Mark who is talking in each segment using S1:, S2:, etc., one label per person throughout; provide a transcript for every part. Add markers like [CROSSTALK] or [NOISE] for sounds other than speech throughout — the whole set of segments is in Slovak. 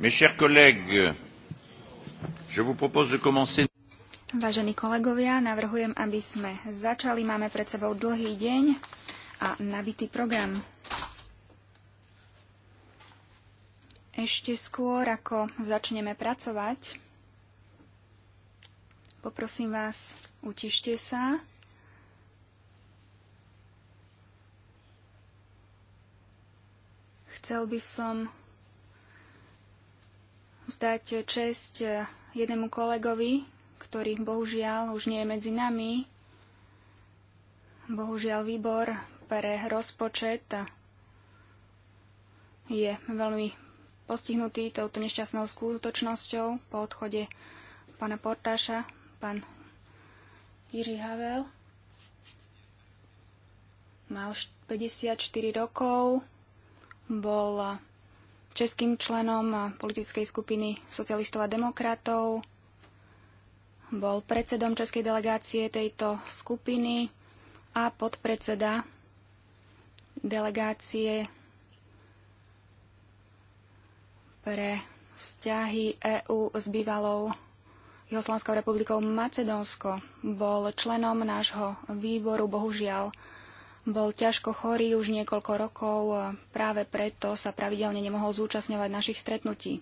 S1: Mes chers collègues, je vous propose de commencer.
S2: Vážení kolegovia, navrhujem, aby sme začali. Máme pred sebou dlhý deň a nabitý program. Ešte skôr, ako začneme pracovať, poprosím vás, utište sa. Chcel by som vzdať česť eh, jednému kolegovi, ktorý bohužiaľ už nie je medzi nami. Bohužiaľ výbor pre rozpočet je veľmi postihnutý touto nešťastnou skutočnosťou po odchode pána Portáša, pán Jiří Havel. Mal 54 rokov, bol českým členom politickej skupiny socialistov a demokratov. Bol predsedom českej delegácie tejto skupiny a podpredseda delegácie pre vzťahy EÚ s bývalou Juhoslovanskou republikou Macedónsko. Bol členom nášho výboru, bohužiaľ bol ťažko chorý už niekoľko rokov a práve preto sa pravidelne nemohol zúčastňovať našich stretnutí.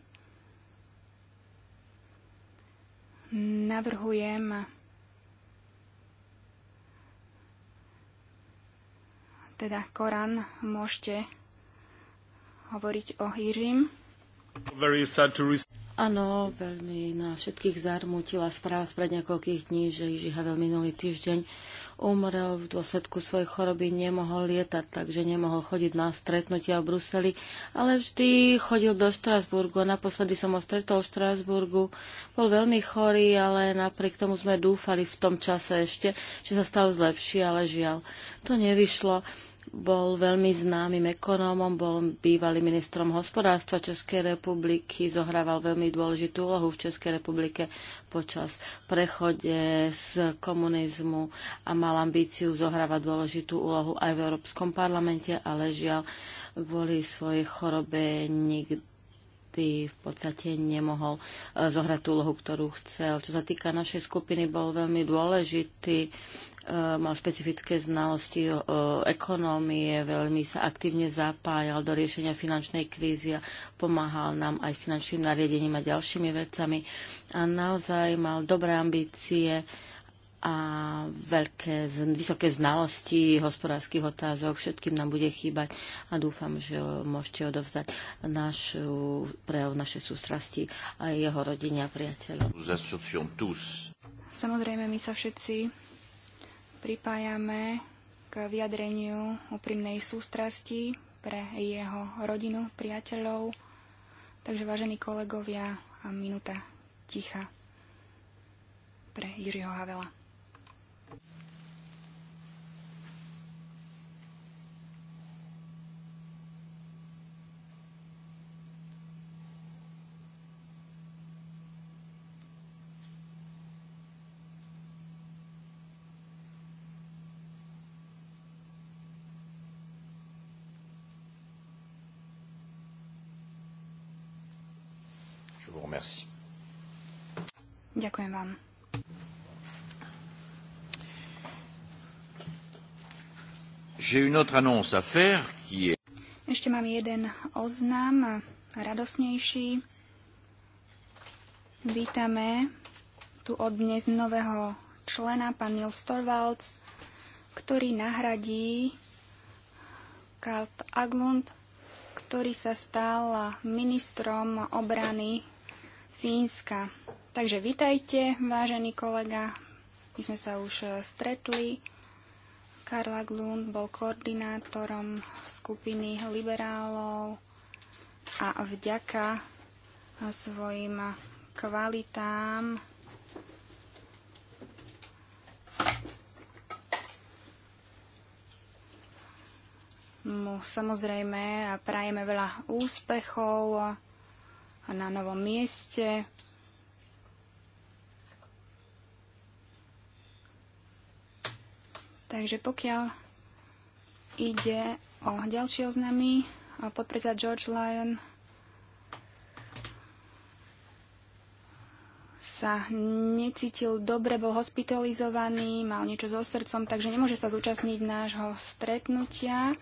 S2: Navrhujem teda Korán môžete
S3: hovoriť o Hížim. Áno, veľmi na všetkých zarmútila správa spred niekoľkých dní, že Ižiha veľmi minulý týždeň umrel v dôsledku svojej choroby, nemohol lietať, takže nemohol chodiť na stretnutia v Bruseli, ale vždy chodil do Štrasburgu. Naposledy som ho stretol v Štrasburgu. Bol veľmi chorý, ale napriek tomu sme dúfali v tom čase ešte, že sa stal zlepší, ale žiaľ, to nevyšlo bol veľmi známym ekonómom, bol bývalým ministrom hospodárstva Českej republiky, zohrával veľmi dôležitú úlohu v Českej republike počas prechode z komunizmu a mal ambíciu zohrávať dôležitú úlohu aj v Európskom parlamente, ale žiaľ kvôli svojej chorobe nikdy v podstate nemohol eh, zohrať tú úlohu, ktorú chcel. Čo sa týka našej skupiny, bol veľmi dôležitý Eh, mal špecifické znalosti o ekonómie, veľmi sa aktívne zapájal do riešenia finančnej krízy a pomáhal nám aj s finančným nariadením a ďalšími vecami. A naozaj mal dobré ambície a veľké, vysoké znalosti hospodárskych otázok. Všetkým nám bude chýbať a dúfam, že môžete odovzdať našu, prejav našej sústrasti a jeho rodine a priateľov. Samozrejme, my sa všetci
S2: pripájame k vyjadreniu úprimnej sústrasti pre jeho rodinu, priateľov. Takže, vážení kolegovia, a minúta ticha pre Jiřího Havela. Merci. Ďakujem vám.
S1: J'ai une autre annonce à faire qui est...
S2: Ešte mám jeden oznám, radosnejší. Vítame tu od dnes nového člena, pán Nils Storvalds, ktorý nahradí Karl Aglund, ktorý sa stal ministrom obrany Fínska. Takže vitajte, vážený kolega. My sme sa už e, stretli. Karla Glund bol koordinátorom skupiny liberálov a vďaka e, svojim e, kvalitám mu samozrejme prajeme veľa úspechov na novom mieste. Takže pokiaľ ide o ďalšie oznamy, podpredsa George Lyon sa necítil dobre, bol hospitalizovaný, mal niečo so srdcom, takže nemôže sa zúčastniť nášho stretnutia.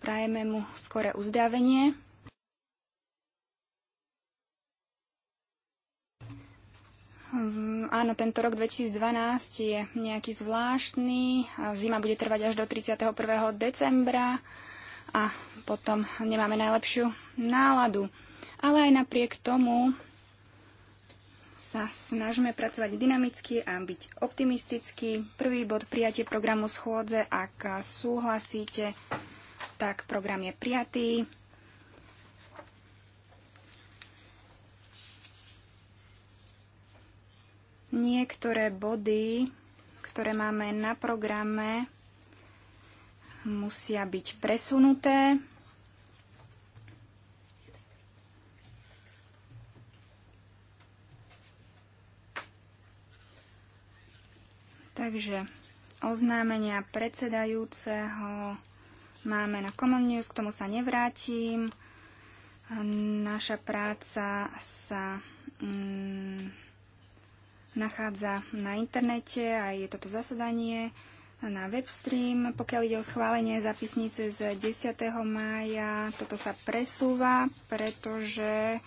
S2: Prajeme mu skore uzdravenie. Áno, tento rok 2012 je nejaký zvláštny. Zima bude trvať až do 31. decembra a potom nemáme najlepšiu náladu. Ale aj napriek tomu sa snažíme pracovať dynamicky a byť optimistický. Prvý bod prijatie programu schôdze, ak súhlasíte, tak program je prijatý. Niektoré body, ktoré máme na programe, musia byť presunuté. Takže oznámenia predsedajúceho máme na Common News, k tomu sa nevrátim. Naša práca sa mm, nachádza na internete a je toto zasadanie na webstream. Pokiaľ ide o schválenie zapisnice z 10. mája, toto sa presúva, pretože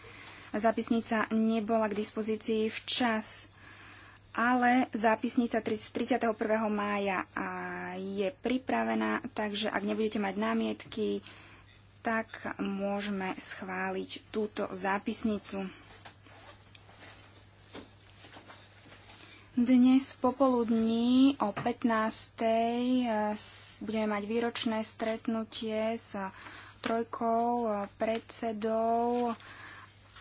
S2: zápisnica nebola k dispozícii včas. Ale zápisnica z 31. mája je pripravená, takže ak nebudete mať námietky, tak môžeme schváliť túto zápisnicu. Dnes popoludní o 15.00 eh, budeme mať výročné stretnutie s eh, trojkou eh, predsedov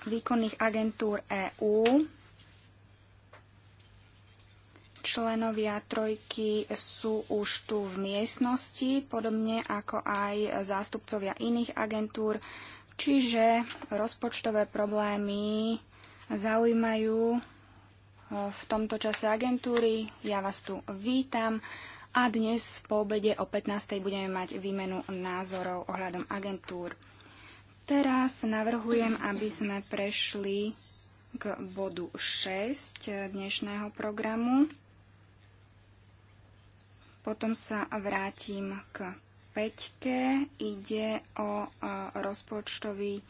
S2: výkonných agentúr EÚ. Členovia trojky sú už tu v miestnosti, podobne ako aj zástupcovia iných agentúr, čiže rozpočtové problémy zaujímajú v tomto čase agentúry. Ja vás tu vítam a dnes po obede o 15 budeme mať výmenu názorov ohľadom agentúr. Teraz navrhujem, aby sme prešli k bodu 6 dnešného programu. Potom sa vrátim k 5. Ide o e, rozpočtový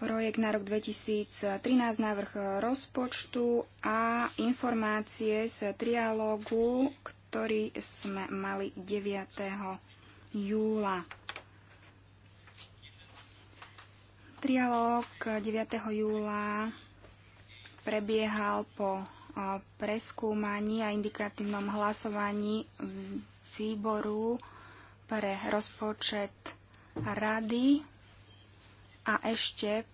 S2: projekt na rok 2013, návrh rozpočtu a informácie z trialógu, ktorý sme mali 9. júla. Trialóg 9. júla prebiehal po preskúmaní a indikatívnom hlasovaní výboru pre rozpočet rady a ešte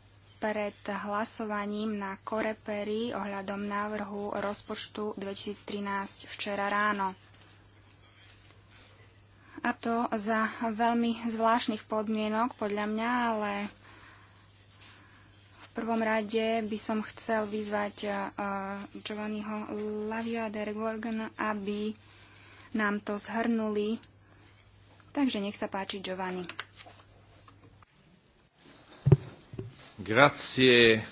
S2: pred hlasovaním na Koreperi ohľadom návrhu rozpočtu 2013 včera ráno. A to za veľmi zvláštnych podmienok, podľa mňa, ale v prvom rade by som chcel vyzvať e, Giovanniho Lavia de aby nám to zhrnuli. Takže nech sa páči, Giovanni.
S1: Grazie,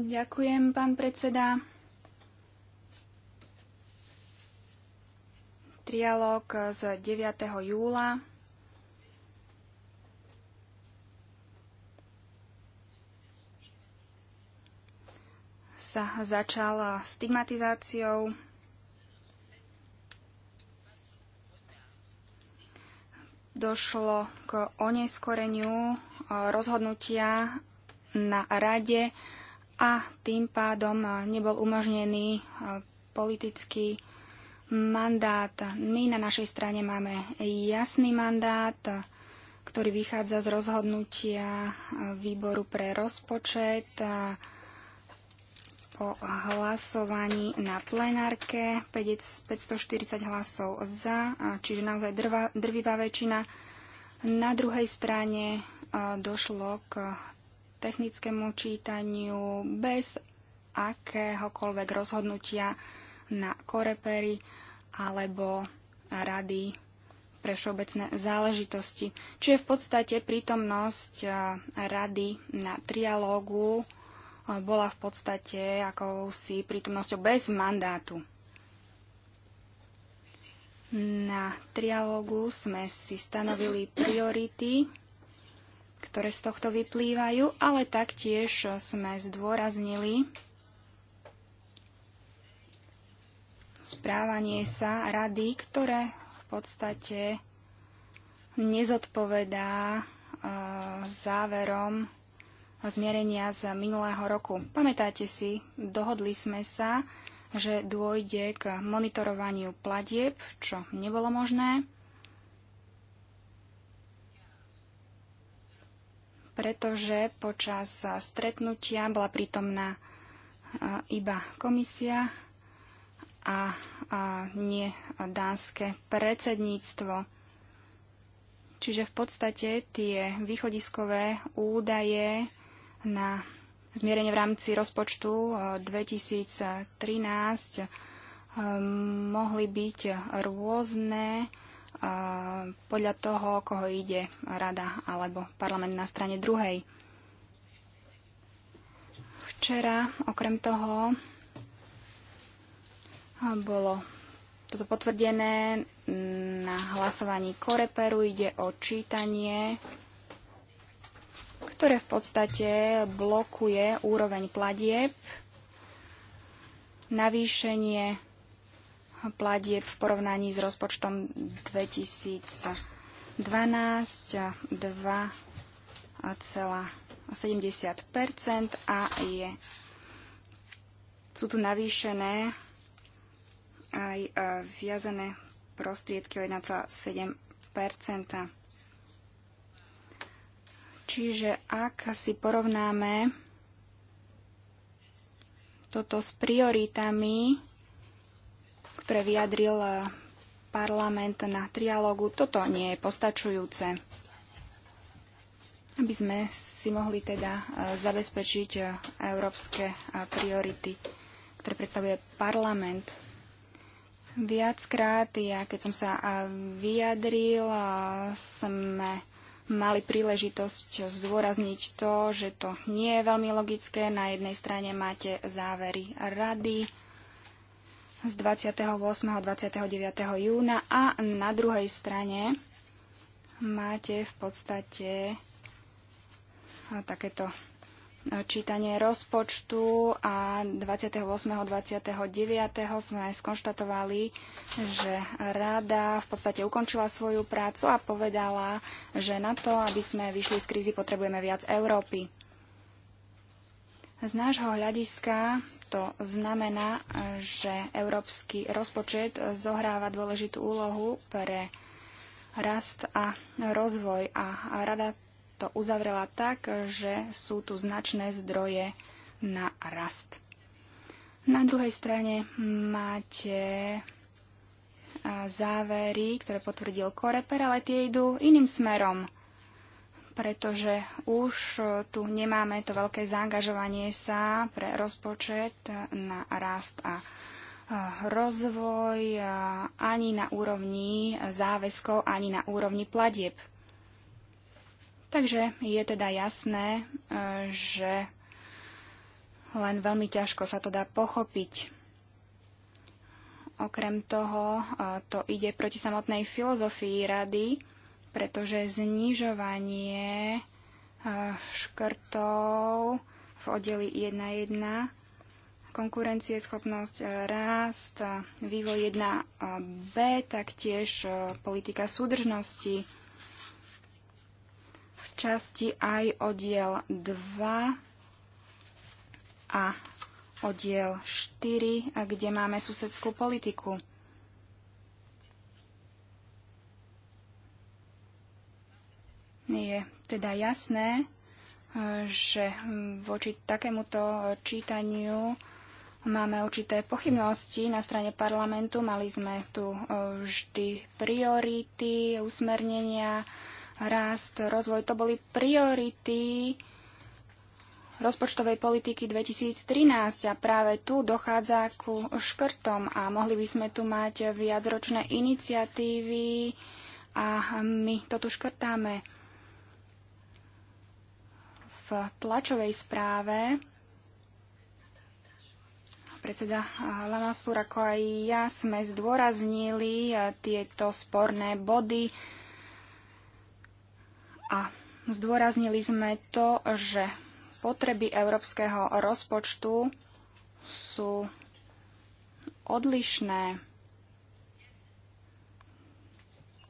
S2: Ďakujem, pán predseda. Trialóg z 9. júla. sa začal stigmatizáciou došlo k oneskoreniu rozhodnutia na rade a tým pádom nebol umožnený e, politický mandát. My na našej strane máme jasný mandát, ktorý vychádza z rozhodnutia e, výboru pre rozpočet o hlasovaní na plenárke 540 hlasov za, čiže naozaj drvivá väčšina. Na druhej strane došlo k technickému čítaniu bez akéhokoľvek rozhodnutia na korepery alebo rady pre všeobecné záležitosti. Čiže v podstate prítomnosť rady na trialógu bola v podstate akousi prítomnosťou bez mandátu. Na trialógu sme si stanovili priority ktoré z tohto vyplývajú, ale taktiež sme zdôraznili správanie sa rady, ktoré v podstate nezodpovedá e, záverom zmierenia z minulého roku. Pamätáte si, dohodli sme sa, že dôjde k monitorovaniu platieb, čo nebolo možné. pretože počas stretnutia bola prítomná iba komisia a, nie dánske predsedníctvo. Čiže v podstate tie východiskové údaje na zmierenie v rámci rozpočtu 2013 e, e, mohli byť rôzne podľa toho, koho ide rada alebo parlament na strane druhej. Včera okrem toho bolo toto potvrdené na hlasovaní Koreperu. Ide o čítanie, ktoré v podstate blokuje úroveň platieb, navýšenie platieb v porovnaní s rozpočtom 2012 2,70 a je, sú tu navýšené aj e, viazané prostriedky o 1,7 Čiže ak si porovnáme toto s prioritami ktoré vyjadril e, parlament na trialógu, toto nie je postačujúce. Aby sme si mohli teda e, zabezpečiť e, európske priority, ktoré predstavuje parlament. Viackrát, ja keď som sa vyjadril, sme mali príležitosť zdôrazniť to, že to nie je veľmi logické. Na jednej strane máte závery rady, z 28. a 29. júna a na druhej strane máte v podstate takéto čítanie rozpočtu a 28. a 29. sme skonštatovali, že rada v podstate ukončila svoju prácu a povedala, že na to, aby sme vyšli z krízy, potrebujeme viac Európy. Z nášho hľadiska to znamená, že európsky rozpočet zohráva dôležitú úlohu pre rast a rozvoj a rada to uzavrela tak, že sú tu značné zdroje na rast. Na druhej strane máte závery, ktoré potvrdil Koreper, ale tie idú iným smerom pretože už e, tu nemáme to veľké zaangažovanie sa pre rozpočet na rast a e, rozvoj e, ani na úrovni záväzkov, ani na úrovni platieb. Takže je teda jasné, že len veľmi ťažko sa to dá pochopiť. Okrem toho, to ide proti samotnej filozofii rady, pretože znižovanie eh, škrtov v oddeli 1.1 konkurencieschopnosť, eh, rast, vývoj 1b, taktiež eh, politika súdržnosti. V časti aj oddiel 2 a oddiel 4, kde máme susedskú politiku. Je teda jasné, e, že voči takémuto čítaniu máme určité pochybnosti na strane parlamentu. Mali sme tu e, vždy priority, usmernenia, rast, rozvoj. To boli priority rozpočtovej politiky 2013 a práve tu dochádza ku škrtom a mohli by sme tu mať viacročné iniciatívy a my to tu škrtáme v tlačovej správe predseda Lamasúr, ako aj ja sme zdôraznili eh, tieto sporné body a zdôraznili sme to, že potreby európskeho rozpočtu sú odlišné.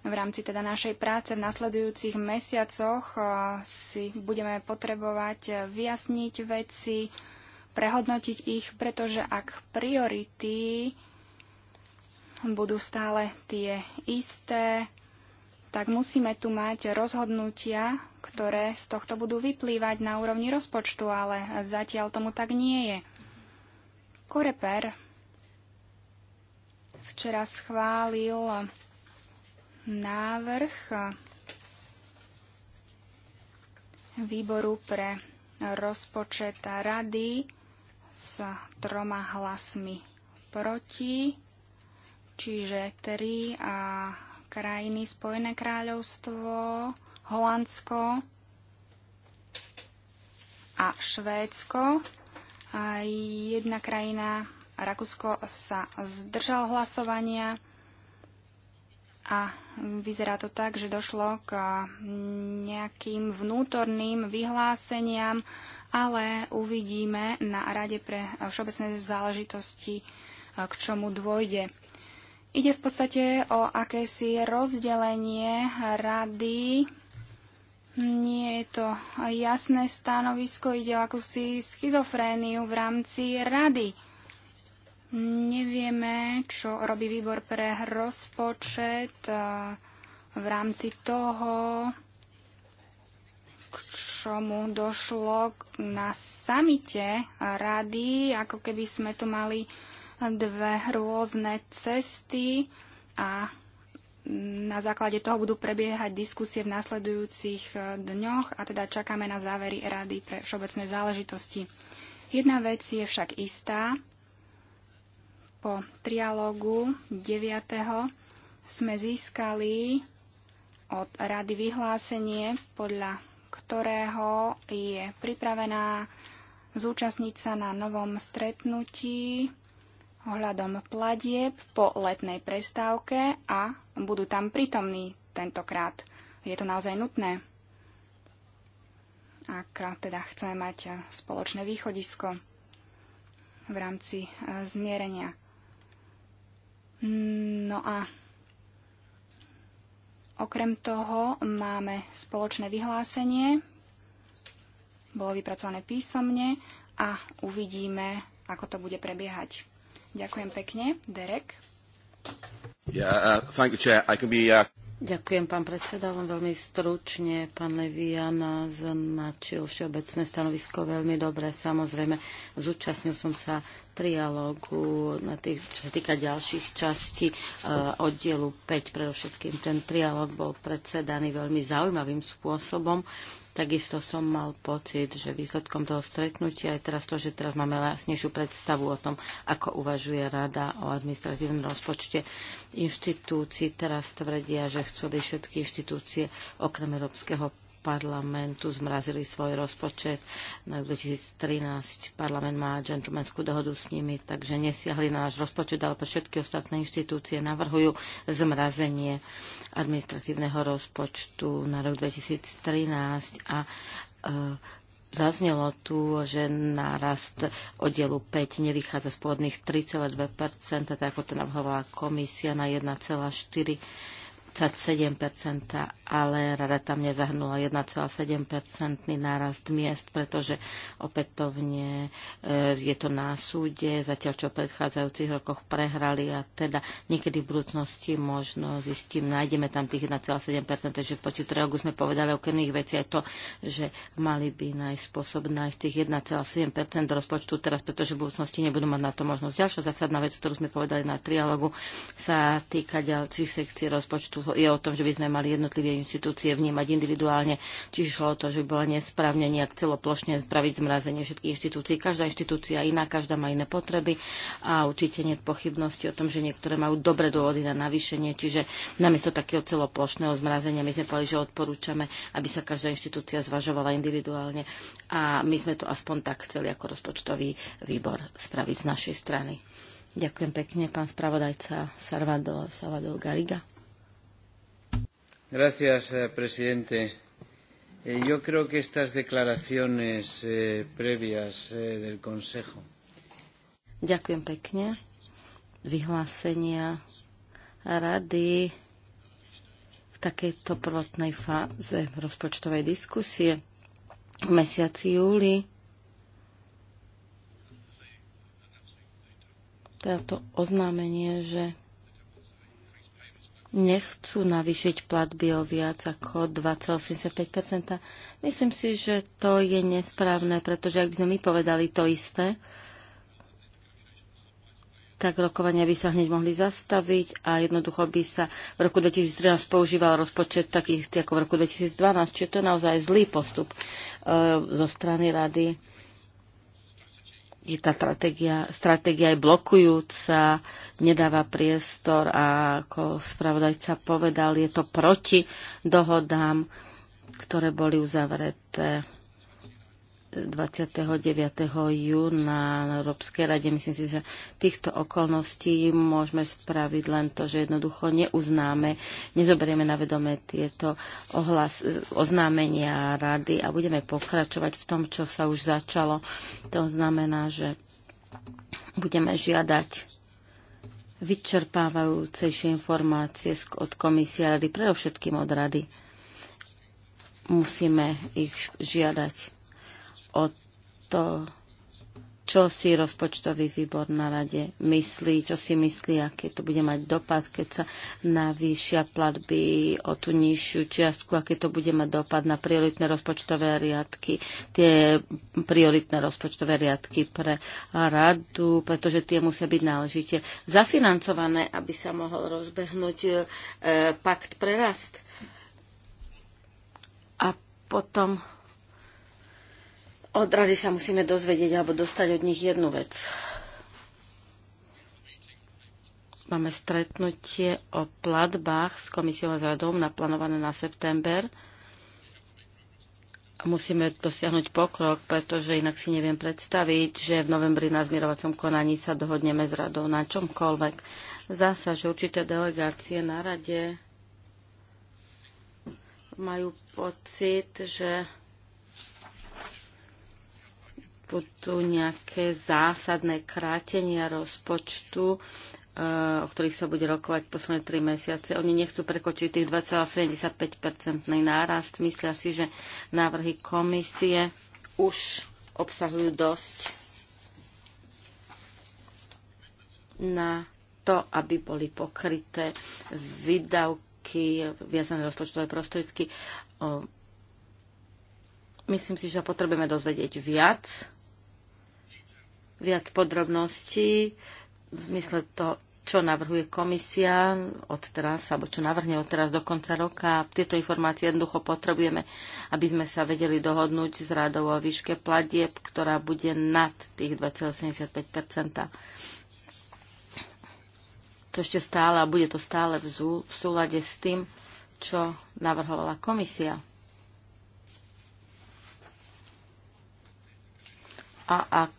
S2: V rámci teda našej práce v nasledujúcich mesiacoch eh, si budeme potrebovať eh, vyjasniť veci, prehodnotiť ich, pretože ak priority budú stále tie isté, tak musíme tu mať rozhodnutia, ktoré z tohto budú vyplývať na úrovni rozpočtu, ale zatiaľ tomu tak nie je. Koreper včera schválil návrh výboru pre rozpočet rady s troma hlasmi proti, čiže tri a krajiny Spojené kráľovstvo, Holandsko a Švédsko. A jedna krajina, Rakúsko, sa zdržal hlasovania a vyzerá to tak, že došlo k nejakým vnútorným vyhláseniam, ale uvidíme na Rade pre všeobecné záležitosti, e, k čomu dôjde. Ide v podstate o akési rozdelenie rady. Nie je to jasné stanovisko, ide o akúsi schizofréniu v rámci rady Nevieme, čo robí výbor pre rozpočet e, v rámci toho, k čomu došlo na samite rady, ako keby sme tu mali dve rôzne cesty a na základe toho budú prebiehať diskusie v nasledujúcich e, dňoch a teda čakáme na závery Rady pre všeobecné záležitosti. Jedna vec je však istá po trialógu 9. sme získali od rady vyhlásenie, podľa ktorého je pripravená zúčastniť sa na novom stretnutí ohľadom pladieb po letnej prestávke a budú tam prítomní tentokrát. Je to naozaj nutné, ak teda chceme mať spoločné východisko v rámci e, zmierenia. No a okrem toho máme spoločné vyhlásenie, bolo vypracované písomne a uvidíme, ako to bude prebiehať. Ďakujem pekne. Derek.
S1: Yeah, uh, thank you, Chair. I can be, uh...
S3: Ďakujem, pán predseda. Len veľmi stručne pán Levian značil všeobecné stanovisko veľmi dobre. Samozrejme, zúčastnil som sa trialógu na tých, čo sa týka ďalších častí e, oddielu 5. Predovšetkým ten trialóg bol predsedaný veľmi zaujímavým spôsobom Takisto som mal pocit, že výsledkom toho stretnutia je teraz to, že teraz máme jasnejšiu predstavu o tom, ako uvažuje rada o administratívnom rozpočte inštitúcií. Teraz tvrdia, že chcú, aby všetky inštitúcie okrem Európskeho parlamentu zmrazili svoj rozpočet na 2013. Parlament má džentlmenskú dohodu s nimi, takže nesiahli na náš rozpočet, ale všetky ostatné inštitúcie navrhujú zmrazenie administratívneho rozpočtu na rok 2013 a e, Zaznelo tu, že nárast oddielu 5 nevychádza z pôvodných 3,2%, tak ako to navrhovala komisia na 27%, ale rada tam nezahrnula 1,7% nárast miest, pretože opätovne e, je to na súde, zatiaľ čo v predchádzajúcich rokoch prehrali a teda niekedy v budúcnosti možno zistím, nájdeme tam tých 1,7%, takže v počet roku sme povedali o kemných veci aj to, že mali by nájsť spôsob nájsť tých 1,7% do rozpočtu teraz, pretože v budúcnosti nebudú mať na to možnosť. Ďalšia zásadná vec, ktorú sme povedali na trialogu, sa týka ďalších sekcií rozpočtu tu je o tom, že by sme mali jednotlivé inštitúcie vnímať individuálne, čiže šlo o to, že by bolo nesprávne nejak celoplošne spraviť zmrazenie všetkých inštitúcií. Každá inštitúcia iná, každá má iné potreby a určite nie je pochybnosti o tom, že niektoré majú dobré dôvody na navýšenie, čiže namiesto takého celoplošného zmrazenia my sme povedali, že odporúčame, aby sa každá inštitúcia zvažovala individuálne a my sme to aspoň tak chceli ako rozpočtový výbor spraviť z našej strany. Ďakujem pekne, pán spravodajca Salvador Gariga señor eh, presidente eh, yo creo que estas declaraciones eh, previas eh, del consejo Ďakujem pekne. Vyhlásenia rady v takejto prvotnej fáze rozpočtovej diskusie v mesiaci júli teda oznámenie, že nechcú navýšiť platby o viac ako 2,85 Myslím si, že to je nesprávne, pretože ak by sme my povedali to isté, tak rokovania by sa hneď mohli zastaviť a jednoducho by sa v roku 2013 používal rozpočet taký ako v roku 2012, čiže to je naozaj zlý postup e, zo strany rady je tá stratégia, stratégia je blokujúca, nedáva priestor a ako spravodajca povedal, je to proti dohodám, ktoré boli uzavreté 29. júna na Európskej rade. Myslím si, že týchto okolností môžeme spraviť len to, že jednoducho neuznáme, nezoberieme na vedome tieto ohlas, oznámenia rady a budeme pokračovať v tom, čo sa už začalo. To znamená, že budeme žiadať vyčerpávajúcejšie informácie od komisie rady, predovšetkým od rady. Musíme ich žiadať o to, čo si rozpočtový výbor na rade myslí, čo si myslí, aký to bude mať dopad, keď sa navýšia platby o tú nižšiu čiastku, aké to bude mať dopad na prioritné rozpočtové riadky, tie prioritné rozpočtové riadky pre radu, pretože tie musia byť náležite zafinancované, aby sa mohol rozbehnúť e, pakt pre rast. A potom od rady sa musíme dozvedieť alebo dostať od nich jednu vec. Máme stretnutie o platbách s komisiou a s radou naplánované na september. A musíme dosiahnuť pokrok, pretože inak si neviem predstaviť, že v novembri na zmierovacom konaní sa dohodneme s radou na čomkoľvek. Zasa, že určité delegácie na rade majú pocit, že budú nejaké zásadné krátenia rozpočtu, e, o ktorých sa bude rokovať posledné tri mesiace. Oni nechcú prekočiť tých 2,75-percentný nárast. Myslia si, že návrhy komisie už obsahujú dosť na to, aby boli pokryté výdavky, viazané rozpočtové prostriedky. Myslím si, že potrebujeme dozvedieť viac viac podrobností v zmysle to, čo navrhuje komisia od teraz, alebo čo navrhne od teraz do konca roka. Tieto informácie jednoducho potrebujeme, aby sme sa vedeli dohodnúť s radou o výške platieb, ktorá bude nad tých 2,75 To ešte stále a bude to stále v, v súlade s tým, čo navrhovala komisia. A ak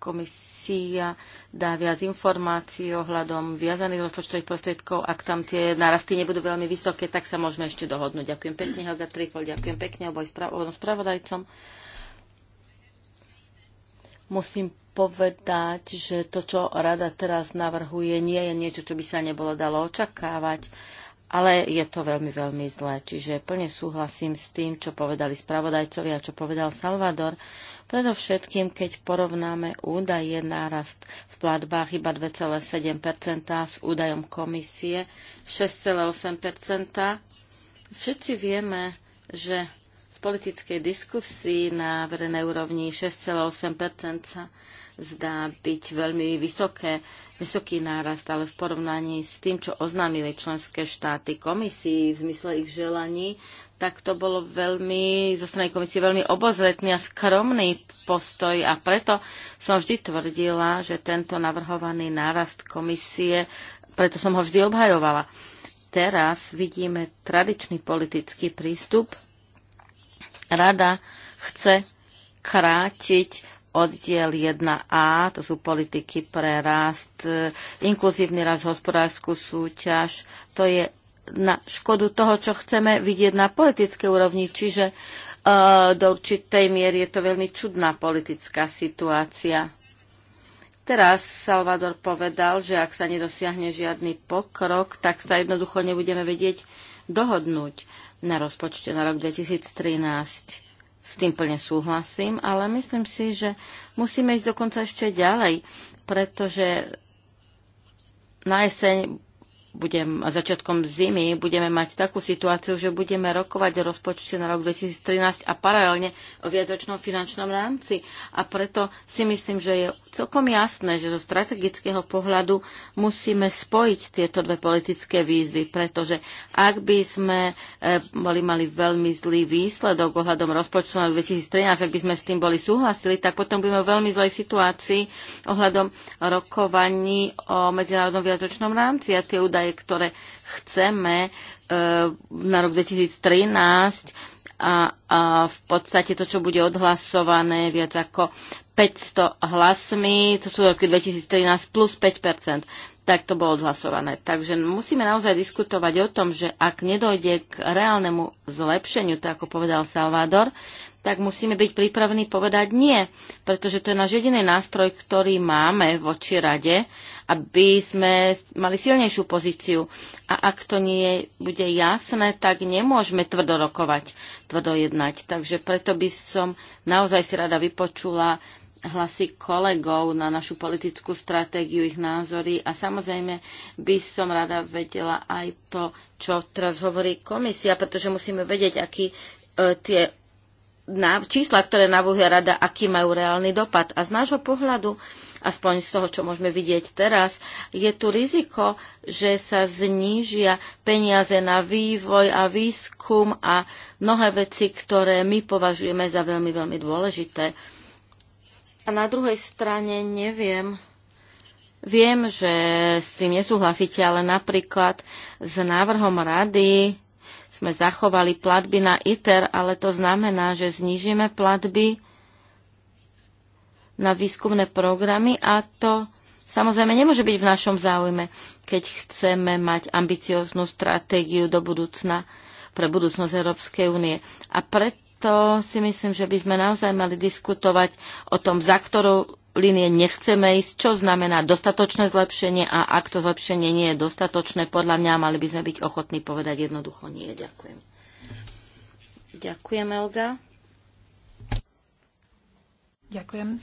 S3: komisia dá viac informácií ohľadom viazaných rozpočtových prostriedkov. Ak tam tie narasty nebudú veľmi vysoké, tak sa môžeme ešte dohodnúť. Ďakujem pekne, Helga Trifol, ďakujem pekne oboj spravodajcom. Musím povedať, že to, čo rada teraz navrhuje, nie je niečo, čo by sa nebolo dalo očakávať, ale je to veľmi, veľmi zlé. Čiže plne súhlasím s tým, čo povedali spravodajcovia a čo povedal Salvador Predovšetkým, keď porovnáme údaj, je nárast v platbách iba 2,7 s údajom komisie 6,8 Všetci vieme, že v politickej diskusii na verejnej úrovni 6,8 sa zdá byť veľmi vysoké, vysoký nárast, ale v porovnaní s tým, čo oznámili členské štáty komisii v zmysle ich želaní, tak to bolo veľmi, zo strany komisie veľmi obozretný a skromný postoj a preto som vždy tvrdila, že tento navrhovaný nárast komisie, preto som ho vždy obhajovala. Teraz vidíme tradičný politický prístup. Rada chce krátiť oddiel 1a, to sú politiky pre rast, inkluzívny rast, hospodárskú súťaž, to je na škodu toho, čo chceme vidieť na politické úrovni. Čiže e, do určitej miery je to veľmi čudná politická situácia. Teraz Salvador povedal, že ak sa nedosiahne žiadny pokrok, tak sa jednoducho nebudeme vedieť dohodnúť na rozpočte na rok 2013. S tým plne súhlasím, ale myslím si, že musíme ísť dokonca ešte ďalej, pretože na jeseň budem, začiatkom zimy budeme mať takú situáciu, že budeme rokovať rozpočte na rok 2013 a paralelne o viacročnom finančnom rámci. A preto si myslím, že je celkom jasné, že zo strategického pohľadu musíme spojiť tieto dve politické výzvy, pretože ak by sme eh, boli mali veľmi zlý výsledok ohľadom rozpočtu na 2013, ak by sme s tým boli súhlasili, tak potom budeme v veľmi zlej situácii ohľadom rokovaní o medzinárodnom viacročnom rámci a tie údaje údaje, ktoré chceme e, na rok 2013 a, a v podstate to, čo bude odhlasované, viac ako 500 hlasmi, to sú roky 2013 plus 5 tak to bolo odhlasované. Takže musíme naozaj diskutovať o tom, že ak nedojde k reálnemu zlepšeniu, tak ako povedal Salvador, tak musíme byť pripravení povedať nie, pretože to je náš jediný nástroj, ktorý máme voči rade, aby sme mali silnejšiu pozíciu. A ak to nie bude jasné, tak nemôžeme tvrdo rokovať, tvrdo jednať. Takže preto by som naozaj si rada vypočula hlasy kolegov na našu politickú stratégiu, ich názory a samozrejme by som rada vedela aj to, čo teraz hovorí komisia, pretože musíme vedieť, aký e, tie na, čísla, ktoré navúhia rada, aký majú reálny dopad. A z nášho pohľadu, aspoň z toho, čo môžeme vidieť teraz, je tu riziko, že sa znížia peniaze na vývoj a výskum a mnohé veci, ktoré my považujeme za veľmi, veľmi dôležité. A na druhej strane neviem, viem, že s tým nesúhlasíte, ale napríklad s návrhom rady sme zachovali platby na ITER, ale to znamená, že znížime platby na výskumné programy a to samozrejme nemôže byť v našom záujme, keď chceme mať ambicióznu stratégiu do budúcna pre budúcnosť Európskej únie. A preto si myslím, že by sme naozaj mali diskutovať o tom, za ktorou línie nechceme ísť, čo znamená dostatočné zlepšenie a ak to zlepšenie nie je dostatočné, podľa mňa mali by sme byť ochotní povedať jednoducho nie. Ďakujem. Ďakujem, Elga.
S1: Ďakujem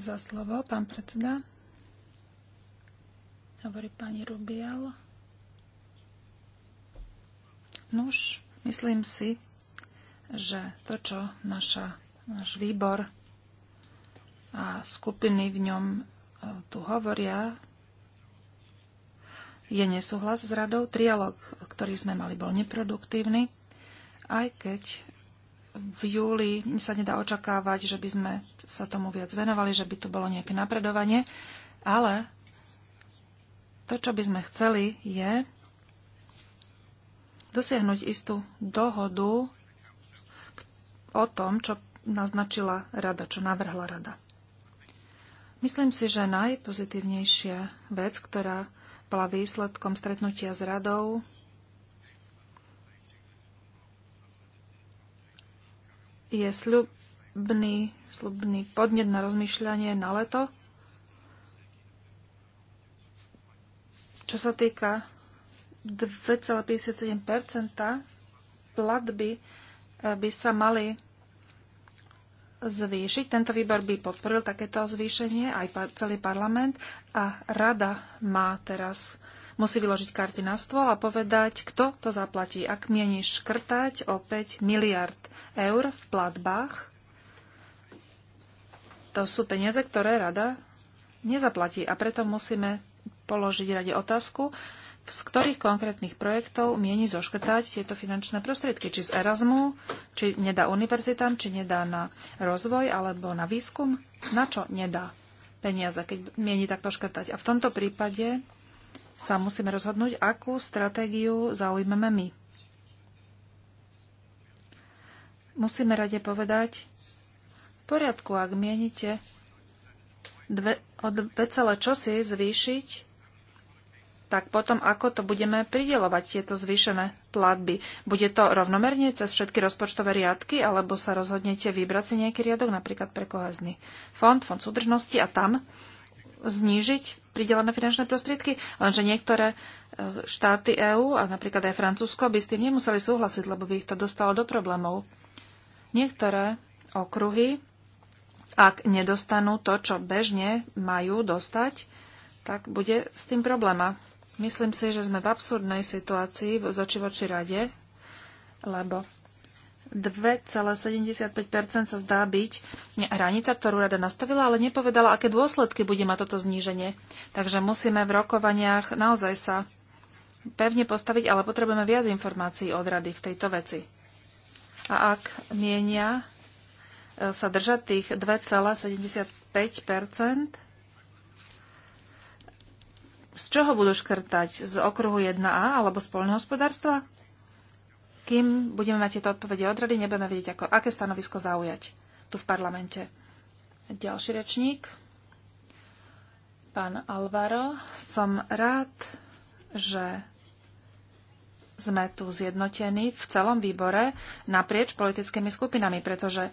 S1: za slovo, pán predseda. Hovorí pani Rubial. Nuž, myslím si, že to, čo naša náš výbor a skupiny v ňom e, tu hovoria, je nesúhlas s radou. Trialog, ktorý sme mali, bol neproduktívny, aj keď v júli sa nedá očakávať, že by sme sa tomu viac venovali, že by tu bolo nejaké napredovanie, ale to, čo by sme chceli, je dosiahnuť istú dohodu o tom, čo naznačila rada, čo navrhla rada. Myslím si, že najpozitívnejšia vec, ktorá bola výsledkom stretnutia s radou, je slubný, slubný podnet na rozmýšľanie na leto. Čo sa týka 2,57 platby eh, by sa mali zvýšiť. Tento výbor by podporil takéto zvýšenie, aj celý parlament. A rada má teraz, musí vyložiť karty na stôl a povedať, kto to zaplatí. Ak mieni škrtať o 5 miliard eur v platbách, to sú peniaze, ktoré rada nezaplatí. A preto musíme položiť rade otázku, z ktorých konkrétnych projektov mieni zoškrtať tieto finančné prostriedky? Či z Erasmu, či nedá univerzitám, či nedá na rozvoj alebo na výskum? Na čo nedá peniaze, keď mieni takto škrtať? A v tomto prípade sa musíme rozhodnúť, akú stratégiu zaujmeme my. Musíme rade povedať, v poriadku, ak mienite dve, od 2, čosi zvýšiť tak potom ako to budeme pridelovať tieto zvýšené platby? Bude to rovnomerne cez všetky rozpočtové riadky, alebo sa rozhodnete vybrať si nejaký riadok, napríklad pre kohezný fond, fond súdržnosti a tam znížiť pridelené finančné prostriedky, lenže niektoré e, štáty EÚ a napríklad aj Francúzsko by s tým nemuseli súhlasiť, lebo by ich to dostalo do problémov. Niektoré okruhy, ak nedostanú to, čo bežne majú dostať, tak bude s tým probléma Myslím si, že sme v absurdnej situácii v zočivoči rade, lebo 2,75% sa zdá byť hranica, ktorú rada nastavila, ale nepovedala, aké dôsledky bude mať toto zníženie. Takže musíme v rokovaniach naozaj sa pevne postaviť, ale potrebujeme viac informácií od rady v tejto veci. A ak mienia e, sa držať tých 2,75 z čoho budú škrtať? Z okruhu 1A alebo z polnohospodárstva? Kým budeme mať tieto odpovede od rady, nebudeme vedieť, ako, aké stanovisko zaujať tu v parlamente. Ďalší rečník. Pán Alvaro, som rád, že sme tu zjednotení v celom výbore naprieč politickými skupinami, pretože e,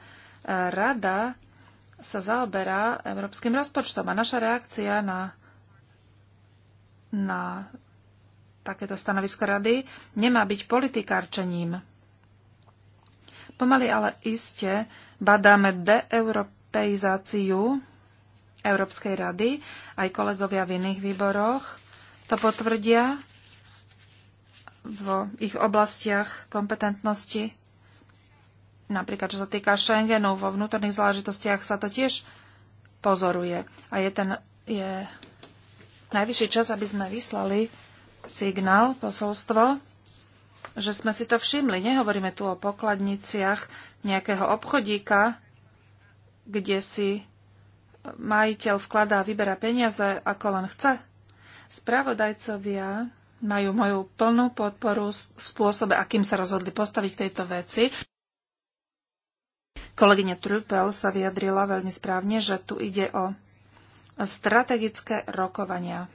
S1: rada sa zaoberá európskym rozpočtom a naša reakcia na na takéto stanovisko rady nemá byť politikárčením. Pomaly ale iste badáme deeuropeizáciu Európskej rady, aj kolegovia v iných výboroch to potvrdia v ich oblastiach kompetentnosti. Napríklad, čo sa týka Schengenu, vo vnútorných záležitostiach sa to tiež pozoruje. A je, ten, je najvyšší čas, aby sme vyslali signál, posolstvo, že sme si to všimli. Nehovoríme tu o pokladniciach nejakého obchodíka, kde si majiteľ vkladá a vyberá peniaze, ako len chce. Spravodajcovia majú moju plnú podporu v spôsobe, akým sa rozhodli postaviť k tejto veci. Kolegyňa Trupel sa vyjadrila veľmi správne, že tu ide o strategické rokovania.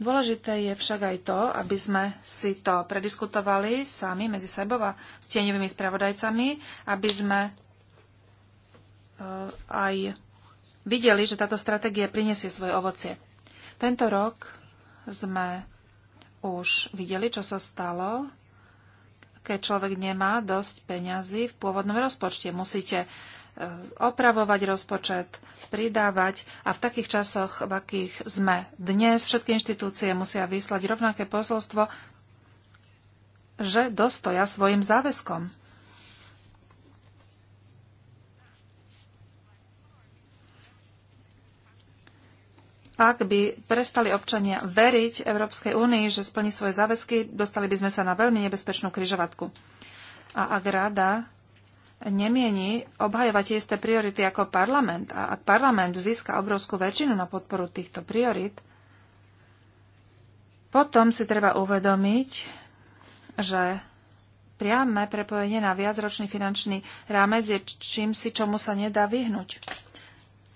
S1: Dôležité je však aj to, aby sme si to prediskutovali sami medzi sebou a s tieňovými spravodajcami, aby sme e, aj videli, že táto stratégia prinesie svoje ovocie. Tento rok sme už videli, čo sa stalo, keď človek nemá dosť peňazí v pôvodnom rozpočte. Musíte Eh, opravovať rozpočet, pridávať a v takých časoch, v akých sme dnes, všetky inštitúcie musia vyslať rovnaké posolstvo, že dostoja svojim záväzkom. Ak by prestali občania veriť Európskej únii, že splní svoje záväzky, dostali by sme sa na veľmi nebezpečnú kryžovatku. A ak rada nemieni obhajovať tie isté priority ako parlament. A ak parlament získa obrovskú väčšinu na podporu týchto priorit, potom si treba uvedomiť, že priame prepojenie na viacročný finančný rámec je čím si, čomu sa nedá vyhnúť.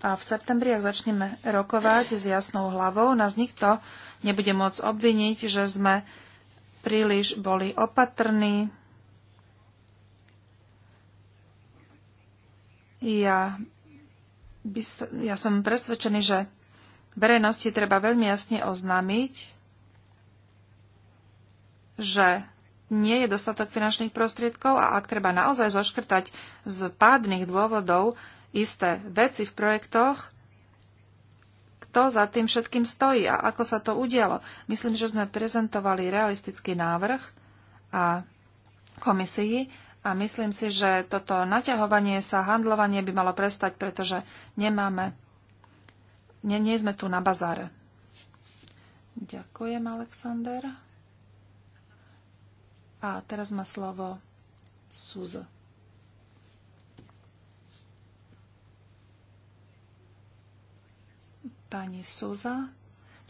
S1: A v septembri, ak začneme rokovať s jasnou hlavou, nás nikto nebude môcť obviniť, že sme príliš boli opatrní, Ja, by, ja som presvedčený, že verejnosti treba veľmi jasne oznámiť, že nie je dostatok finančných prostriedkov a ak treba naozaj zoškrtať z pádnych dôvodov isté veci v projektoch, kto za tým všetkým stojí a ako sa to udialo. Myslím, že sme prezentovali realistický návrh a komisii a myslím si, že toto naťahovanie sa, handlovanie by malo prestať, pretože nemáme, nie, nie sme tu na bazáre. Ďakujem, Alexander. A teraz má slovo Suza. Pani Suza,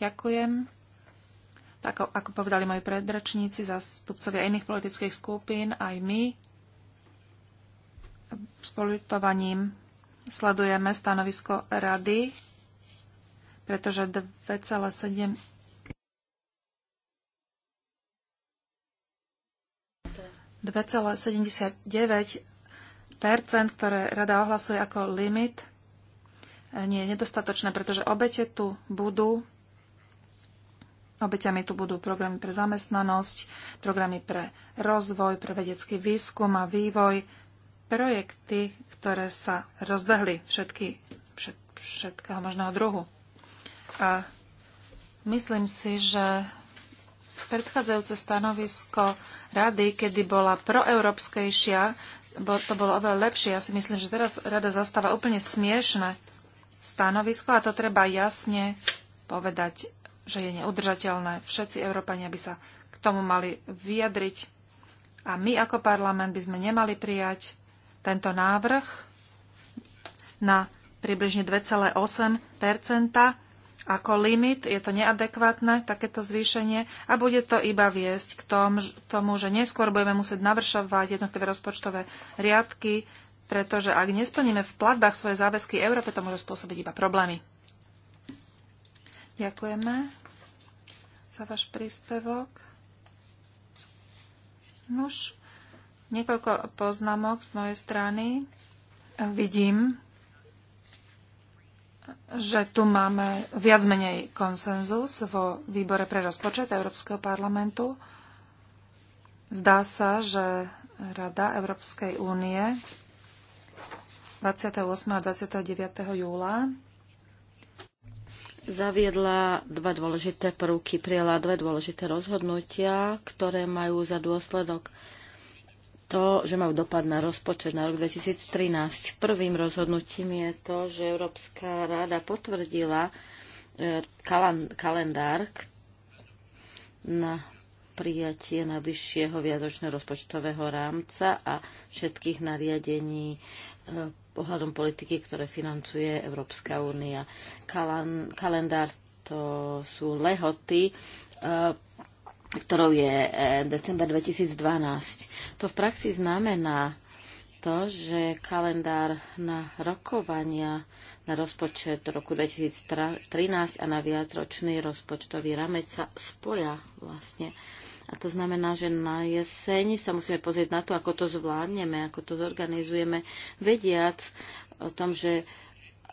S1: ďakujem. Tak ako povedali moji predračníci, zastupcovia iných politických skupín, aj my s politovaním sledujeme stanovisko rady, pretože 2,7 2,79 ktoré rada ohlasuje ako limit, nie je nedostatočné, pretože obete tu budú, obeťami tu budú programy pre zamestnanosť, programy pre rozvoj, pre vedecký výskum a vývoj, projekty, ktoré sa rozbehli, všetky, všet, všetkého možného druhu. A myslím si, že predchádzajúce stanovisko rady, kedy bola proeurópskejšia, bo to bolo oveľa lepšie. Ja si myslím, že teraz rada zastáva úplne smiešne stanovisko a to treba jasne povedať, že je neudržateľné. Všetci Európania by sa k tomu mali vyjadriť a my ako parlament by sme nemali prijať tento návrh na približne 2,8 ako limit, je to neadekvátne, takéto zvýšenie a bude to iba viesť k tomu, že neskôr budeme musieť navršovať jednotlivé rozpočtové riadky, pretože ak nesplníme v platbách svoje záväzky Európe, to môže spôsobiť iba problémy. Ďakujeme za váš príspevok. Nož. Niekoľko poznámok z mojej strany. Vidím, že tu máme viac menej konsenzus vo výbore pre rozpočet Európskeho parlamentu. Zdá sa, že Rada Európskej únie 28. a 29. júla
S3: zaviedla dva dôležité prvky, prijela dve dôležité rozhodnutia, ktoré majú za dôsledok to, že majú dopad na rozpočet na rok 2013. Prvým rozhodnutím je to, že Európska rada potvrdila e, kalendár na prijatie najvyššieho viadočného rozpočtového rámca a všetkých nariadení pohľadom e, politiky, ktoré financuje Európska únia. Kalendár to sú lehoty e, ktorou je e, december 2012. To v praxi znamená to, že kalendár na rokovania na rozpočet roku 2013 a na viacročný rozpočtový ramec sa spoja vlastne. A to znamená, že na jeseň sa musíme pozrieť na to, ako to zvládneme, ako to zorganizujeme, vediac o tom, že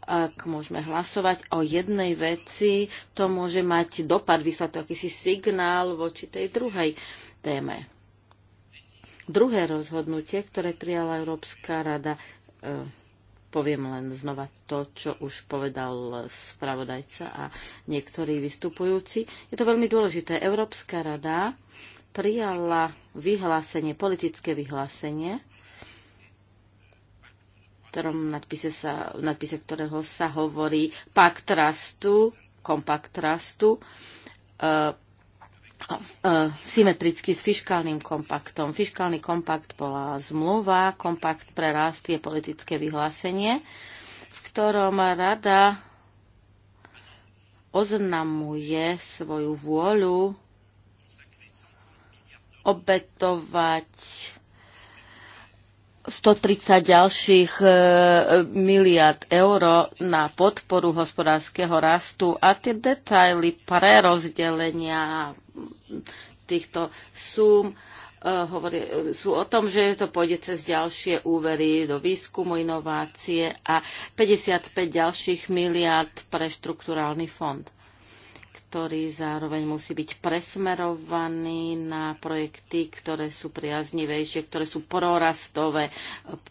S3: ak môžeme hlasovať o jednej veci, to môže mať dopad, vyslať to akýsi signál voči tej druhej téme. Druhé rozhodnutie, ktoré prijala Európska rada, e, poviem len znova to, čo už povedal spravodajca a niektorí vystupujúci. Je to veľmi dôležité. Európska rada prijala vyhlásenie, politické vyhlásenie, ktorom nadpise, sa, nadpise ktorého sa hovorí Pakt rastu, kompakt rastu, uh, e, e, symetricky s fiskálnym kompaktom. Fiskálny kompakt bola zmluva, kompakt pre rast je politické vyhlásenie, v ktorom rada oznamuje svoju vôľu obetovať 130 ďalších e, miliard eur na podporu hospodárskeho rastu a tie detaily prerozdelenia týchto súm e, hovorí, sú o tom, že to pôjde cez ďalšie úvery do výskumu, inovácie a 55 ďalších miliard pre štrukturálny fond ktorý zároveň musí byť presmerovaný na projekty, ktoré sú priaznivejšie, ktoré sú prorastové,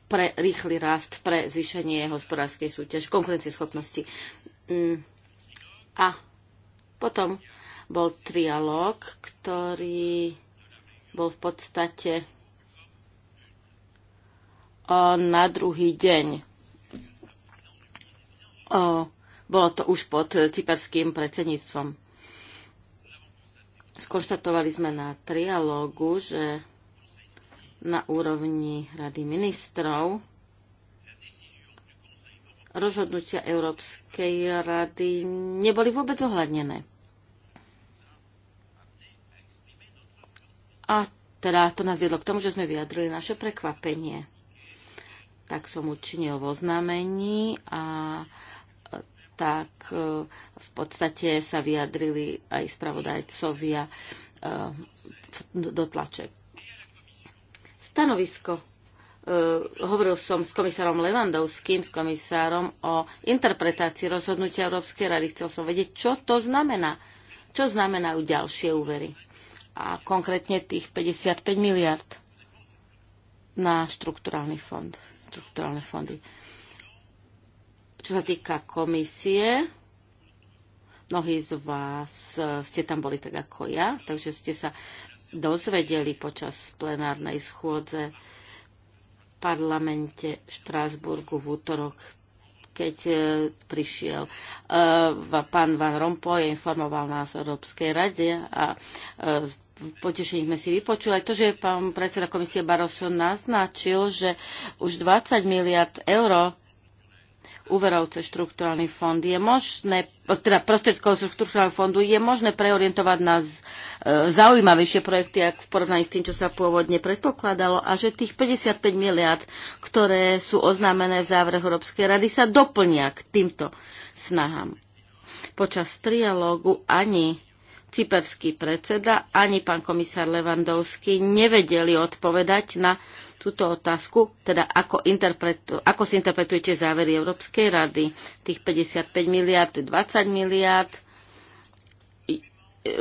S3: pre rýchly rast, pre zvýšenie hospodárskej súťaže, konkurencieschopnosti. Mm. A potom bol trialog, ktorý bol v podstate na druhý deň. Bolo to už pod cyperským predsedníctvom. Skonštatovali sme na trialógu, že na úrovni Rady ministrov rozhodnutia Európskej rady neboli vôbec ohľadnené. A teda to nás viedlo k tomu, že sme vyjadrili naše prekvapenie. Tak som učinil v oznámení a tak e, v podstate sa vyjadrili aj spravodajcovia e, do tlače. Stanovisko. E, hovoril som s komisárom Levandovským, s komisárom o interpretácii rozhodnutia Európskej rady. Chcel som vedieť, čo to znamená. Čo znamenajú ďalšie úvery? A konkrétne tých 55 miliard na štrukturálny fond, štrukturálne fondy. Čo sa týka komisie, mnohí z vás e, ste tam boli tak ako ja, takže ste sa dozvedeli počas plenárnej schôdze v parlamente Štrásburgu v útorok, keď e, prišiel e, pán Van Rompuy, informoval nás o Európskej rade a potešení sme si vypočuli aj to, že pán predseda komisie Barroso naznačil, že už 20 miliard eur úverov cez štrukturálny fond je možné, teda prostriedkov zo štrukturálneho fondu je možné preorientovať na e, zaujímavejšie projekty, ak v porovnaní s tým, čo sa pôvodne predpokladalo a že tých 55 miliard, ktoré sú oznámené v závrh Európskej rady, sa doplnia k týmto snahám. Počas trialógu ani cyperský predseda, ani pán komisár Levandovský nevedeli odpovedať na túto otázku, teda ako, ako si interpretujete závery Európskej rady. Tých 55 miliard, 20 miliard,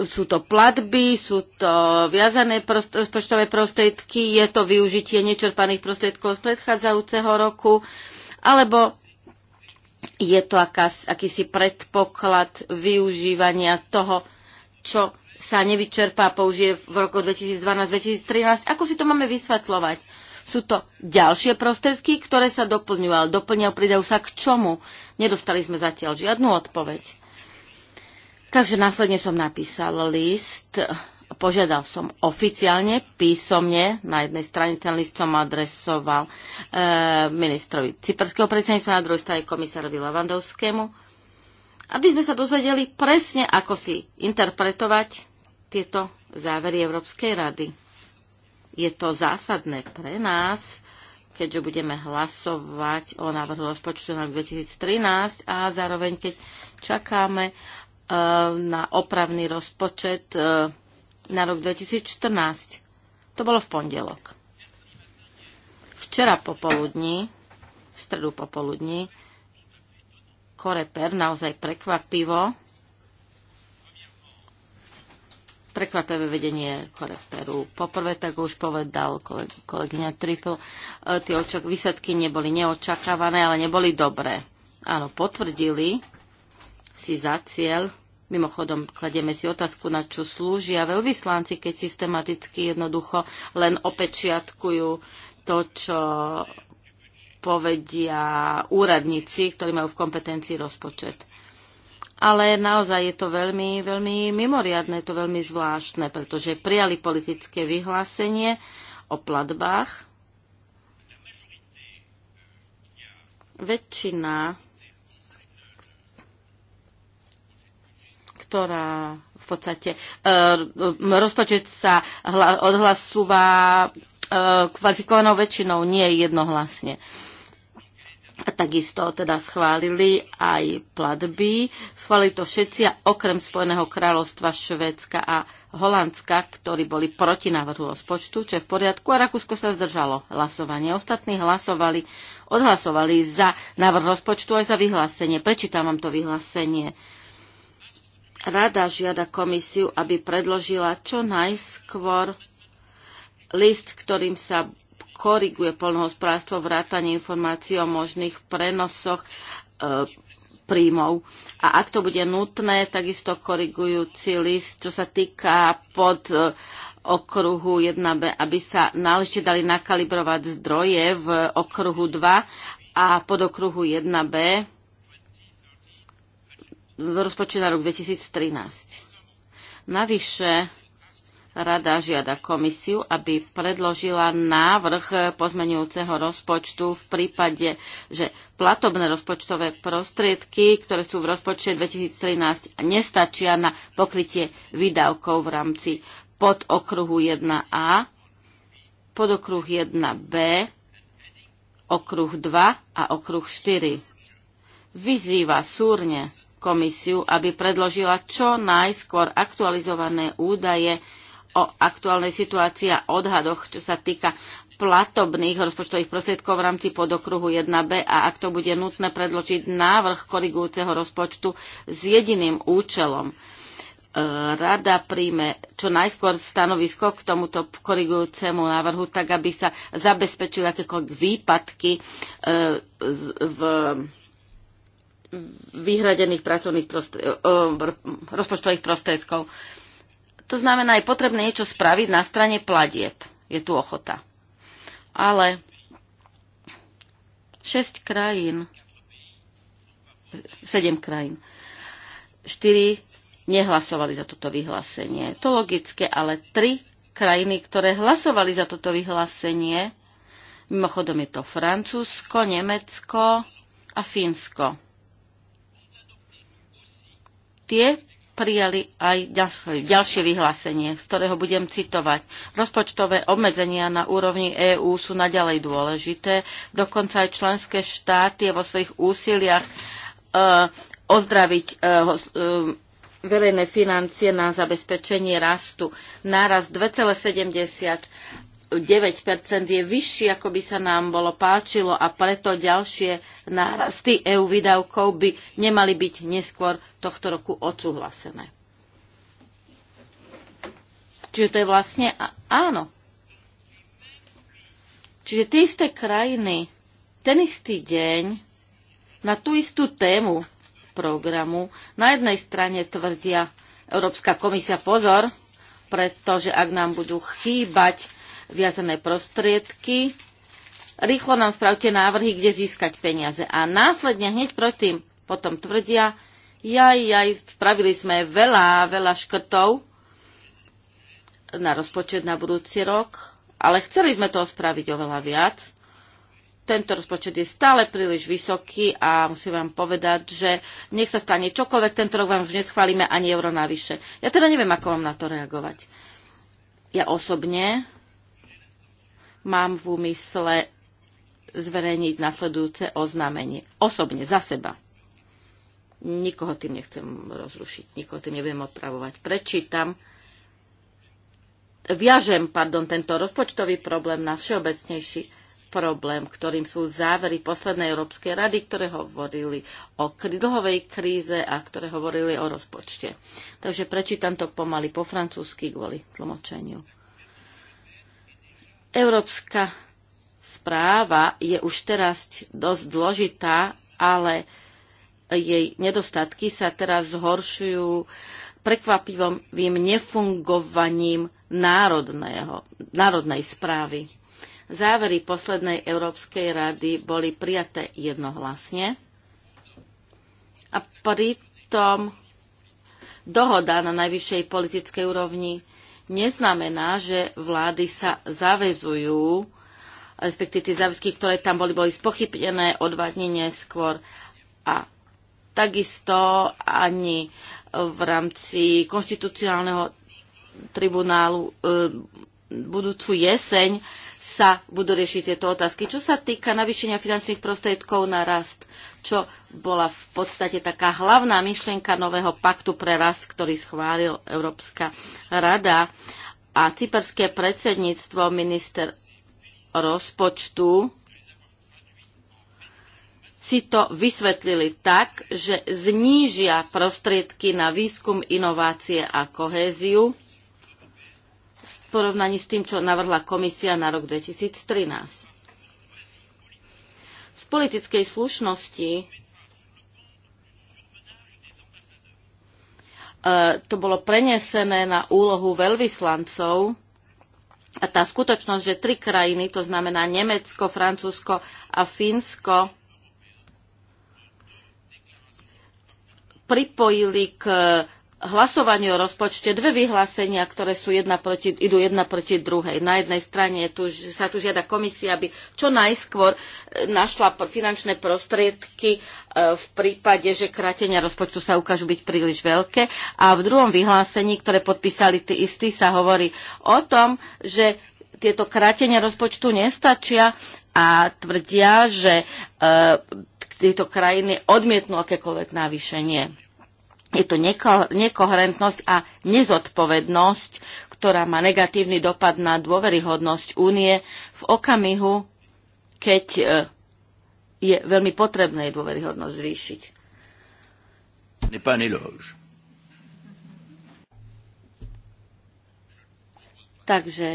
S3: sú to platby, sú to viazané prost- rozpočtové prostriedky, je to využitie nečerpaných prostriedkov z predchádzajúceho roku, alebo je to akás, akýsi predpoklad využívania toho, čo sa nevyčerpá a použije v roku 2012-2013. Ako si to máme vysvetľovať? Sú to ďalšie prostriedky, ktoré sa doplňujú, ale doplňujú, pridajú sa k čomu? Nedostali sme zatiaľ žiadnu odpoveď. Takže následne som napísal list, požiadal som oficiálne, písomne, na jednej strane ten list som adresoval e, ministrovi cyperského predsednictva, na druhej strane komisárovi Lavandovskému, aby sme sa dozvedeli presne, ako si interpretovať tieto závery Európskej rady. Je to zásadné pre nás, keďže budeme hlasovať o návrhu rozpočtu na 2013 a zároveň keď čakáme e, na opravný rozpočet e, na rok 2014. To bolo v pondelok. Včera popoludní, v stredu popoludní, Koreper naozaj prekvapivo prekvapivé vedenie korektoru. Poprvé, tak už povedal koleg- kolegyňa Triple, e, tie očak- výsledky neboli neočakávané, ale neboli dobré. Áno, potvrdili si za cieľ, mimochodom kladieme si otázku, na čo slúžia veľvyslanci, keď systematicky jednoducho len opečiatkujú to, čo povedia úradníci, ktorí majú v kompetencii rozpočet ale naozaj je to veľmi, veľmi mimoriadne, je to veľmi zvláštne, pretože prijali politické vyhlásenie o platbách. Väčšina, ktorá v podstate e, rozpočet sa odhlasúva e, kvalifikovanou väčšinou, nie jednohlasne a takisto teda schválili aj platby. Schválili to všetci a okrem Spojeného kráľovstva Švédska a Holandska, ktorí boli proti návrhu rozpočtu, čo je v poriadku. A Rakúsko sa zdržalo hlasovanie. Ostatní hlasovali, odhlasovali za návrh rozpočtu aj za vyhlásenie. Prečítam vám to vyhlásenie. Rada žiada komisiu, aby predložila čo najskôr list, ktorým sa koriguje polnohospodárstvo vrátanie informácií o možných prenosoch e, príjmov. A ak to bude nutné, takisto korigujúci list, čo sa týka pod e, okruhu 1b, aby sa náležite dali nakalibrovať zdroje v okruhu 2 a pod okruhu 1b v rozpočte na rok 2013. Navyše Rada žiada komisiu, aby predložila návrh pozmenujúceho rozpočtu v prípade, že platobné rozpočtové prostriedky, ktoré sú v rozpočte 2013, nestačia na pokrytie výdavkov v rámci podokruhu 1a, podokruh 1b, okruh 2 a okruh 4. Vyzýva súrne komisiu, aby predložila čo najskôr aktualizované údaje o aktuálnej situácii a odhadoch, čo sa týka platobných rozpočtových prostriedkov v rámci podokruhu 1b a ak to bude nutné predložiť návrh korigujúceho rozpočtu s jediným účelom. E, rada príjme čo najskôr stanovisko k tomuto korigujúcemu návrhu, tak aby sa zabezpečili akékoľvek výpadky e, v vyhradených pracovných prostr- e, rozpočtových prostriedkov. To znamená, je potrebné niečo spraviť na strane platieb. Je tu ochota. Ale 6 krajín, 7 krajín, 4 nehlasovali za toto vyhlásenie. To logické, ale 3 krajiny, ktoré hlasovali za toto vyhlásenie, mimochodom je to Francúzsko, Nemecko a Fínsko. Tie prijali aj ďalšie vyhlásenie, z ktorého budem citovať. Rozpočtové obmedzenia na úrovni EÚ sú naďalej dôležité, dokonca aj členské štáty vo svojich úsiliach uh, ozdraviť uh, uh, verejné financie na zabezpečenie rastu. Náraz 2,70 9 je vyšší, ako by sa nám bolo páčilo a preto ďalšie nárasty EU výdavkov by nemali byť neskôr tohto roku odsúhlasené. Čiže to je vlastne áno. Čiže tie isté krajiny, ten istý deň, na tú istú tému programu, na jednej strane tvrdia Európska komisia pozor, pretože ak nám budú chýbať viazané prostriedky. Rýchlo nám spravte návrhy, kde získať peniaze. A následne hneď proti potom tvrdia, jaj, jaj, spravili sme veľa, veľa škrtov na rozpočet na budúci rok, ale chceli sme toho spraviť oveľa viac. Tento rozpočet je stále príliš vysoký a musím vám povedať, že nech sa stane čokoľvek, tento rok vám už neschválime ani euro navyše. Ja teda neviem, ako mám na to reagovať. Ja osobne mám v úmysle zverejniť nasledujúce oznámenie. Osobne, za seba. Nikoho tým nechcem rozrušiť, nikoho tým nebudem odpravovať. Prečítam, viažem pardon, tento rozpočtový problém na všeobecnejší problém, ktorým sú závery poslednej Európskej rady, ktoré hovorili o dlhovej kríze a ktoré hovorili o rozpočte. Takže prečítam to pomaly po francúzsky kvôli tlmočeniu Európska správa je už teraz dosť dôležitá, ale jej nedostatky sa teraz zhoršujú prekvapivým nefungovaním národného, národnej správy. Závery poslednej Európskej rady boli prijaté jednohlasne a pritom dohoda na najvyššej politickej úrovni neznamená, že vlády sa zavezujú, respektíve tie záväzky, ktoré tam boli, boli spochybnené o dva dní neskôr. A takisto ani v rámci konštitucionálneho tribunálu e, budúcu jeseň sa budú riešiť tieto otázky. Čo sa týka navýšenia finančných prostriedkov na rast, čo bola v podstate taká hlavná myšlienka nového paktu pre rast, ktorý schválil Európska rada. A cyperské predsedníctvo, minister rozpočtu, si to vysvetlili tak, že znížia prostriedky na výskum, inovácie a kohéziu v porovnaní s tým, čo navrhla komisia na rok 2013. Z politickej slušnosti E, to bolo prenesené na úlohu veľvyslancov a tá skutočnosť, že tri krajiny, to znamená Nemecko, Francúzsko a Fínsko, pripojili k hlasovanie o rozpočte dve vyhlásenia, ktoré sú jedna proti, idú jedna proti druhej. Na jednej strane tu, sa tu žiada komisia, aby čo najskôr e, našla finančné prostriedky e, v prípade, že krátenia rozpočtu sa ukážu byť príliš veľké. A v druhom vyhlásení, ktoré podpísali tí istí, sa hovorí o tom, že tieto krátenia rozpočtu nestačia a tvrdia, že e, tieto krajiny odmietnú akékoľvek navýšenie je to neko- nekoherentnosť a nezodpovednosť, ktorá má negatívny dopad na dôveryhodnosť únie v okamihu, keď e, je veľmi potrebné dôveryhodnosť zvýšiť. Takže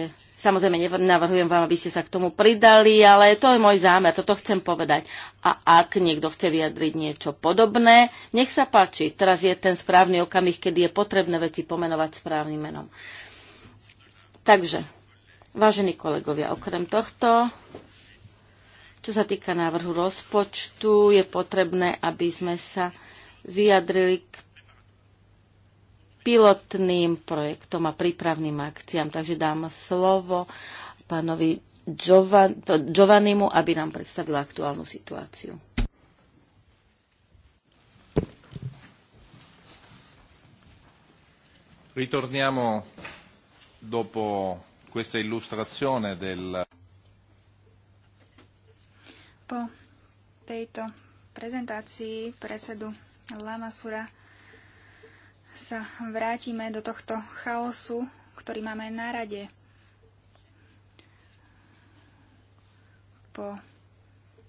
S3: Samozrejme, navrhujem vám, aby ste sa k tomu pridali, ale to je môj zámer, toto chcem povedať. A ak niekto chce vyjadriť niečo podobné, nech sa páči. Teraz je ten správny okamih, kedy je potrebné veci pomenovať správnym menom. Takže, vážení kolegovia, okrem tohto, čo sa týka návrhu rozpočtu, je potrebné, aby sme sa vyjadrili k pilotným projektom a prípravným akciám. Takže dám slovo pánovi Giovan, Giovannimu, aby nám predstavil aktuálnu situáciu.
S2: Ritorniamo dopo questa illustrazione del Po tejto prezentácii predsedu Lamasura sa vrátime do tohto chaosu, ktorý máme na rade. Po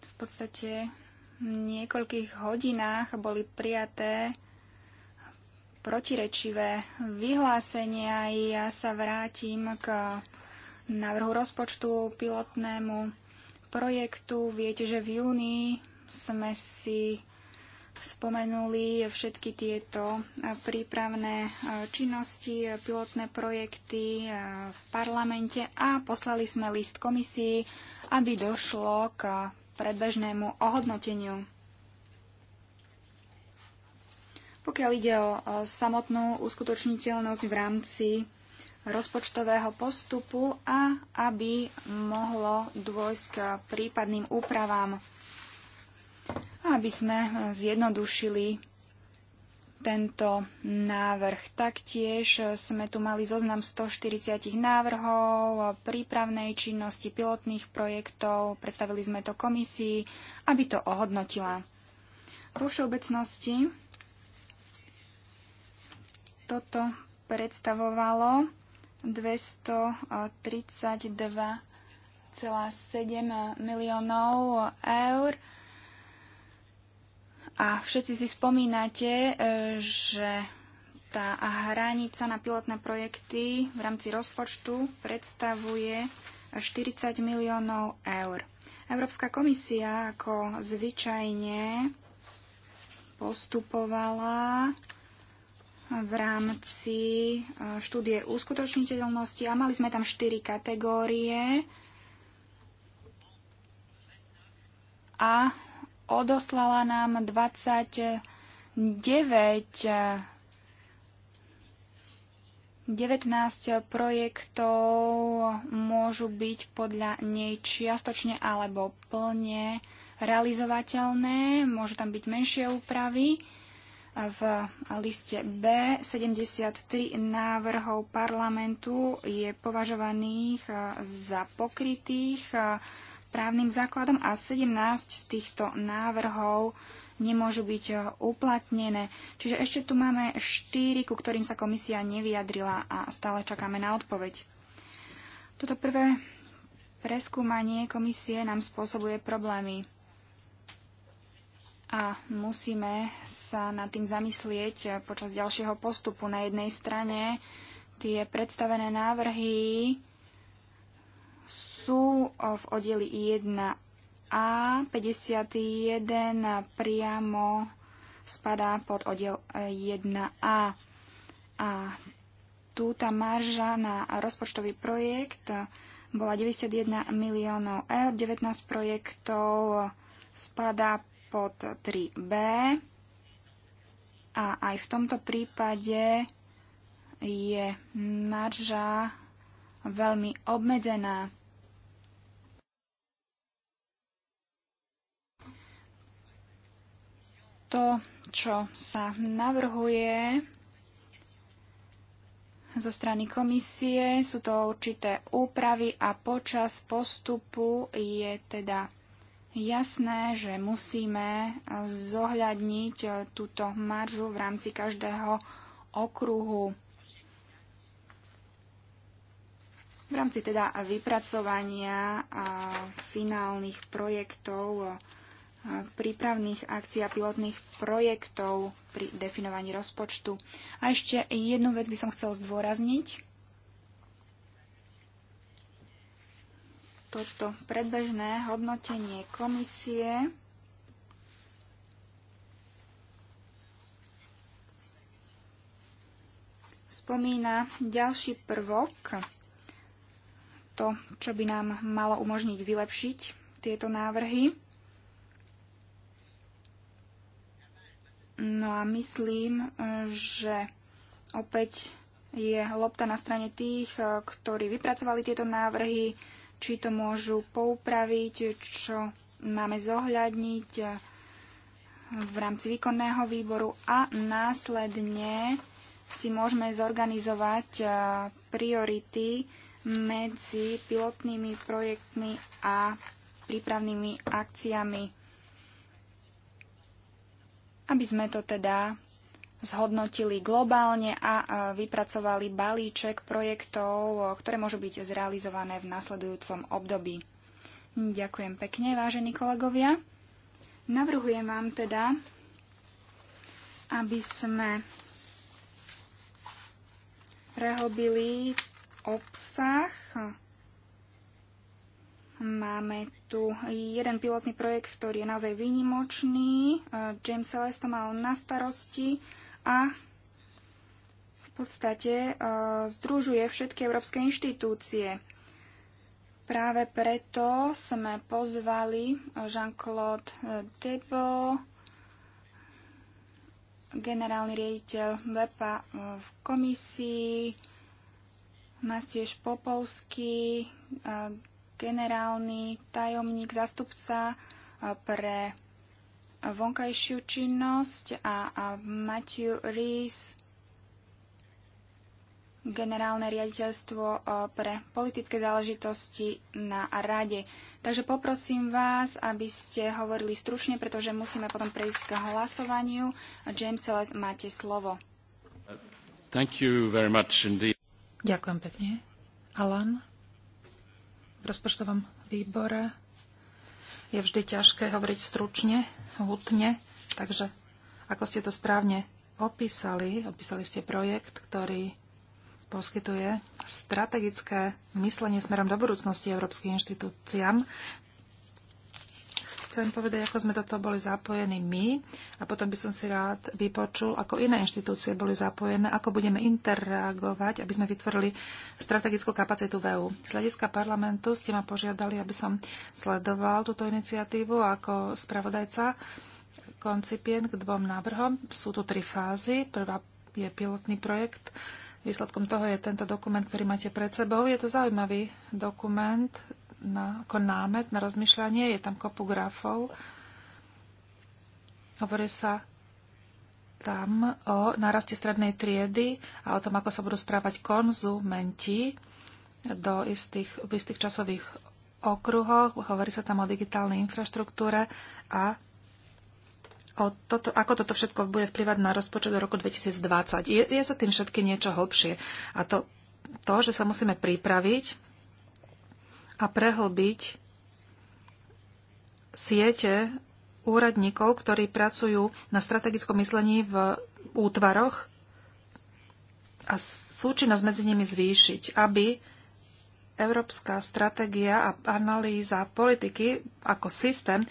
S2: v podstate niekoľkých hodinách boli prijaté protirečivé vyhlásenia. Ja sa vrátim k návrhu rozpočtu pilotnému projektu. Viete, že v júni sme si spomenuli všetky tieto prípravné e, činnosti, pilotné projekty e, v parlamente a poslali sme list komisii, aby došlo k predbežnému ohodnoteniu. Pokiaľ ide o e, samotnú uskutočniteľnosť v rámci rozpočtového postupu a aby mohlo dôjsť k prípadným úpravám aby sme eh, zjednodušili tento návrh. Taktiež eh, sme tu mali zoznam 140 návrhov eh, prípravnej činnosti pilotných projektov. Predstavili sme to komisii, aby to ohodnotila. Vo všeobecnosti toto predstavovalo 232,7 miliónov eur a všetci si spomínate, e, že tá hranica na pilotné projekty v rámci rozpočtu predstavuje 40 miliónov eur. Európska komisia ako zvyčajne postupovala v rámci e, štúdie uskutočniteľnosti a mali sme tam 4 kategórie a odoslala nám 29 19 eh, projektov môžu byť podľa nej čiastočne alebo plne realizovateľné, môžu tam byť menšie úpravy. V liste B 73 návrhov parlamentu je považovaných eh, za pokrytých eh, právnym základom a 17 z týchto návrhov nemôžu byť e, uplatnené. Čiže ešte tu máme 4, ku ktorým sa komisia nevyjadrila a stále čakáme na odpoveď. Toto prvé preskúmanie komisie nám spôsobuje problémy a musíme sa nad tým zamyslieť e, počas ďalšieho postupu. Na jednej strane tie predstavené návrhy sú v oddeli 1a, 51 priamo spadá pod oddel 1a. E, a tu tá marža na rozpočtový projekt bola 91 miliónov eur, 19 projektov spadá pod 3b. A aj v tomto prípade je marža veľmi obmedzená. to, čo sa navrhuje zo strany komisie, sú to určité úpravy a počas postupu je teda jasné, že musíme zohľadniť túto maržu v rámci každého okruhu. V rámci teda vypracovania finálnych projektov prípravných akcií a pilotných projektov pri definovaní rozpočtu. A ešte jednu vec by som chcel zdôrazniť. Toto predbežné hodnotenie komisie spomína ďalší prvok, to, čo by nám malo umožniť vylepšiť tieto návrhy. No a myslím, že opäť je lopta na strane tých, eh, ktorí vypracovali tieto návrhy, či to môžu poupraviť, čo máme zohľadniť eh, v rámci výkonného výboru a následne si môžeme zorganizovať eh, priority medzi pilotnými projektmi a prípravnými akciami aby sme to teda zhodnotili globálne a vypracovali balíček projektov, ktoré môžu byť zrealizované v nasledujúcom období. Ďakujem pekne, vážení kolegovia. Navrhujem vám teda, aby sme prehobili obsah Máme tu jeden pilotný projekt, ktorý je naozaj výnimočný. E, James Celeste to mal na starosti a v podstate e, združuje všetky európske inštitúcie. Práve preto sme pozvali e, Jean-Claude Debo, generálny riaditeľ BEPA v komisii, Mastiež Popovský, generálny tajomník, zastupca e, pre vonkajšiu činnosť a, a Matthew Rees, generálne riaditeľstvo e, pre politické záležitosti na rade. Takže poprosím vás, aby ste hovorili stručne, pretože musíme potom prejsť k hlasovaniu. James Ellis, máte slovo.
S3: Thank you very much indeed.
S1: Ďakujem pekne. Alan? rozpočtovom výbore je vždy ťažké hovoriť stručne, hutne, takže ako ste to správne opísali, opísali ste projekt, ktorý poskytuje strategické myslenie smerom do budúcnosti európskych inštitúciám chcem povedať, ako sme do toho boli zapojení my a potom by som si rád vypočul, ako iné inštitúcie boli zapojené, ako budeme interagovať, aby sme vytvorili strategickú kapacitu VU. E Z hľadiska parlamentu ste ma požiadali, aby som sledoval túto iniciatívu ako spravodajca koncipient k dvom návrhom. Sú tu tri fázy. Prvá je pilotný projekt. Výsledkom toho je tento dokument, ktorý máte pred sebou. Je to zaujímavý dokument, na, ako námet na rozmýšľanie. Je tam kopu grafov. Hovorí sa tam o náraste strednej triedy a o tom, ako sa budú správať konzumenti do istých, v istých časových okruhoch. Hovorí sa tam o digitálnej infraštruktúre a o toto, ako toto všetko bude vplyvať na rozpočet do roku 2020. Je, je za tým všetky niečo hlbšie. A to, to, že sa musíme pripraviť a prehlbiť siete úradníkov, ktorí pracujú na strategickom myslení v útvaroch a súčinnosť medzi nimi zvýšiť, aby európska stratégia a analýza politiky ako systém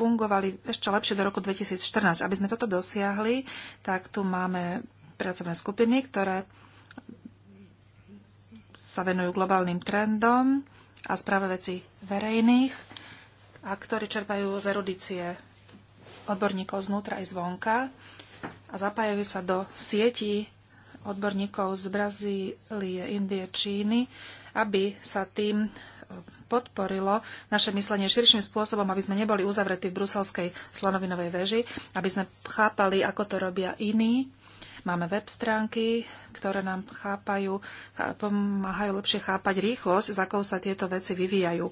S1: fungovali ešte lepšie do roku 2014. Aby sme toto dosiahli, tak tu máme pracovné skupiny, ktoré sa venujú globálnym trendom, a správe veci verejných a ktorí čerpajú z erudície odborníkov znútra aj zvonka a zapájajú sa do sieti odborníkov z Brazílie, Indie, Číny, aby sa tým e, podporilo naše myslenie širším spôsobom, aby sme neboli uzavretí v bruselskej slonovinovej veži, aby sme chápali, ako to robia iní, Máme web stránky, ktoré nám chápajú, pomáhajú lepšie chápať rýchlosť, za akou sa tieto veci vyvíjajú.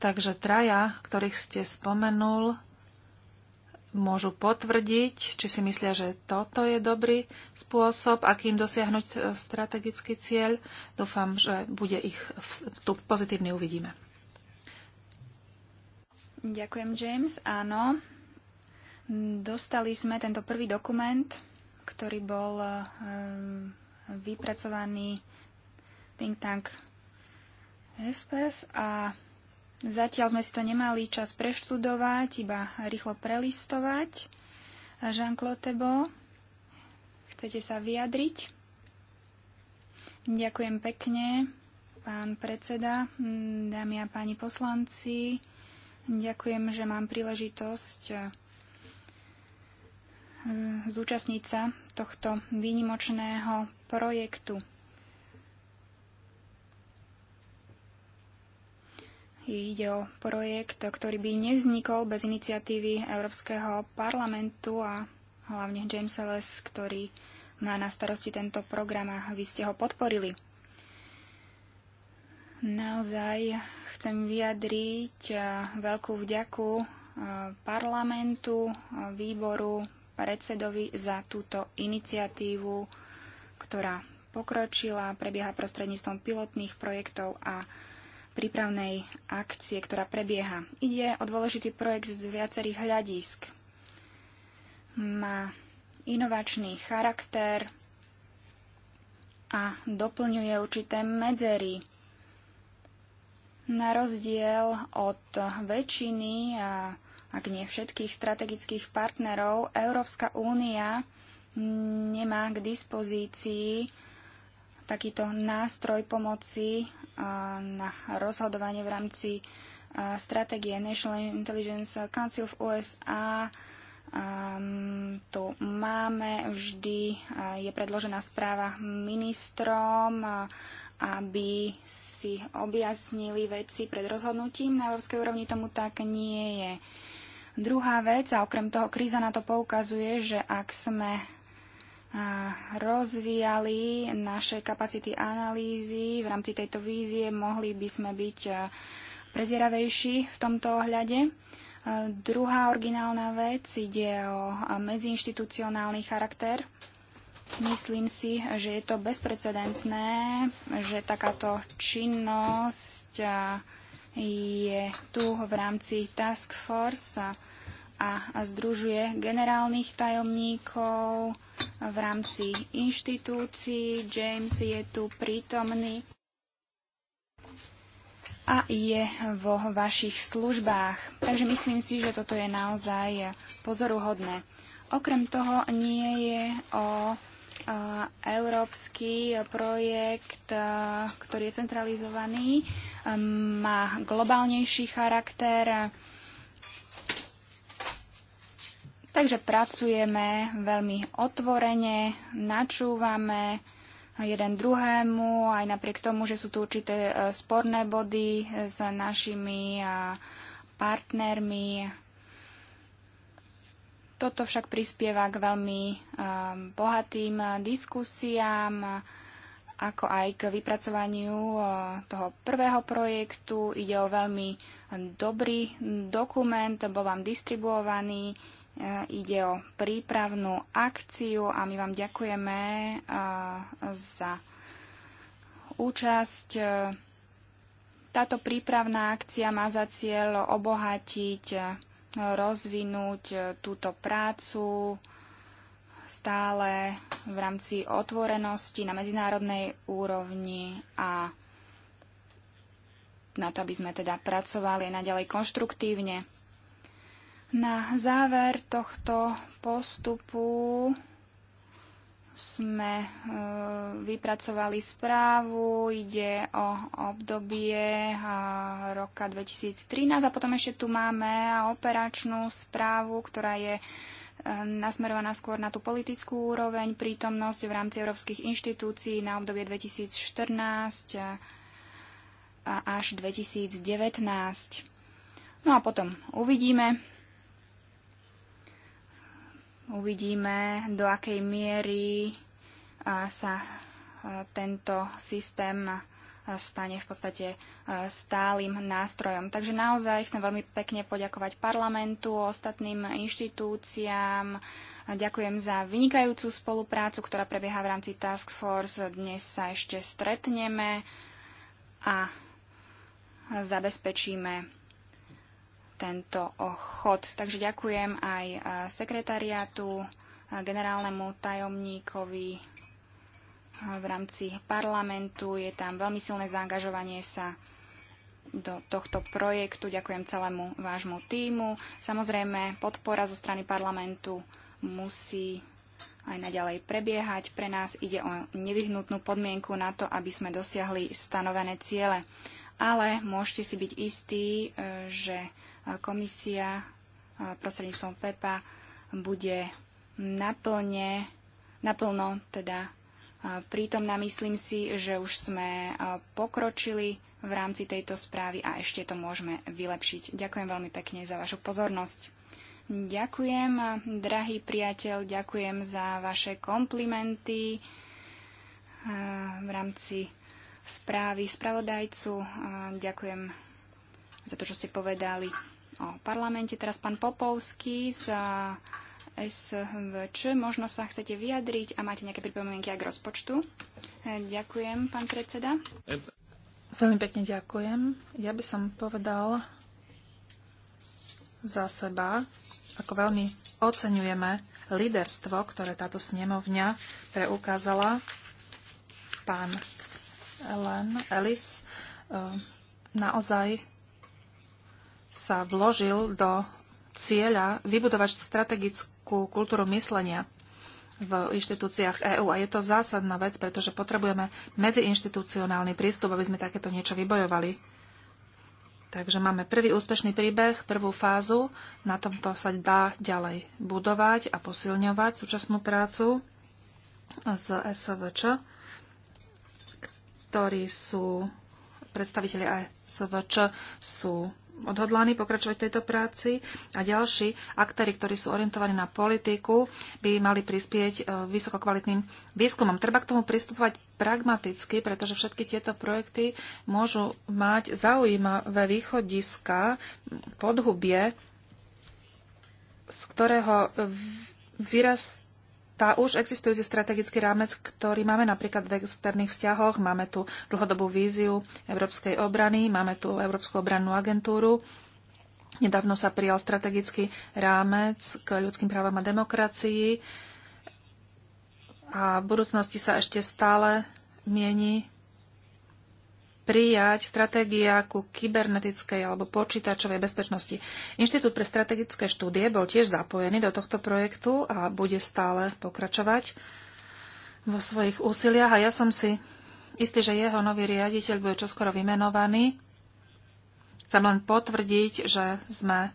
S1: Takže traja, ktorých ste spomenul, môžu potvrdiť, či si myslia, že toto je dobrý spôsob, akým dosiahnuť e, strategický cieľ. Dúfam, že bude ich tu pozitívny uvidíme.
S2: Ďakujem, James. Áno, Dostali sme tento prvý dokument, ktorý bol eh, vypracovaný think tank SPS a zatiaľ sme si to nemali čas preštudovať, iba rýchlo prelistovať. Jean-Claude Tebo, chcete sa vyjadriť? Ďakujem pekne, pán predseda, dámy a páni poslanci. Ďakujem, že mám príležitosť eh, Eh, zúčastniť sa tohto výnimočného projektu. Ide o projekt, ktorý by nevznikol bez iniciatívy Európskeho parlamentu a hlavne James Ellis, ktorý má na starosti tento program a vy ste ho podporili. Naozaj chcem vyjadriť eh, veľkú vďaku eh, parlamentu, výboru predsedovi za túto iniciatívu, ktorá pokročila, prebieha prostredníctvom pilotných projektov a prípravnej akcie, ktorá prebieha. Ide o dôležitý projekt z viacerých hľadisk, Má inovačný charakter a doplňuje určité medzery. Na rozdiel od väčšiny a ak nie všetkých strategických partnerov, Európska únia nemá k dispozícii takýto nástroj pomoci na rozhodovanie v rámci stratégie National Intelligence Council v USA. Tu máme vždy, je predložená správa ministrom, aby si objasnili veci pred rozhodnutím. Na európskej úrovni tomu tak nie je. Druhá vec, a okrem toho kríza na to poukazuje, že ak sme rozvíjali naše kapacity analýzy v rámci tejto vízie, mohli by sme byť prezieravejší v tomto ohľade. Druhá originálna vec ide o medziinštitucionálny charakter. Myslím si, že je to bezprecedentné, že takáto činnosť je tu v rámci Task Force a, a združuje generálnych tajomníkov v rámci inštitúcií. James je tu prítomný a je vo vašich službách. Takže myslím si, že toto je naozaj pozoruhodné. Okrem toho nie je o európsky projekt, ktorý je centralizovaný, má globálnejší charakter. Takže pracujeme veľmi otvorene, načúvame jeden druhému, aj napriek tomu, že sú tu určité e, sporné body s našimi partnermi toto však prispieva k veľmi um, bohatým diskusiám, ako aj k vypracovaniu uh, toho prvého projektu. Ide o veľmi dobrý dokument, bol vám distribuovaný, uh, ide o prípravnú akciu a my vám ďakujeme uh, za účasť. Táto prípravná akcia má za cieľ obohatiť rozvinúť e, túto prácu stále v rámci otvorenosti na medzinárodnej úrovni a na to, aby sme teda pracovali naďalej konštruktívne. Na záver tohto postupu sme e, vypracovali správu, ide o obdobie roka 2013 a potom ešte tu máme operačnú správu, ktorá je e, nasmerovaná skôr na tú politickú úroveň, prítomnosť v rámci európskych inštitúcií na obdobie 2014 až 2019. No a potom uvidíme, Uvidíme, do akej miery sa tento systém stane v podstate stálym nástrojom. Takže naozaj chcem veľmi pekne poďakovať parlamentu, ostatným inštitúciám. Ďakujem za vynikajúcu spoluprácu, ktorá prebieha v rámci Task Force. Dnes sa ešte stretneme a zabezpečíme tento chod. Takže ďakujem aj sekretariátu, generálnemu tajomníkovi v rámci parlamentu. Je tam veľmi silné zaangažovanie sa do tohto projektu. Ďakujem celému vášmu týmu. Samozrejme, podpora zo strany parlamentu musí aj naďalej prebiehať. Pre nás ide o nevyhnutnú podmienku na to, aby sme dosiahli stanovené ciele. Ale môžete si byť istí, e, že komisia prostredníctvom PEPA bude naplne, naplno teda prítomná. Myslím si, že už sme pokročili v rámci tejto správy a ešte to môžeme vylepšiť. Ďakujem veľmi pekne za vašu pozornosť. Ďakujem, drahý priateľ, ďakujem za vaše komplimenty v rámci správy spravodajcu. Ďakujem za to, čo ste povedali o parlamente. Teraz pán Popovský z eh, SVČ. Možno sa chcete vyjadriť a máte nejaké pripomienky aj k rozpočtu. Eh, ďakujem, pán predseda. Veľmi pekne ďakujem. Ja by
S1: som povedal za seba, ako veľmi oceňujeme líderstvo, ktoré táto snemovňa preukázala. Pán Ellen Ellis eh, naozaj sa vložil do cieľa vybudovať strategickú kultúru myslenia v inštitúciách EÚ. A je to zásadná vec, pretože potrebujeme medziinštitucionálny prístup, aby sme takéto niečo vybojovali. Takže máme prvý úspešný príbeh, prvú fázu. Na tomto sa dá ďalej budovať a posilňovať súčasnú prácu z SVČ, ktorí sú predstaviteľi SVČ sú odhodlaní pokračovať v tejto práci a ďalší aktéry, ktorí sú orientovaní na politiku, by mali prispieť e, vysokokvalitným výskumom. Treba k tomu pristupovať pragmaticky, pretože všetky tieto projekty môžu mať zaujímavé východiska, podhubie, z ktorého vyrastú tá už existujúci strategický rámec, ktorý máme napríklad v externých vzťahoch, máme tu dlhodobú víziu európskej obrany, máme tu Európsku obrannú agentúru. Nedávno sa prijal strategický rámec k ľudským právam a demokracii a v budúcnosti sa ešte stále mieni prijať stratégia ku kybernetickej alebo počítačovej bezpečnosti. Inštitút pre strategické štúdie bol tiež zapojený do tohto projektu a bude stále pokračovať vo svojich úsiliach a ja som si istý, že jeho nový riaditeľ bude čoskoro vymenovaný. Chcem len potvrdiť, že sme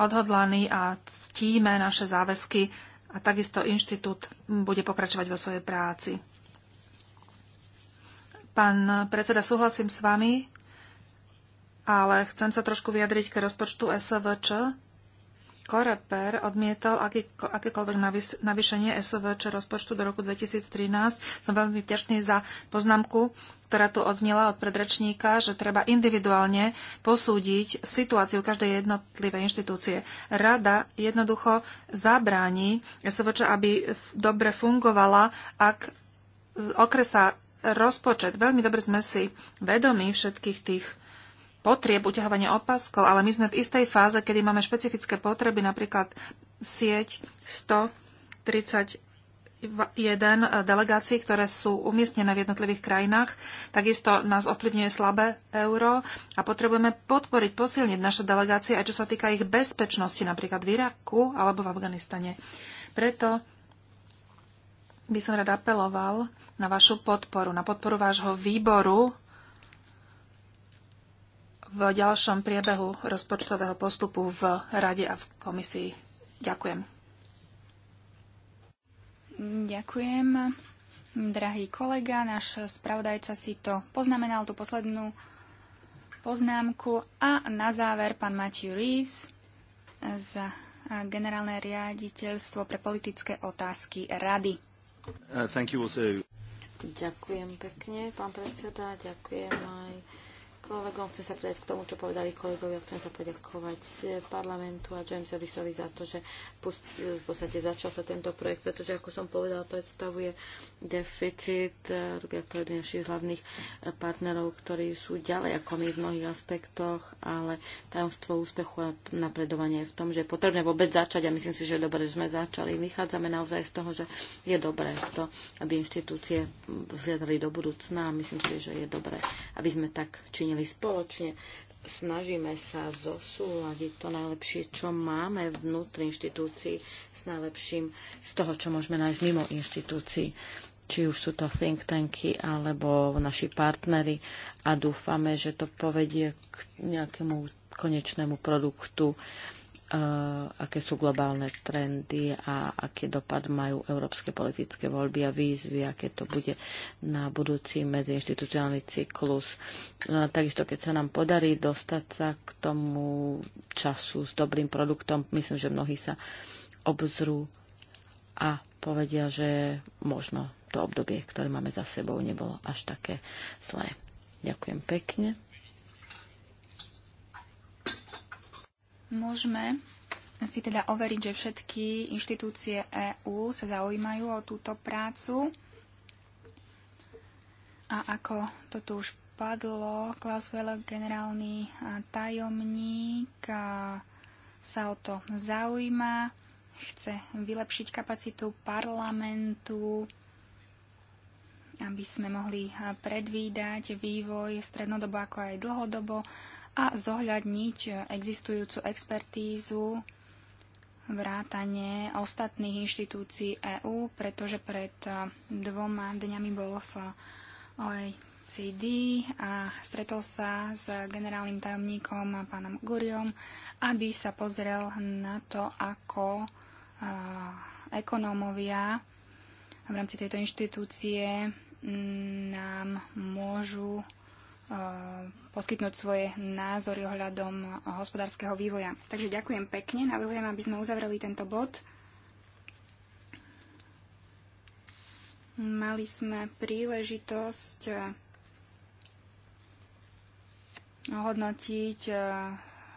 S1: odhodlaní a ctíme naše záväzky a takisto inštitút bude pokračovať vo svojej práci. Pán predseda, súhlasím s vami, ale chcem sa trošku vyjadriť k rozpočtu SVČ. Koreper odmietol aký, akékoľvek navýšenie SVČ rozpočtu do roku 2013. Som veľmi vďačný za poznámku, ktorá tu odznela od predrečníka, že treba individuálne posúdiť situáciu každej jednotlivej inštitúcie. Rada jednoducho zabráni SVČ, aby dobre fungovala, ak okres rozpočet. Veľmi dobre sme si vedomi všetkých tých potrieb uťahovania opaskov, ale my sme v istej fáze, kedy máme špecifické potreby, napríklad sieť 130 jeden delegácií, ktoré sú umiestnené v jednotlivých krajinách. Takisto nás ovplyvňuje slabé euro a potrebujeme podporiť, posilniť naše delegácie, aj čo sa týka ich bezpečnosti, napríklad v Iraku alebo v Afganistane. Preto by som rada apeloval na vašu podporu, na podporu vášho výboru v ďalšom priebehu rozpočtového postupu v Rade a v komisii. Ďakujem.
S2: Ďakujem. Drahý kolega, náš spravodajca si to poznamenal, tú poslednú poznámku. A na záver pán Matiu Rees za generálne riaditeľstvo pre politické otázky Rady.
S3: Uh, Ďakujem pekne, pán predseda, ďakujem aj kolegom, chcem sa pridať k tomu, čo povedali kolegovia, chcem sa poďakovať eh, parlamentu a James Ellisovi za to, že v podstate začal sa tento projekt, pretože ako som povedal, predstavuje deficit, eh, robia to jeden z hlavných eh, partnerov, ktorí sú ďalej ako my v mnohých aspektoch, ale tajomstvo úspechu a napredovania je v tom, že je potrebné vôbec začať a myslím si, že je dobré, že sme začali. Vychádzame naozaj z toho, že je dobré to, aby inštitúcie vzhľadali do budúcna a myslím si, že je dobré, aby sme tak činili zverejnili spoločne. Snažíme sa zosúľadiť to najlepšie, čo máme vnútri inštitúcií s najlepším z toho, čo môžeme nájsť mimo inštitúcií či už sú to think tanky alebo naši partnery a dúfame, že to povedie k nejakému konečnému produktu, Eh, aké sú globálne trendy a aké dopad majú európske politické voľby a výzvy, aké to bude na budúci medziinstitucionálny cyklus. No takisto, keď sa nám podarí dostať sa k tomu času s dobrým produktom, myslím, že mnohí sa obzrú a povedia, že možno to obdobie, ktoré máme za sebou, nebolo až také zlé. Ďakujem pekne.
S2: Môžeme si teda overiť, že všetky inštitúcie EÚ sa zaujímajú o túto prácu. A ako to tu už padlo, Klaus Welle, generálny tajomník, sa o to zaujíma, chce vylepšiť kapacitu parlamentu, aby sme mohli predvídať vývoj strednodobo ako aj dlhodobo a zohľadniť existujúcu expertízu vrátanie ostatných inštitúcií EÚ, pretože pred eh, dvoma dňami bol v OECD a stretol sa s generálnym tajomníkom pánom Guriom, aby sa pozrel na to, ako eh, ekonómovia v rámci tejto inštitúcie mm, nám môžu Eh, poskytnúť svoje názory ohľadom hospodárskeho vývoja. Takže ďakujem pekne. Navrhujem, aby sme uzavreli tento bod. Mali sme príležitosť eh, hodnotiť eh,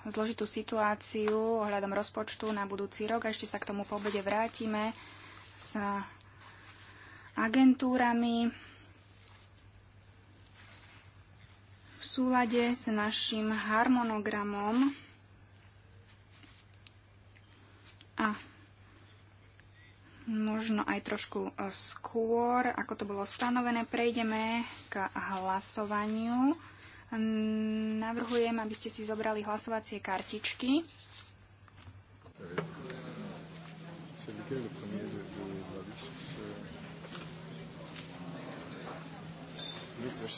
S2: zložitú situáciu ohľadom rozpočtu na budúci rok. Ešte sa k tomu po vrátime s agentúrami. v súlade s našim harmonogramom a možno aj trošku e, skôr, ako to bolo stanovené, prejdeme k hlasovaniu. Navrhujem, aby ste si zobrali hlasovacie kartičky.
S3: Lucre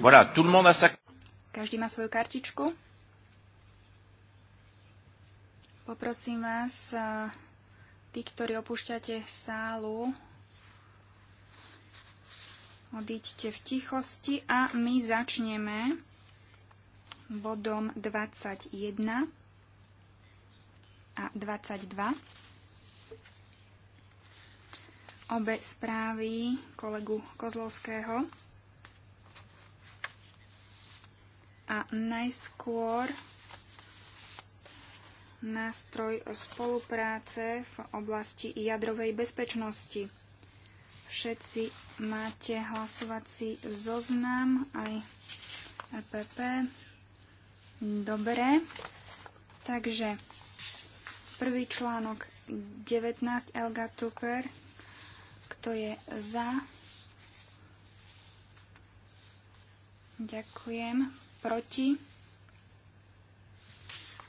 S1: Voilà, tout le monde a sa...
S2: Každý má svoju kartičku. Poprosím vás, eh, tí, ktorí opúšťate sálu, odíďte v tichosti a my začneme bodom 21 a 22. Obe správy kolegu Kozlovského. A najskôr nástroj spolupráce v oblasti jadrovej bezpečnosti. Všetci máte hlasovací zoznam, aj EPP. Dobre, takže prvý článok 19 Elga Tupper, kto je za. Ďakujem. Proti.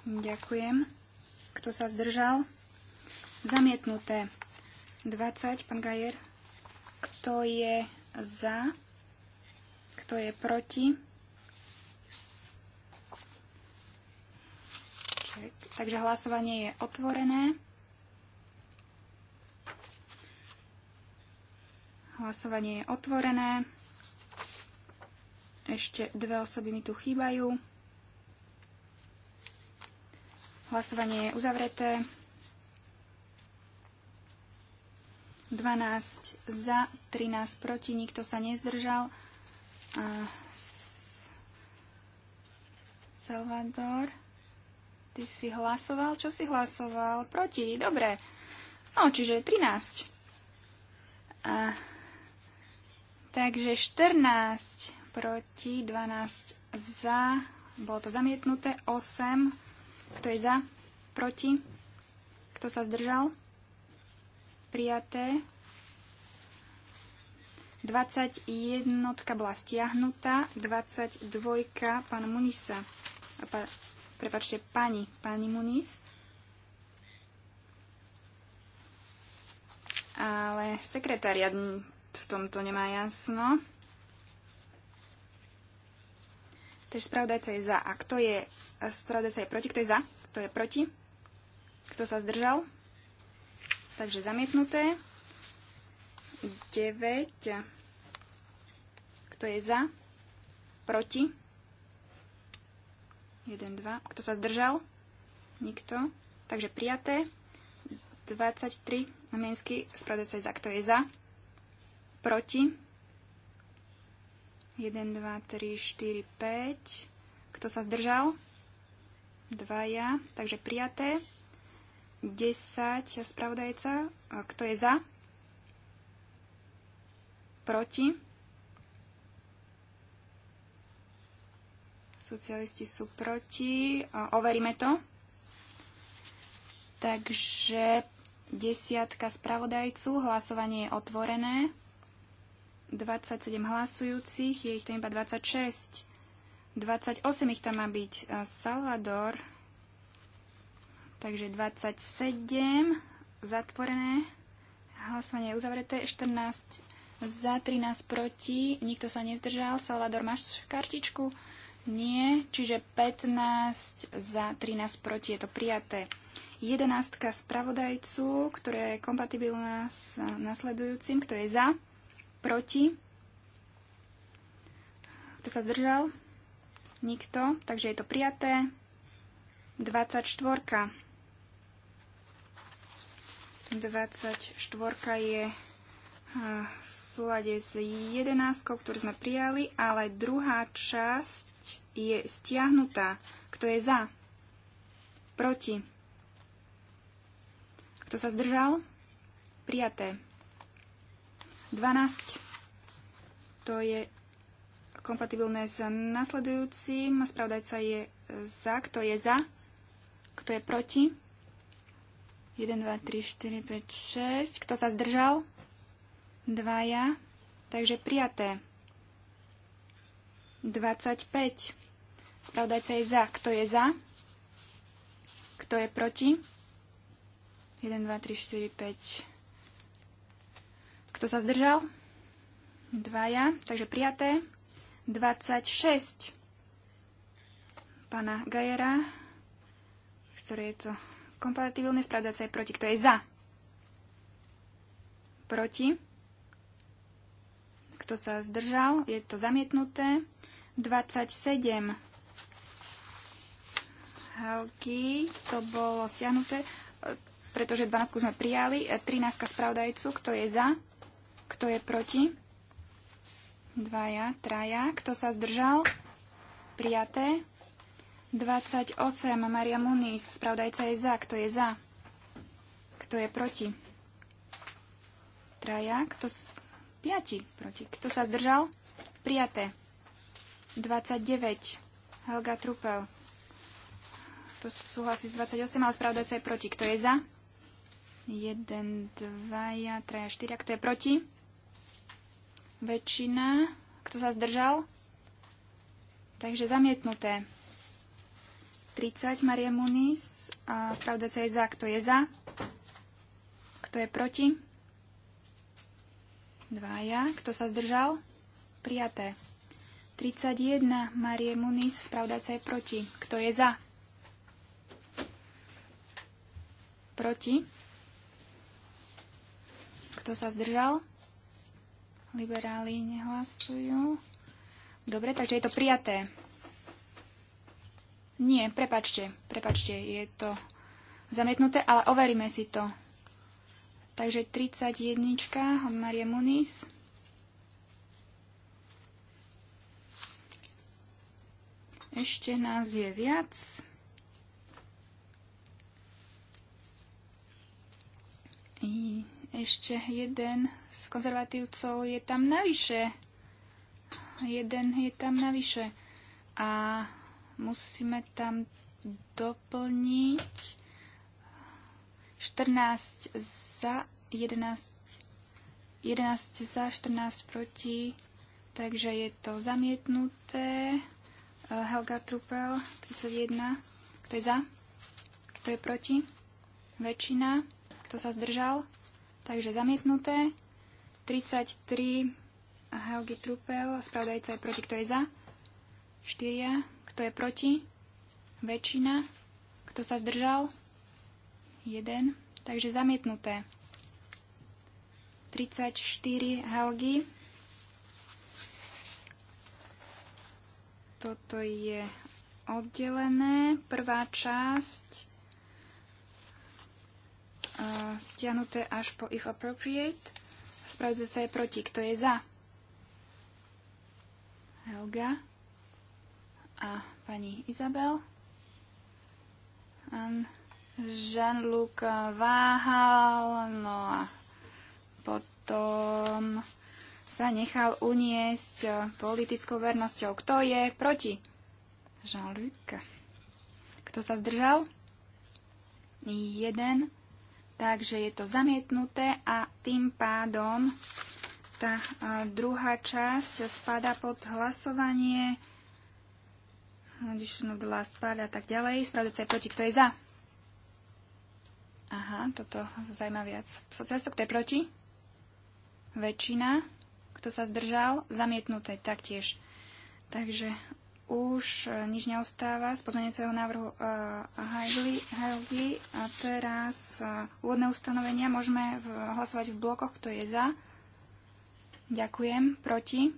S2: Ďakujem. Kto sa zdržal? Zamietnuté. 20, pán Gajer. Kto je za? Kto je proti? Takže hlasovanie je otvorené. Hlasovanie je otvorené. Ešte dve osoby mi tu chýbajú. Hlasovanie je uzavreté. 12 za, 13 proti, nikto sa nezdržal. A Salvador. Ty si hlasoval? Čo si hlasoval? Proti, dobre. No, čiže 13. A, takže 14 proti, 12 za, bolo to zamietnuté, 8, kto je za, proti, kto sa zdržal, prijaté, 21 bola stiahnutá, 22 pán Munisa, prepačte, pani, pani Muniz. Ale sekretariat v tomto nemá jasno. Takže spravodajca je za. A kto je, spravodajca je proti? Kto je za? Kto je proti? Kto sa zdržal? Takže zamietnuté. 9. Kto je za? Proti? 1, 2. Kto sa zdržal? Nikto. Takže prijaté. 23. Mienský spravodajca sa za. Kto je za? Proti. 1, 2, 3, 4, 5. Kto sa zdržal? ja, Takže prijaté. 10. Spravodajca. Kto je za? Proti. Socialisti sú proti. Overíme to. Takže desiatka spravodajcu. Hlasovanie je otvorené. 27 hlasujúcich, je ich tam iba 26. 28 ich tam má byť Salvador. Takže 27 zatvorené. Hlasovanie je uzavreté. 14 za, 13 proti. Nikto sa nezdržal. Salvador, máš kartičku? Nie, čiže 15 za 13 proti je to prijaté. 11 spravodajcu, ktorá je kompatibilná s nasledujúcim, kto je za, proti, kto sa zdržal, nikto, takže je to prijaté. 24. 24 je eh, v súlade s 11, ktorú sme prijali, ale druhá časť je stiahnutá. Kto je za? Proti. Kto sa zdržal? Prijaté. 12. To je kompatibilné s nasledujúcim. Spravodajca je za. Kto je za? Kto je proti? 1, 2, 3, 4, 5, 6. Kto sa zdržal? Dvaja. Takže prijaté. 25. Spravodajca je za. Kto je za? Kto je proti? 1, 2, 3, 4, 5. Kto sa zdržal? Dvaja. Takže prijaté. 26. Pána Gajera, ktoré je to kompatibilné. Spravodajca je proti. Kto je za? Proti. Kto sa zdržal? Je to zamietnuté. 27. Halky, to bolo stiahnuté, e, pretože 12 sme prijali. 13 e, spravodajcu, kto je za, kto je proti. Dvaja, traja. Kto sa zdržal? Prijaté. 28. Maria Muniz, spravodajca je za. Kto je za? Kto je proti? Traja. Kto... Piati proti. Kto sa zdržal? Prijaté. 29. Helga Trupel. To súhlasí s 28, ale sa je proti. Kto je za? 1, 2, 3, 4. Kto je proti? Väčšina. Kto sa zdržal? Takže zamietnuté. 30 Maria Muniz. A spravda sa je za. Kto je za? Kto je proti? Dvaja. Kto sa zdržal? Prijaté. 31 Marie Muniz, spravodajca je proti. Kto je za? Proti. Kto sa zdržal? Liberáli nehlasujú. Dobre, takže je to prijaté. Nie, prepačte, prepačte, je to zamietnuté, ale overíme si to. Takže 31. Marie Muniz. Ešte nás je viac. I ešte jeden z konzervatívcov je tam navyše. Jeden je tam navyše. A musíme tam doplniť 14 za 11 11 za 14 proti, takže je to zamietnuté. Eh, Helga Trupel, 31. Kto je za? Kto je proti? Väčšina. Kto sa zdržal? Takže zamietnuté. 33. Helgi Trupel, spravodajca je proti. Kto je za? 4. Kto je proti? Väčšina. Kto sa zdržal? 1. Takže zamietnuté. 34 Helgi Toto je oddelené. Prvá časť stiahnuté až po if appropriate. Spravdu sa je proti. Kto je za? Helga a pani Izabel. Jean-Luc váhal, no a potom sa nechal uniesť e, politickou vernosťou. Kto je proti? Jean-Luc. Kto sa zdržal? Jeden. Takže je to zamietnuté a tým pádom tá e, druhá časť spada pod hlasovanie addition of the last part a tak ďalej. sa je proti, kto je za? Aha, toto zaujíma viac. Socialista, kto je proti? Väčšina. Kto sa zdržal? Zamietnuté taktiež. Takže už e, nič neostáva z pozmeňujúceho návrhu e, Hajli. A teraz e, úvodné ustanovenia môžeme hlasovať v blokoch, kto je za. Ďakujem. Proti?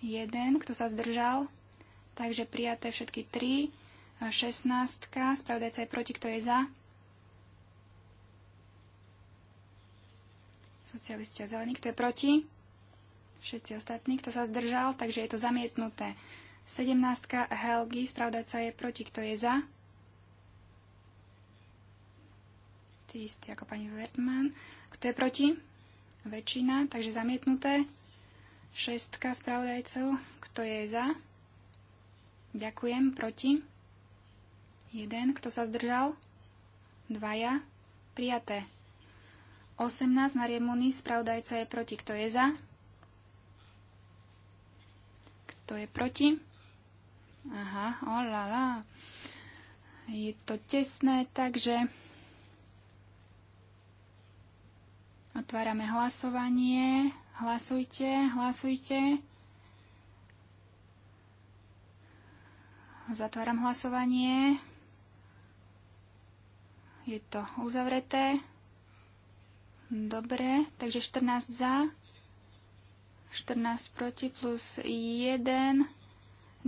S2: Jeden. Kto sa zdržal? Takže prijaté všetky tri. 16. Spravodajca je proti, kto je za? Socialisti a zelení, kto je proti? všetci ostatní, kto sa zdržal, takže je to zamietnuté. 17. Helgi, spravdajca je proti, kto je za? Ty istý ako pani Wertmann. Kto je proti? Väčšina, takže zamietnuté. Šestka spravodajcov, kto je za? Ďakujem, proti. Jeden, kto sa zdržal? Dvaja, prijaté. 18. Marie Muni, spravodajca je proti, kto je za? Kto je proti? Aha, olala. Je to tesné, takže otvárame hlasovanie. Hlasujte, hlasujte. Zatváram hlasovanie. Je to uzavreté. Dobre, takže 14 za, 14 proti plus 1.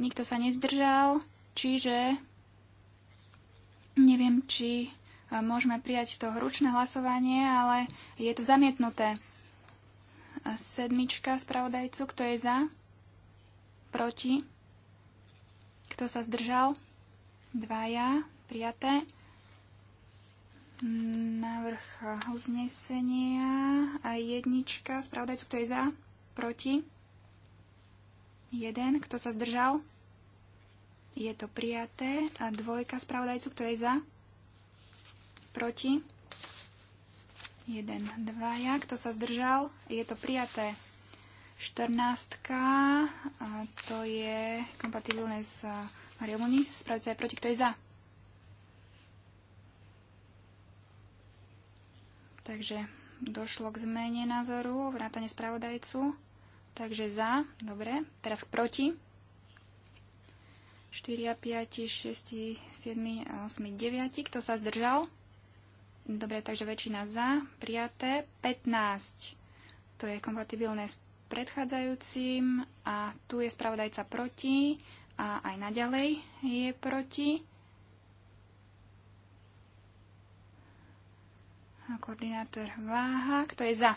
S2: Nikto sa nezdržal, čiže neviem, či e, môžeme prijať to hručné hlasovanie, ale je to zamietnuté. E, sedmička spravodajcu, kto je za? Proti? Kto sa zdržal? Dvaja, prijaté. Návrh uznesenia a jednička. Spravodajcu, kto je za? proti, Jeden. kto sa zdržal, je to prijaté. A dvojka spravodajcu, kto je za, proti, Jeden 2, ja, kto sa zdržal, je to prijaté. 14, to je kompatibilné s Mario Muniz, spravodajca je proti, kto je za. Takže došlo k zmene názoru, vrátane spravodajcu. Takže za, dobre. Teraz k proti. 4, 5, 6, 7, 8, 9. Kto sa zdržal? Dobre, takže väčšina za. Prijaté. 15. To je kompatibilné s predchádzajúcim. A tu je spravodajca proti. A aj naďalej je proti. A koordinátor váha. Kto je za?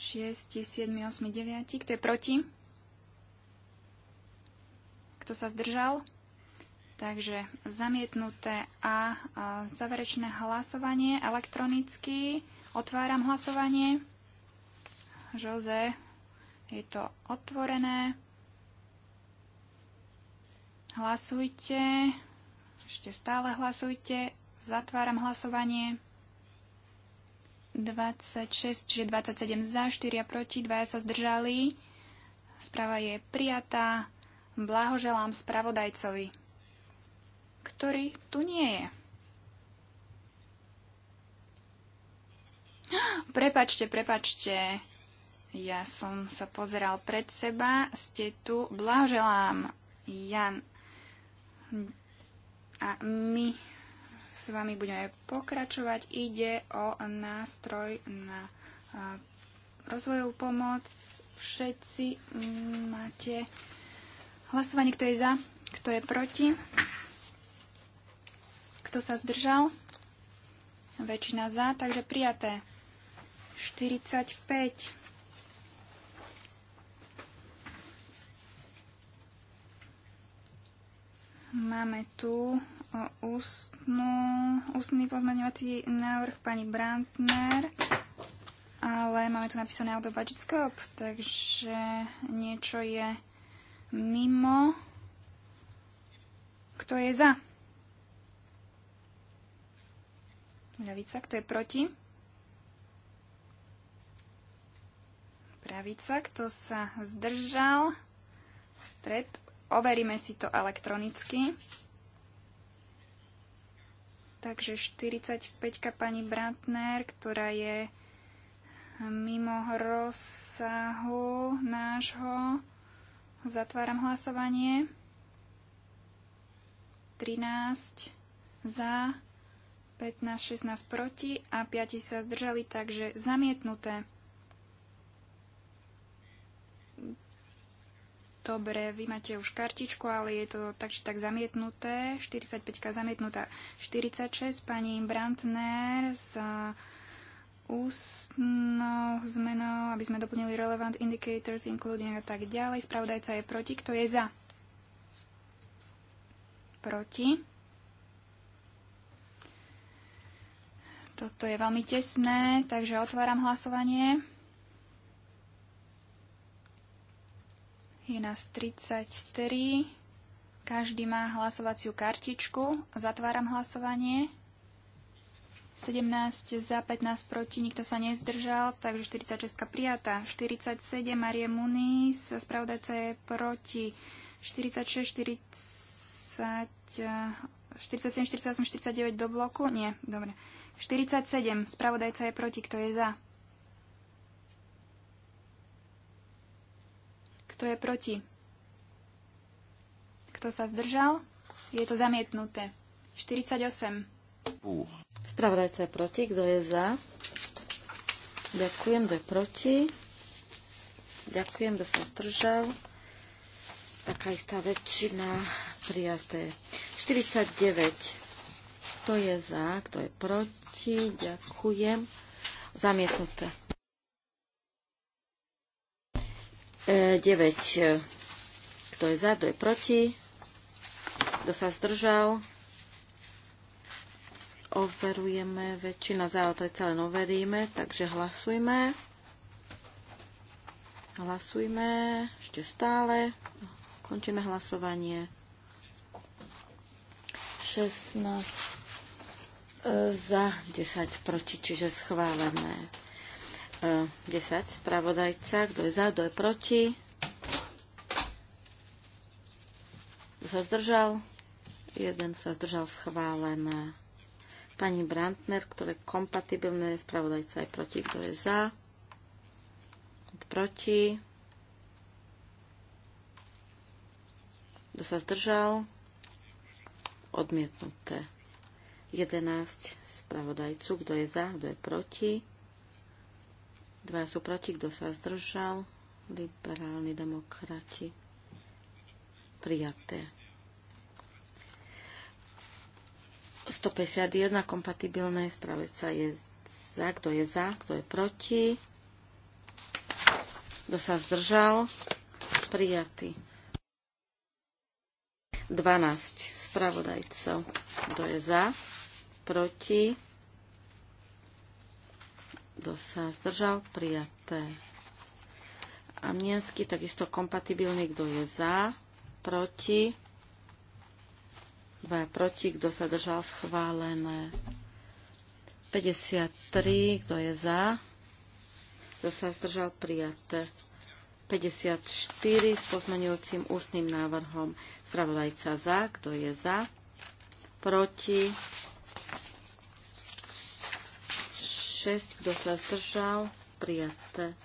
S2: 6, 7, 8, 9. Kto je proti? Kto sa zdržal? Takže zamietnuté A, a záverečné hlasovanie elektronicky. Otváram hlasovanie. Jose, je to otvorené. Hlasujte. Ešte stále hlasujte. Zatváram hlasovanie. 26, čiže 27 za, 4 proti, 2 sa zdržali. Správa je prijatá. Blahoželám spravodajcovi, ktorý tu nie je. [GASPS] Prepačte, prepačte. Ja som sa pozeral pred seba. Ste tu. Blahoželám, Jan. A my s vami budeme pokračovať. Ide o nástroj na rozvojovú pomoc. Všetci máte hlasovanie, kto je za, kto je proti, kto sa zdržal. Väčšina za, takže prijaté. 45. Máme tu ústnu, ústný pozmeňovací návrh pani Brandner, ale máme tu napísané auto budget scope, takže niečo je mimo. Kto je za? Ľavica, kto je proti? Pravica, kto sa zdržal? Stred. Overíme si to elektronicky. Takže 45 pani Brantner, ktorá je mimo rozsahu nášho. Zatváram hlasovanie. 13 za, 15, 16 proti a 5 sa zdržali, takže zamietnuté. Dobre, vy máte už kartičku, ale je to tak, či tak zamietnuté. 45 zamietnutá. 46, pani Brantner s ústnou zmenou, aby sme doplnili relevant indicators, including a tak ďalej. Spravodajca je proti. Kto je za? Proti. Toto je veľmi tesné, takže otváram hlasovanie. Je nás 33. Každý má hlasovaciu kartičku. Zatváram hlasovanie. 17 za, 15 proti, nikto sa nezdržal, takže 46 prijatá. 47 Marie Muniz, spravodajca je proti. 46, 40, 47, 48, 49 do bloku? Nie, dobre. 47, spravodajca je proti, kto je za? Kto je proti? Kto sa zdržal? Je to zamietnuté. 48.
S3: Spravodajca je proti. Kto je za? Ďakujem. Kto je proti? Ďakujem, kto sa zdržal. Taká istá väčšina prijaté. 49. Kto je za? Kto je proti? Ďakujem. Zamietnuté. 9. Kto je za, kto je proti? Kto sa zdržal? Overujeme, väčšina za, ale predsa len overíme, takže hlasujme. Hlasujme ešte stále. Končíme hlasovanie. 16 e, za, 10 proti, čiže schválené. 10 e, spravodajca, kto je za, kto je proti. Kto sa zdržal? Jeden sa zdržal schválen. Pani Brandner, ktoré je kompatibilné, spravodajca je proti, kto je za, proti. Kto sa zdržal? Odmietnuté. 11 spravodajcu, kto je za, kto je proti. Dva sú proti, kto sa zdržal. Liberálni demokrati. Prijaté. 151 kompatibilné sa je za, kto je za, kto je proti. Kto sa zdržal? Prijatý. 12 spravodajcov. Kto je za? Proti? kto sa zdržal, prijaté. Amiensky, takisto kompatibilný, kto je za, proti, je proti, kto sa držal, schválené. 53, kto je za, kto sa zdržal, prijaté. 54 s pozmenujúcim ústnym návrhom. Spravodajca za, kto je za, proti, 56, kto sa zdržal, prijaté.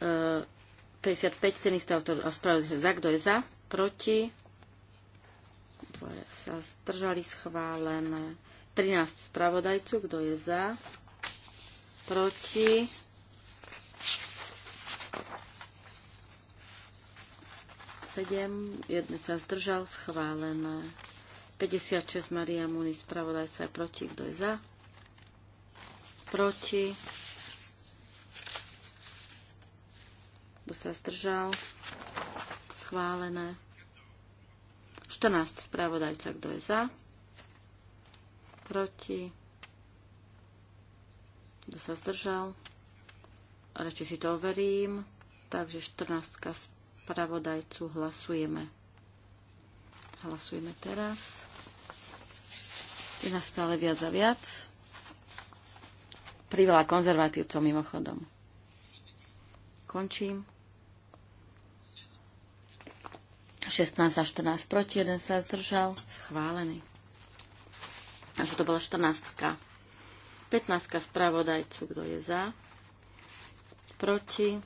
S3: E, 55, ten istý autor a spravodlivý za, kto je za, proti, dvoje sa zdržali schválené. 13 spravodajcu, kto je za, proti, sedem, sa zdržal, schválené. 56 Maria Muni, spravodajca je proti, kto je za, proti, kto sa zdržal, schválené. 14 spravodajca, kto je za, proti, kto sa zdržal, radšej si to overím, takže 14 spravodajcu hlasujeme. Hlasujeme teraz. Je nás stále viac a viac priveľa konzervatívcov mimochodom. Končím. 16 za 14 proti, jeden sa zdržal. Schválený. Takže to bola 14. 15 spravodajcu, kto je za, proti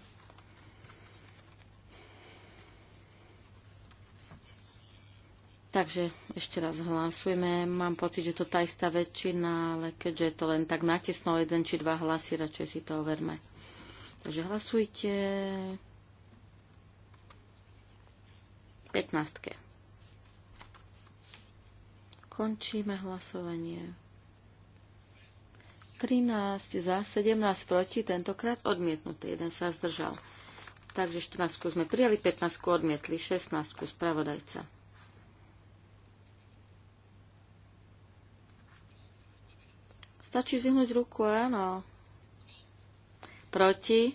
S3: Takže ešte raz hlasujeme. Mám pocit, že to tá istá väčšina, ale keďže je to len tak natesno, jeden či dva hlasy, radšej si to overme. Takže hlasujte. 15. Končíme hlasovanie. 13 za, 17 proti, tentokrát odmietnutý, jeden sa zdržal. Takže 14 sme prijali, 15 odmietli, 16 spravodajca. Stačí zvihnúť ruku, áno. Proti?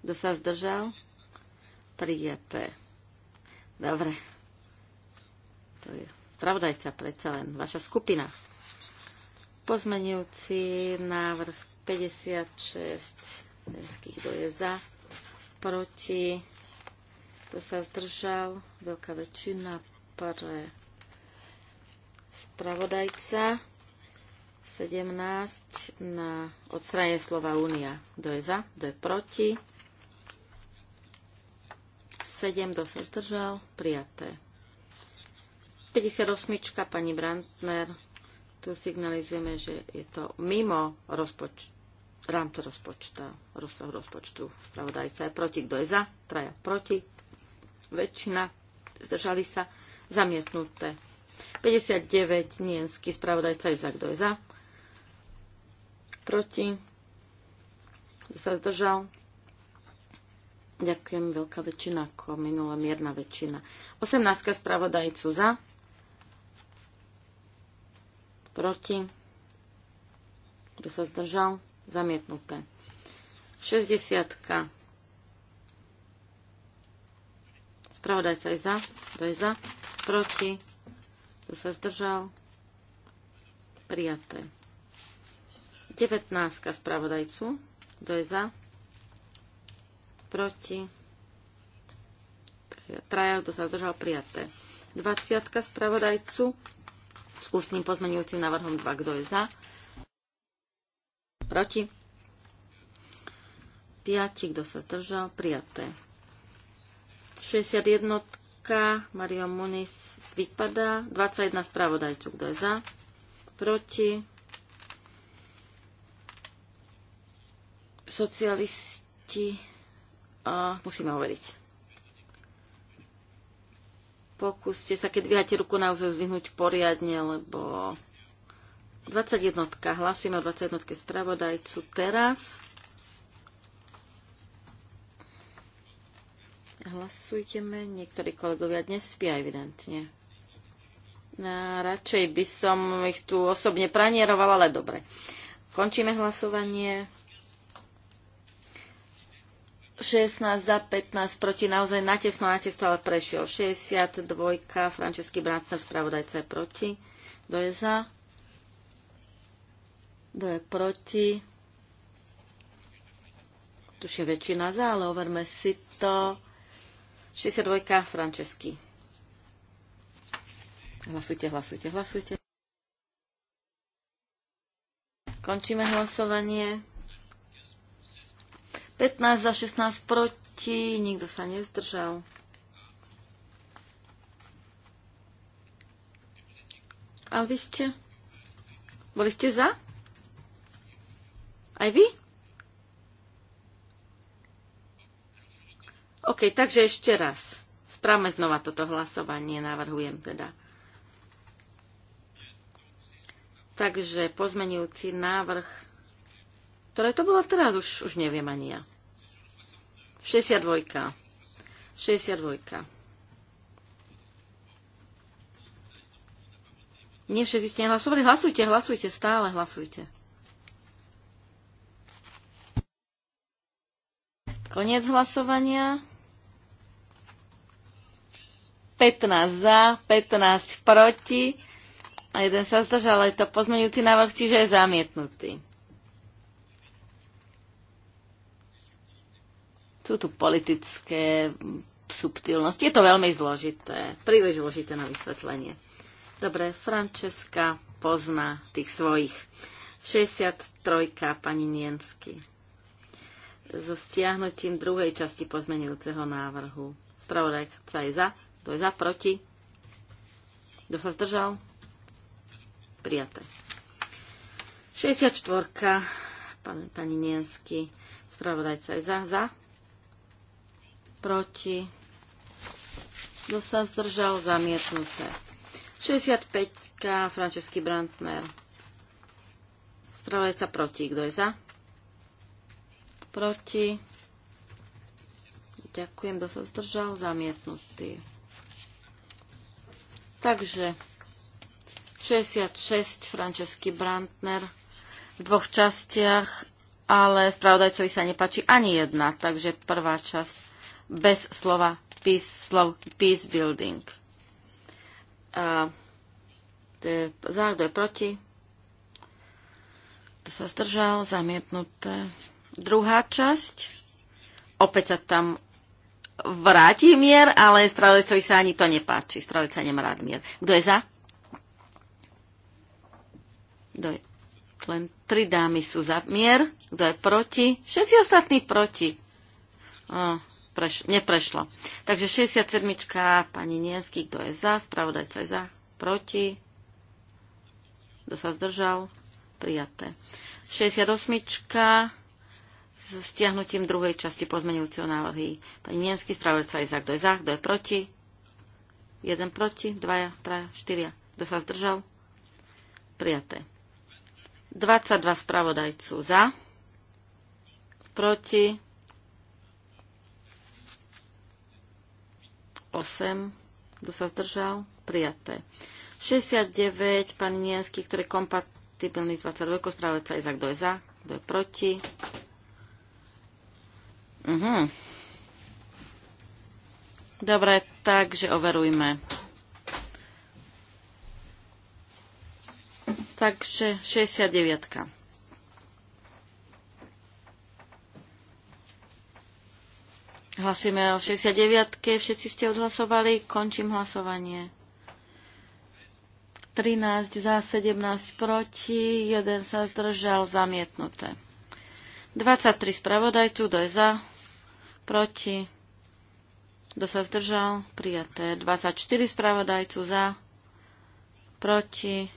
S3: Kto sa zdržal? Prijaté. Dobre. To je pravdajca predsa len, vaša skupina. Pozmenujúci návrh 56. Denský, kto je za? Proti? Kto sa zdržal? Veľká väčšina pre spravodajca. 17 na odstranie slova únia. Kto je za, kto je proti? 7, kto sa zdržal? Prijaté. 58. pani Brandner. Tu signalizujeme, že je to mimo rozpočtu rámca rozpočta, rozsahu rozpočtu. Spravodajca je proti, kto je za, traja proti, väčšina, zdržali sa, zamietnuté. 59 nienský spravodajca je za, kto je za, proti, kto sa zdržal. Ďakujem, veľká väčšina ako minulá mierna väčšina. 18. spravodajcu za, proti, kto sa zdržal, zamietnuté. 60. Spravodajca je za, kto je za, proti, kto sa zdržal, prijaté. 19. spravodajcu. Kto je za? Proti? Traja, kto sa zdržal, prijaté. 20. spravodajcu s ústnym pozmenujúcim návrhom 2. Kto je za? Proti? 5. Kto sa zdržal, prijaté. 61. Mario Muniz vypadá. 21 spravodajcu. Kto je za? Proti? Socialisti a musíme overiť. Pokúste sa, keď vyhate ruku, naozaj zvyhnúť poriadne, lebo 21. Hlasujeme o 21. spravodajcu teraz. Hlasujeme. Niektorí kolegovia dnes spia evidentne. No, radšej by som ich tu osobne pranierovala, ale dobre. Končíme hlasovanie. 16 za 15 proti naozaj natesno, natesno, ale prešiel 62. Francesky Brantner, spravodajca je proti. Kto je za? Kto je proti? je väčšina za, ale overme si to. 62. Francesky. Hlasujte, hlasujte, hlasujte. Končíme hlasovanie. 15 za 16 proti, nikto sa nezdržal. A vy ste? Boli ste za? Aj vy? OK, takže ešte raz. Správame znova toto hlasovanie, navrhujem teda. Takže pozmenujúci návrh, ktoré to bolo teraz, už, už neviem ani ja. 62. 62. Nie všetci ste nehlasovali. Hlasujte, hlasujte, stále hlasujte. Koniec hlasovania. 15 za, 15 proti a jeden sa zdržal. Je to pozmeňujúci návrh, čiže je zamietnutý. Sú tu politické subtilnosti. Je to veľmi zložité. Príliš zložité na vysvetlenie. Dobre, Frančeska pozná tých svojich. 63. pani Niensky. So stiahnutím druhej časti pozmenujúceho návrhu. Spravodajca je za, to je za, proti. Kto sa zdržal? Prijaté. 64. Pani, pani Niensky. Spravodajca je za, za, proti, kto sa zdržal, zamietnuté. 65K, Francesky Brandner. Spravodajca proti, kto je za? Proti. Ďakujem, kto sa zdržal, zamietnutý. Takže 66 Francesky Brandner v dvoch častiach, ale spravodajcovi sa nepačí ani jedna, takže prvá časť bez slova peace, slov peace building. A to je za, kto je proti. Kto sa zdržal, zamietnuté. Druhá časť. Opäť sa tam vráti mier, ale spravodajcovi sa ani to nepáči. Spravodajca nemá rád mier. Kto je za? Kto je? Len tri dámy sú za mier. Kto je proti? Všetci ostatní proti preš- neprešlo. Takže 67. pani Niensky, kto je za, spravodajca je za, proti, kto sa zdržal, prijaté. 68. s stiahnutím druhej časti pozmenujúceho návrhy. Pani Niensky, spravodajca je za, kto je za, kto je proti, jeden proti, dvaja, traja, štyria, kto sa zdržal, prijaté. 22 spravodajcu za, proti, 8. Kto sa zdržal? Prijaté. 69. Pán Nienský, ktorý je kompatibilný s 22. Spravodajca je za. Kto je za? Kto je proti? Mhm. Dobre, takže overujme. Takže 69. Hlasíme o 69. Všetci ste odhlasovali. Končím hlasovanie. 13 za, 17 proti, 1 sa zdržal, zamietnuté. 23 spravodajcu, kto je za, proti, kto sa zdržal, prijaté. 24 spravodajcu za, proti,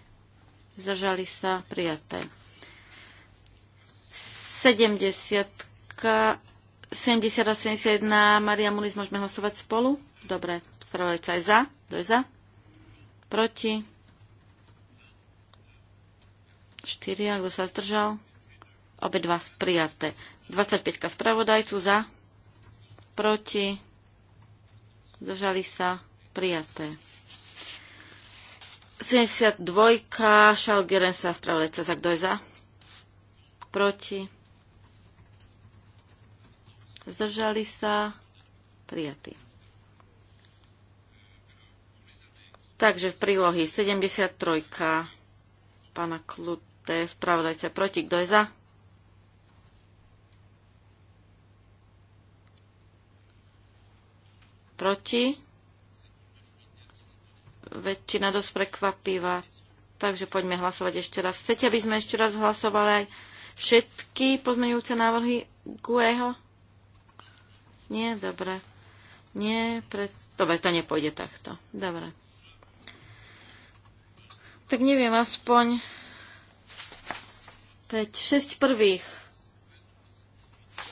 S3: zdržali sa, prijaté. 70 70 a 71 Maria Muniz môžeme hlasovať spolu? Dobre, spravodajca je za. Kto je za? Proti? 4. Kto sa zdržal? Obe dva prijaté. 25 spravodajcu za. Proti? Zdržali sa? Prijaté. 72. Šalgeren sa spravodajca za. Kto je za? Proti? zdržali sa, prijatí. Takže v prílohy 73. Pána Klute, spravodajca proti. Kto je za? Proti? Väčšina dosť prekvapivá. Takže poďme hlasovať ešte raz. Chcete, aby sme ešte raz hlasovali aj všetky pozmeňujúce návrhy GUEho? Nie, dobre. Nie, pre... Dobre, to nepôjde takto. Dobre. Tak neviem, aspoň 5, 6 prvých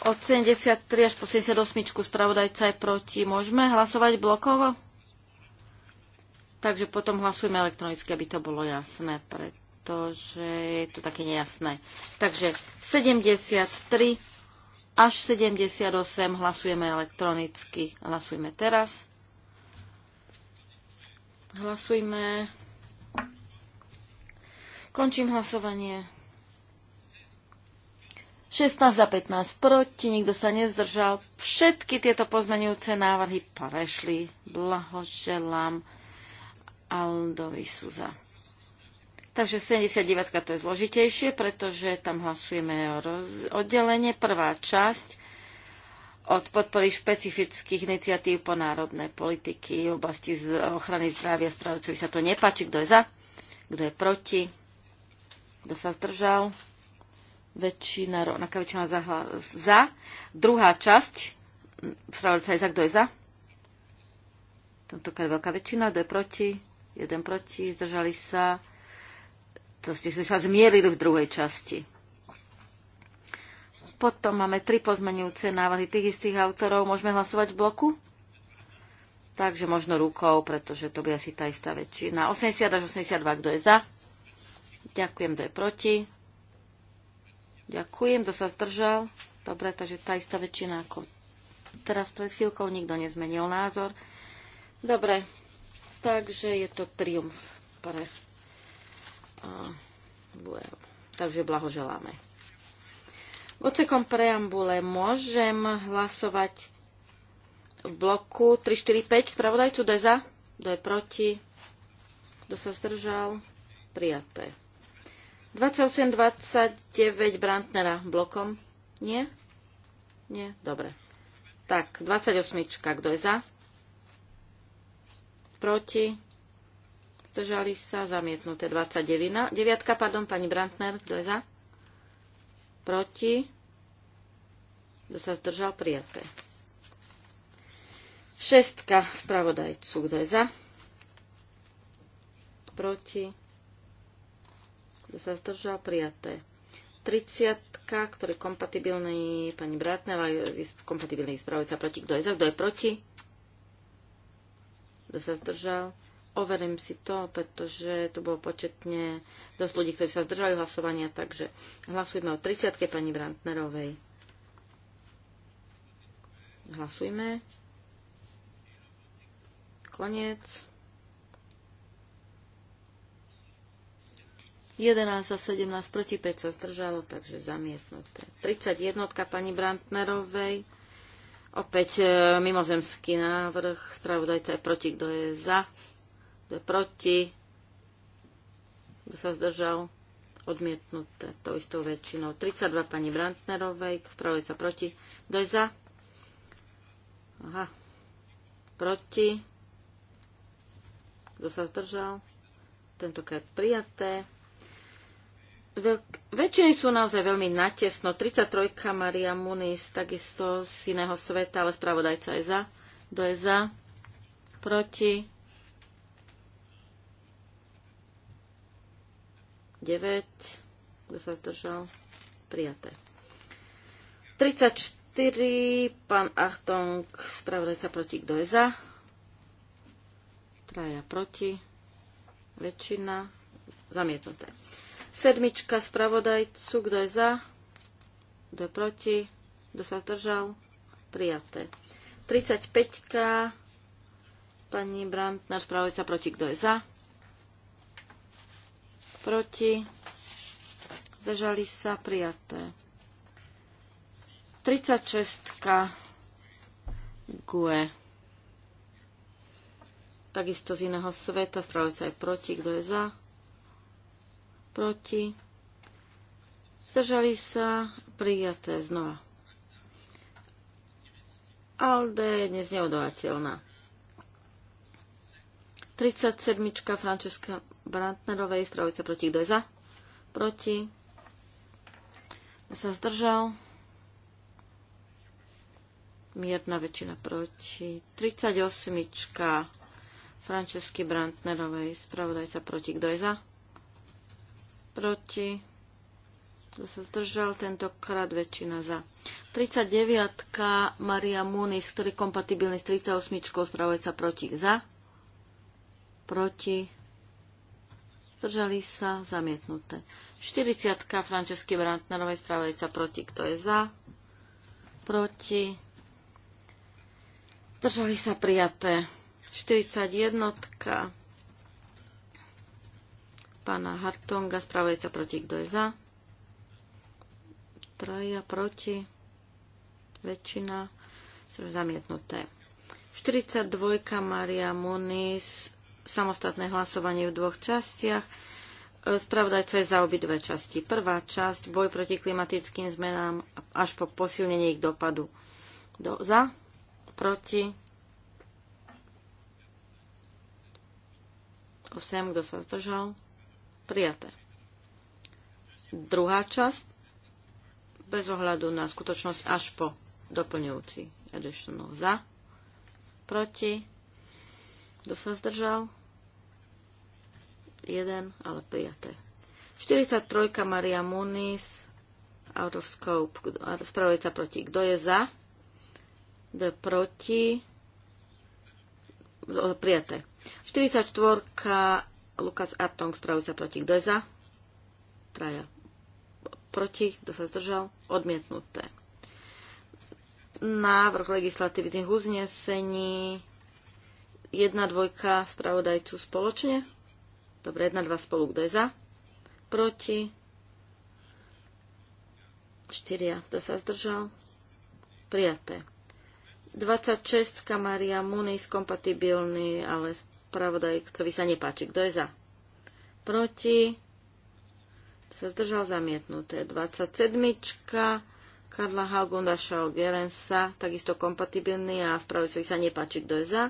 S3: od 73 až po 78 spravodajca je proti. Môžeme hlasovať blokovo? Takže potom hlasujme elektronicky, aby to bolo jasné, pretože je to také nejasné. Takže 73 až 78. Hlasujeme elektronicky. Hlasujme teraz. Hlasujme. Končím hlasovanie. 16 za 15 proti, nikto sa nezdržal. Všetky tieto pozmenujúce návrhy prešli. Blahoželám Aldovi Suza. Takže 79 to je zložitejšie, pretože tam hlasujeme o roz- oddelenie. Prvá časť od podpory špecifických iniciatív po národnej politiky v oblasti ochrany zdravia správcovi sa to nepáči. Kto je za? Kto je proti? Kto sa zdržal? Väčšina, rovnaká väčšina za, za. Druhá časť, spravodajca je za, kto je za? Tentokrát veľká väčšina, kto je proti? Jeden proti, zdržali sa to ste sa zmierili v druhej časti. Potom máme tri pozmenujúce návrhy tých istých autorov. Môžeme hlasovať v bloku? Takže možno rukou, pretože to bude asi tá istá väčšina. 80 až 82, kto je za? Ďakujem, kto je proti? Ďakujem, kto sa zdržal? Dobre, takže tá istá väčšina ako teraz pred chvíľkou. Nikto nezmenil názor. Dobre, takže je to triumf pre Takže blahoželáme. Ocekom preambule môžem hlasovať v bloku 3, 4, 5. Spravodajcu, kto je za? Kto je proti? Kto sa zdržal? Prijaté. 28, 29 Brantnera blokom. Nie? Nie? Dobre. Tak, 28. Kto je za? Proti? zdržali sa, zamietnuté 29. 9, pardon, pani Brantner, kto je za? Proti? Kto sa zdržal, prijaté. Šestka spravodajcu, kto je za? Proti? Kto sa zdržal, prijaté. 30, ktorý je kompatibilný pani Brantner, ale je kompatibilný spravodajca proti. Kto je za, kto je proti? Kto sa zdržal? overím si to, pretože tu bolo početne dosť ľudí, ktorí sa zdržali hlasovania, takže hlasujme o 30. pani Brantnerovej. Hlasujme. Koniec. 11 a 17 proti 5 sa zdržalo, takže zamietnuté. 31. pani Brantnerovej. Opäť e, mimozemský návrh. Spravodajca je proti, kto je za. Kto je proti? Kto sa zdržal? Odmietnuté to istou väčšinou. 32 pani Brantnerovej. Vpravili sa proti. Kto je za? Aha. Proti. Kto sa zdržal? Tentokrát prijaté. Veľk... Väčšiny sú naozaj veľmi natesno. 33. Maria Muniz, takisto z iného sveta, ale spravodajca je za. Kto je za? Proti? 9. Kto sa zdržal? Prijaté. 34. Pán Achtung, spravodajca proti. Kto je za? Traja proti. Väčšina. Zamietnuté. Sedmička spravodajcu. Kto je za? Kto je proti? Kto sa zdržal? Prijaté. 35. Pani Brandt, náš spravodajca proti. Kto je za? proti, zdržali sa prijaté. 36. GUE. Takisto z iného sveta, spravuje sa aj proti, kto je za, proti, zdržali sa prijaté znova. Alde je dnes neodovateľná. 37. Francesca Brantnerovej, spravodajca proti, kto je za? Proti. Kto sa zdržal? Mierna väčšina proti. 38. Francesky Brantnerovej, sa proti, kto je za? Proti. Kto sa zdržal? Tentokrát väčšina za. 39. Maria Munis, ktorý je kompatibilný s 38. sa proti, za? Proti zdržali sa, zamietnuté. 40. Francesky Brantnerovej sa proti, kto je za, proti, zdržali sa, prijaté. 41. Pána Hartonga, sa proti, kto je za, traja proti, väčšina, zamietnuté. 42. Maria Muniz, samostatné hlasovanie v dvoch častiach. Spravodajca je za obidve časti. Prvá časť, boj proti klimatickým zmenám až po posilnenie ich dopadu. Do, za, proti, 8, kto sa zdržal, prijaté. Druhá časť, bez ohľadu na skutočnosť až po doplňujúci additional za, proti, kto sa zdržal? 1, ale prijaté. 43. Maria Muniz, out of scope. sa proti. Kto je za? Kto je proti? Prijaté. 44. Lukas Artong, sa proti. Kto je za? Traja. Proti. Kto sa zdržal? Odmietnuté návrh legislatívnych uznesení Jedna dvojka spravodajcu spoločne. Dobre, jedna, dva spolu. Kto je za? Proti? Štyria. Kto sa zdržal? Prijaté. 26. Maria Munis kompatibilný, ale spravodajcovi sa nepáči. Kto je za? Proti? Sa zdržal zamietnuté. 27. Karla Haugunda Šal Gerensa, takisto kompatibilný a spravodajcovi sa nepáči. Kto je za?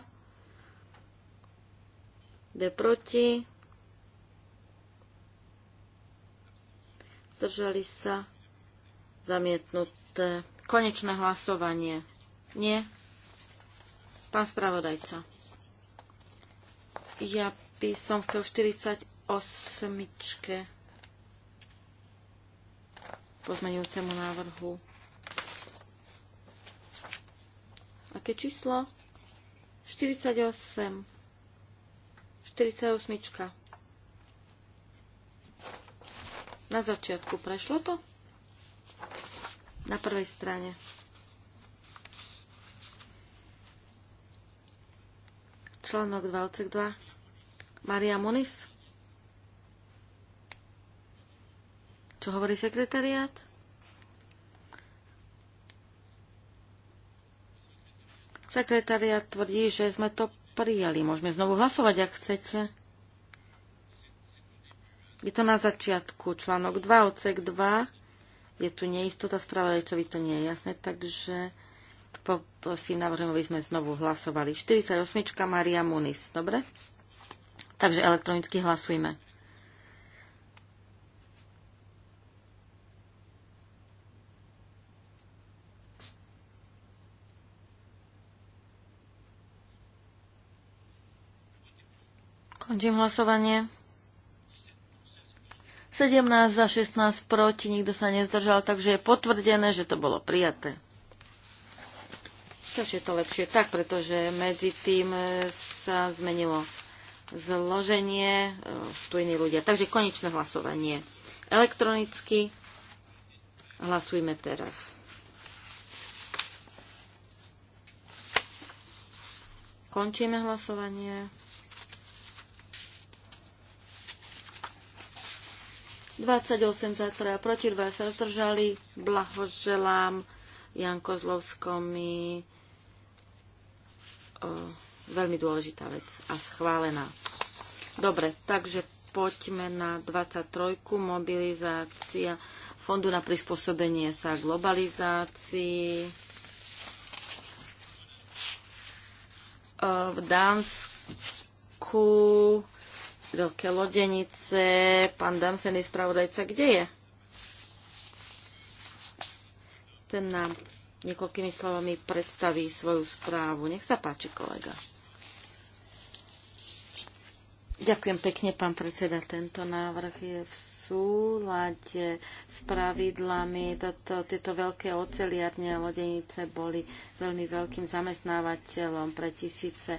S3: Kto proti? Zdržali sa? Zamietnuté. Konečné hlasovanie. Nie? Pán spravodajca. Ja by som chcel 48 pozmeňujúcemu návrhu. Aké číslo? 48. 48. Na začiatku prešlo to? Na prvej strane. Článok 2, odsek 2. Maria Monis. Čo hovorí sekretariát? Sekretariát tvrdí, že sme to prijali. Môžeme znovu hlasovať, ak chcete. Je to na začiatku, článok 2, odsek 2. Je tu neistota, spravodajcovi to nie je jasné, takže poprosím, navrhujem, aby sme znovu hlasovali. 48. Maria Munis, dobre? Takže elektronicky hlasujme. Končím hlasovanie. 17 za 16 proti, nikto sa nezdržal, takže je potvrdené, že to bolo prijaté. Čo je to lepšie tak, pretože medzi tým e, sa zmenilo zloženie, e, tu iní ľudia. Takže konečné hlasovanie. Elektronicky hlasujme teraz. Končíme hlasovanie. 28 za 3 proti 2 sa zdržali. Blahoželám Janko Zlovskomi. Veľmi dôležitá vec a schválená. Dobre, takže poďme na 23. Mobilizácia Fondu na prispôsobenie sa globalizácii. V Dánsku veľké lodenice. Pán Dansený spravodajca, kde je? Ten nám niekoľkými slovami predstaví svoju správu. Nech sa páči, kolega. Ďakujem pekne, pán predseda. Tento návrh je v súlade s pravidlami. Toto, tieto veľké oceliarne a lodenice boli veľmi veľkým zamestnávateľom pre tisíce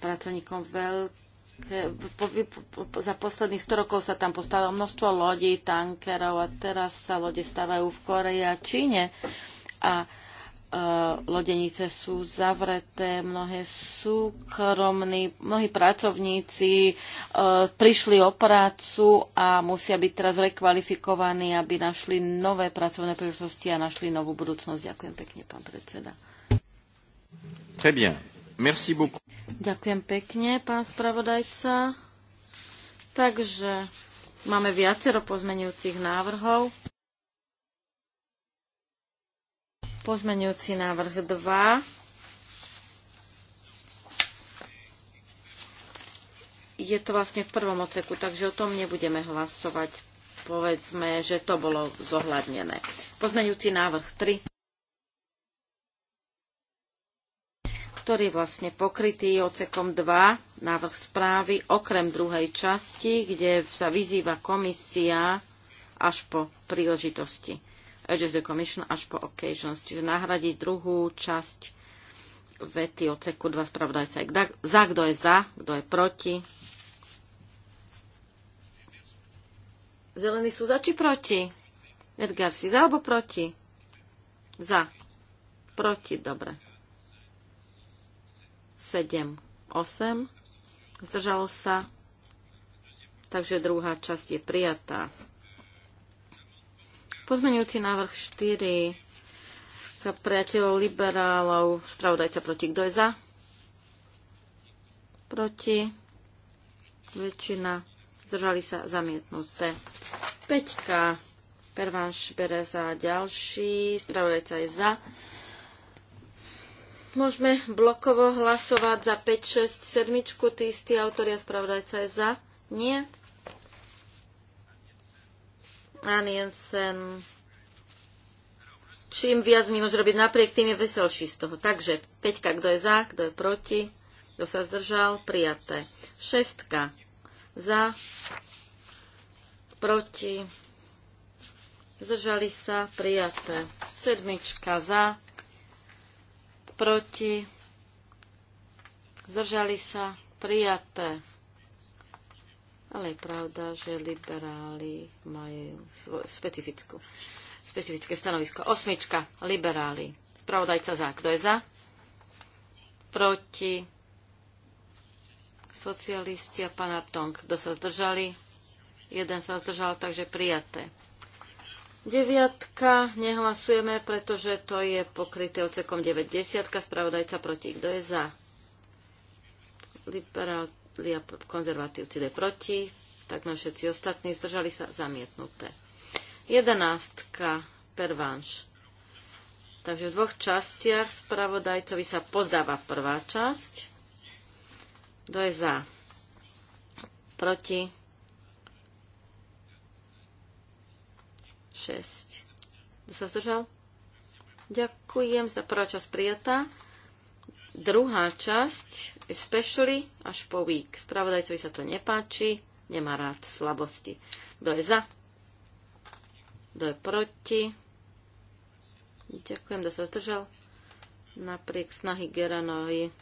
S3: pracovníkov veľkých E, za posledných 100 rokov sa tam postavilo množstvo lodí, tankerov a teraz sa lode stavajú v Koreji a Číne a e, lodenice sú zavreté, mnohé súkromní, mnohí pracovníci e, prišli o prácu a musia byť teraz rekvalifikovaní, aby našli nové pracovné príležitosti a našli novú budúcnosť. Ďakujem pekne, pán predseda.
S1: Très bien. Merci beaucoup.
S3: Ďakujem pekne, pán spravodajca. Takže máme viacero pozmenujúcich návrhov. Pozmenujúci návrh 2. je to vlastne v prvom oceku, takže o tom nebudeme hlasovať. Povedzme, že to bolo zohľadnené. Pozmeňujúci návrh 3. ktorý je vlastne pokrytý ocekom 2 návrh správy, okrem druhej časti, kde sa vyzýva komisia až po príležitosti. Edges the Commission až po occasions, čiže nahradiť druhú časť vety oceku 2 sa. Za, kto je za, kto je proti. Zelení sú za či proti? Edgar, si za alebo proti? Za. Proti, dobre. 7, 8. Zdržalo sa. Takže druhá časť je prijatá. Pozmenujúci návrh 4 priateľov liberálov, spravodajca proti. Kto je za? Proti. Väčšina. Zdržali sa zamietnuté. Peťka, Pervanš Bereza a ďalší. Spravodajca je za. Môžeme blokovo hlasovať za 5, 6, 7. Tí istí a spravodajca je za. Nie. Ann Jensen. Čím viac mi môže robiť napriek, tým je veselší z toho. Takže Peťka, kto je za, kto je proti, kto sa zdržal, prijaté. Šestka. za, proti, zdržali sa, prijaté. Sedmička za, proti, zdržali sa prijaté. Ale je pravda, že liberáli majú specifickú, specifické stanovisko. Osmička, liberáli. Spravodajca za. Kto je za? Proti. Socialisti a pán Artong. Kto sa zdržali? Jeden sa zdržal, takže prijaté. Deviatka nehlasujeme, pretože to je pokryté ocekom 9. Desiatka, spravodajca proti. Kto je za? Liberáli a konzervatívci je proti. Tak na všetci ostatní zdržali sa zamietnuté. Jedenáctka, pervanš. Takže v dvoch častiach spravodajcovi sa pozdáva prvá časť. Kto je za? Proti? 6. Kto sa zdržal? Ďakujem za prvá časť prijatá. Druhá časť, especially až po week. Spravodajcovi sa to nepáči, nemá rád slabosti. Kto je za? Kto je proti? Ďakujem, kto sa zdržal. Napriek snahy Geranovi,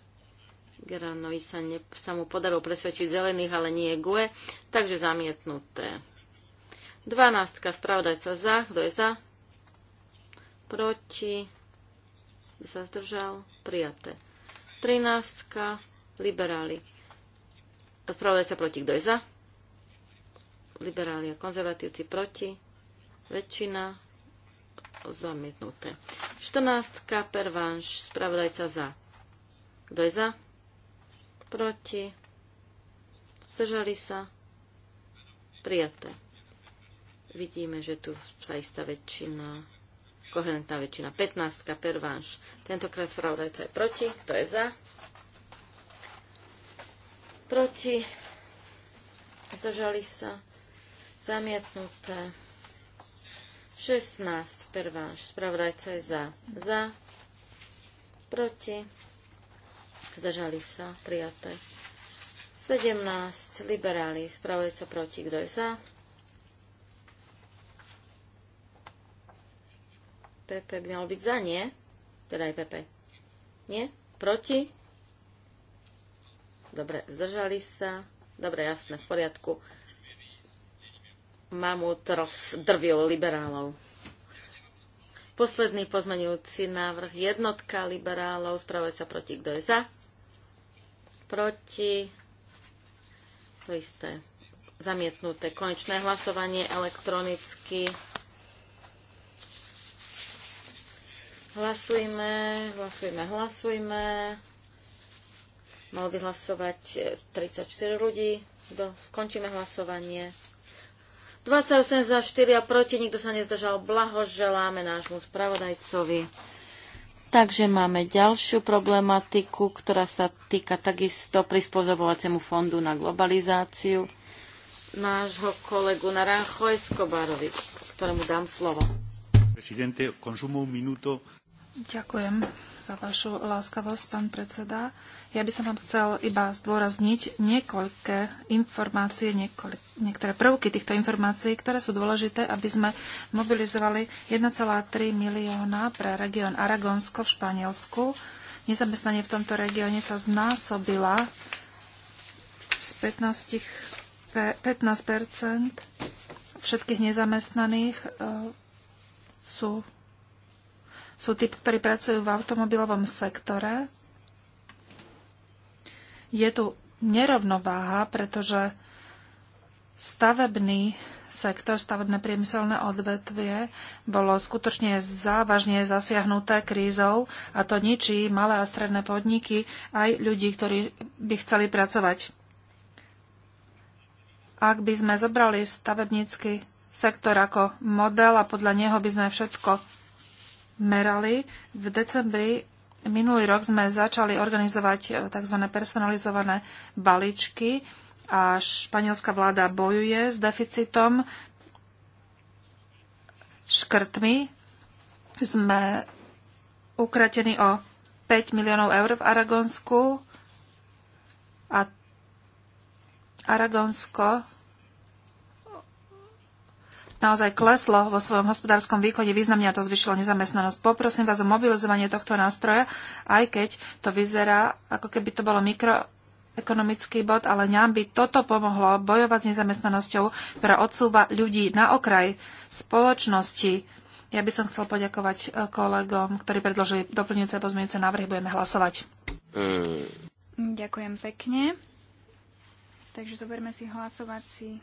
S3: Geranovi sa, ne, sa mu podarilo presvedčiť zelených, ale nie GUE, takže zamietnuté. 12. Spravodajca za. Kto je za? Proti. Kto sa zdržal? Prijaté. 13. Liberáli. Spravodajca proti. Kto je za? Liberáli a konzervatívci proti. Väčšina zamietnuté. 14. Pervanš. Spravodajca za. Kto je za? Proti. Zdržali sa. Prijaté. Vidíme, že tu sa istá väčšina, koherentná väčšina, 15, pervanš. Tentokrát spravodajca je proti, kto je za? Proti, zdržali sa, zamietnuté. 16, pervanš, spravodajca je za, za, proti, zdržali sa, prijaté. 17, liberáli, spravodajca proti, kto je za? PP by mal byť za, nie? Teda aj PP. Nie? Proti? Dobre, zdržali sa. Dobre, jasné, v poriadku. Mamut drvil liberálov. Posledný pozmenujúci návrh. Jednotka liberálov. Spravuje sa proti. Kto je za? Proti. To isté. Zamietnuté. Konečné hlasovanie elektronicky. Hlasujme, hlasujme, hlasujme. Malo by hlasovať 34 eh, ľudí. Do, skončíme hlasovanie. 28 za 4 a proti, nikto sa nezdržal. Blahoželáme nášmu spravodajcovi. Takže máme ďalšiu problematiku, ktorá sa týka takisto prispôsobovaciemu fondu na globalizáciu nášho kolegu Naranjo Escobarovi, ktorému dám slovo.
S1: Presidente, consumo un Ďakujem za vašu láskavosť, pán predseda. Ja by som vám chcel iba zdôrazniť niekoľké informácie, niekoľ, niektoré prvky týchto informácií, ktoré sú dôležité, aby sme mobilizovali 1,3 milióna pre región Aragonsko v Španielsku. Nezamestnanie v tomto regióne sa znásobila z 15, 15 všetkých nezamestnaných e, sú sú tí, ktorí pracujú v automobilovom sektore. Je tu nerovnováha, pretože stavebný sektor, stavebné priemyselné odvetvie bolo skutočne závažne zasiahnuté krízou a to ničí malé a stredné podniky aj ľudí, ktorí by chceli pracovať. Ak by sme zobrali stavebnícky sektor ako model a podľa neho by sme všetko merali. V decembri minulý rok sme začali organizovať e, tzv. personalizované balíčky a španielská vláda bojuje s deficitom škrtmi. Sme ukratení o 5 miliónov eur v Aragonsku a Aragonsko naozaj kleslo vo svojom hospodárskom výkone významne a to zvyšilo nezamestnanosť. Poprosím vás o mobilizovanie tohto nástroja, aj keď to vyzerá, ako keby to bolo mikro ekonomický bod, ale nám by toto pomohlo bojovať s nezamestnanosťou, ktorá odsúva ľudí na okraj spoločnosti. Ja by som chcel poďakovať e, kolegom, ktorí predložili doplňujúce pozmeňujúce návrhy. Budeme hlasovať. E.
S2: Ďakujem pekne. Takže zoberme si hlasovací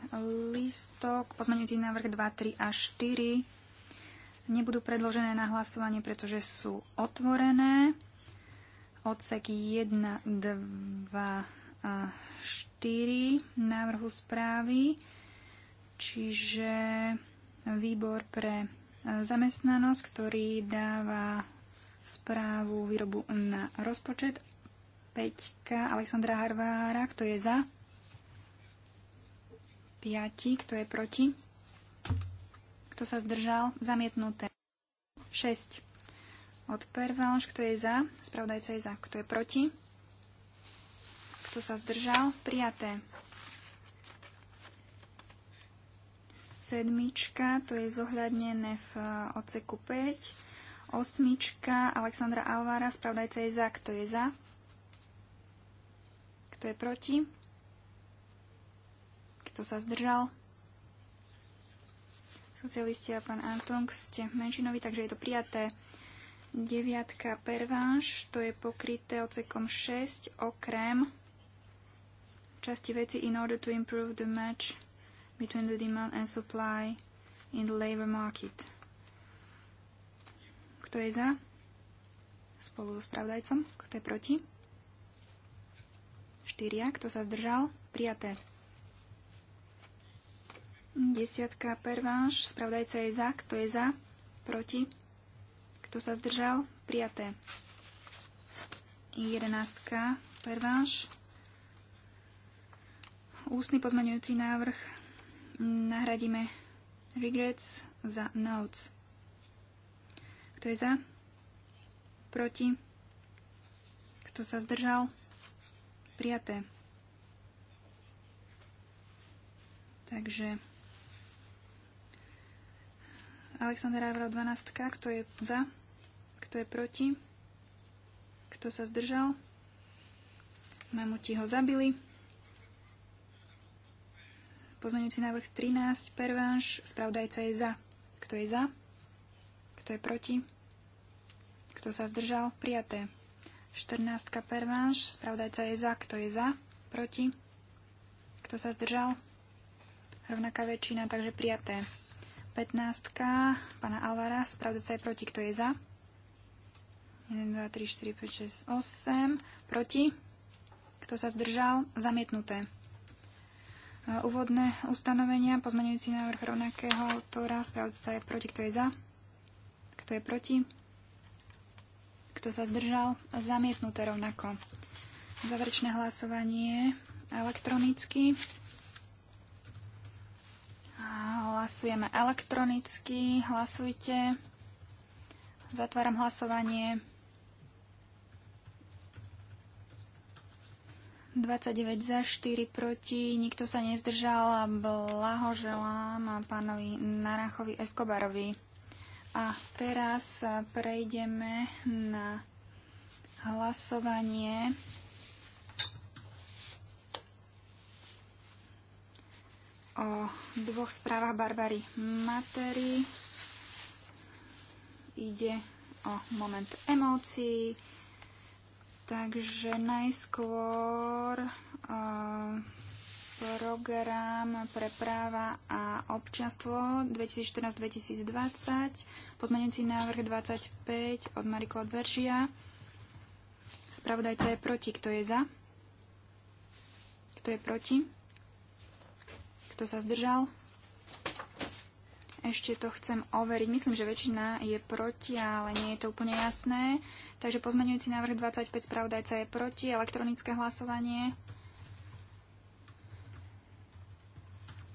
S2: lístok. Pozmeňujúci návrh 2, 3 a 4 nebudú predložené na hlasovanie, pretože sú otvorené. Odsek 1, 2 a 4 návrhu správy. Čiže výbor pre zamestnanosť, ktorý dáva správu výrobu na rozpočet. 5. Alexandra Harvára, kto je za? 5. Kto je proti? Kto sa zdržal? Zamietnuté. 6. Od Pervanš. Kto je za? Spravodajca je za. Kto je proti? Kto sa zdržal? Prijaté. Sedmička, to je zohľadnené v eh, odseku 5. Osmička, Alexandra Alvára, spravodajca je za. Kto je za? Kto je proti? Kto sa zdržal? Socialisti a pán Antong ste menšinovi, takže je to prijaté. Deviatka perváž, to je pokryté ocekom 6, okrem časti veci in order to improve the match between the demand and supply in the labor market. Kto je za? Spolu so spravodajcom. Kto je proti? Štyria. Kto sa zdržal? Prijaté. Desiatka perváš, spravdajca je za, kto je za, proti, kto sa zdržal, prijaté. Jedenáctka perváš, ústny pozmeňujúci návrh, nahradíme regrets za notes. Kto je za, proti, kto sa zdržal, prijaté. Takže Alexander Avral 12. Kto je za? Kto je proti? Kto sa zdržal? Mamuti ho zabili. Pozmeňujúci návrh 13. Pervanš. Spravdajca je za. Kto je za? Kto je proti? Kto sa zdržal? Prijaté. 14. Pervanš. Spravdajca je za. Kto je za? Proti? Kto sa zdržal? Rovnaká väčšina, takže prijaté. 15. Pana Alvara, sa je proti. Kto je za? 1, 2, 3, 4, 5, 6, 8. Proti? Kto sa zdržal? Zamietnuté. Úvodné ustanovenia, pozmeňujúci návrh rovnakého autora, sa je proti. Kto je za? Kto je proti? Kto sa zdržal? Zamietnuté rovnako. Záverečné hlasovanie elektronicky. Hlasujeme elektronicky. Hlasujte. Zatváram hlasovanie. 29 za, 4 proti, nikto sa nezdržal a blahoželám pánovi Narachovi Eskobarovi. A teraz prejdeme na hlasovanie o dvoch správach Barbary Matery. Ide o moment emócií. Takže najskôr e, program pre práva a občanstvo 2014-2020, pozmeňujúci návrh 25 od Marie-Claude Veržia. Spravodajca je proti. Kto je za? Kto je proti? Kto sa zdržal? Ešte to chcem overiť. Myslím, že väčšina je proti, ale nie je to úplne jasné. Takže pozmeňujúci návrh 25 spravodajca je proti. Elektronické hlasovanie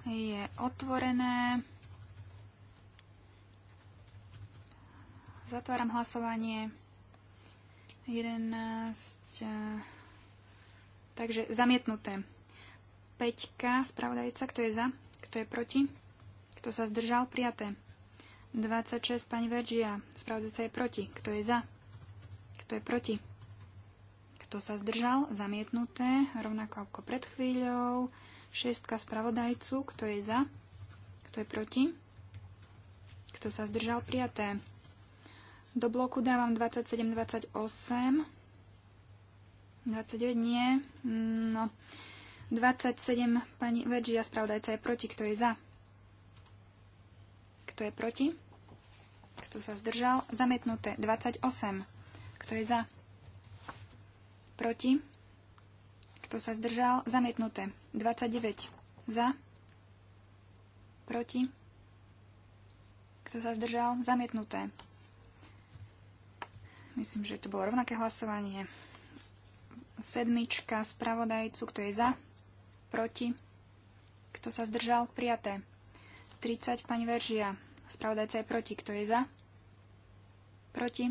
S2: je otvorené. Zatváram hlasovanie. 11. Takže zamietnuté. 5K, spravodajca, kto je za, kto je proti, kto sa zdržal, prijaté. 26, pani Veržia, spravodajca je proti, kto je za, kto je proti, kto sa zdržal, zamietnuté, rovnako ako pred chvíľou. 6, spravodajcu, kto je za, kto je proti, kto sa zdržal, prijaté. Do bloku dávam 27, 28, 29, nie, no... 27, pani Veržia, spravodajca je proti. Kto je za? Kto je proti? Kto sa zdržal? Zamietnuté. 28. Kto je za? Proti? Kto sa zdržal? Zamietnuté. 29. Za? Proti? Kto sa zdržal? Zamietnuté. Myslím, že to bolo rovnaké hlasovanie. Sedmička spravodajcu, kto je za? proti, kto sa zdržal, prijaté. 30, pani Veržia, spravodajca je proti, kto je za, proti,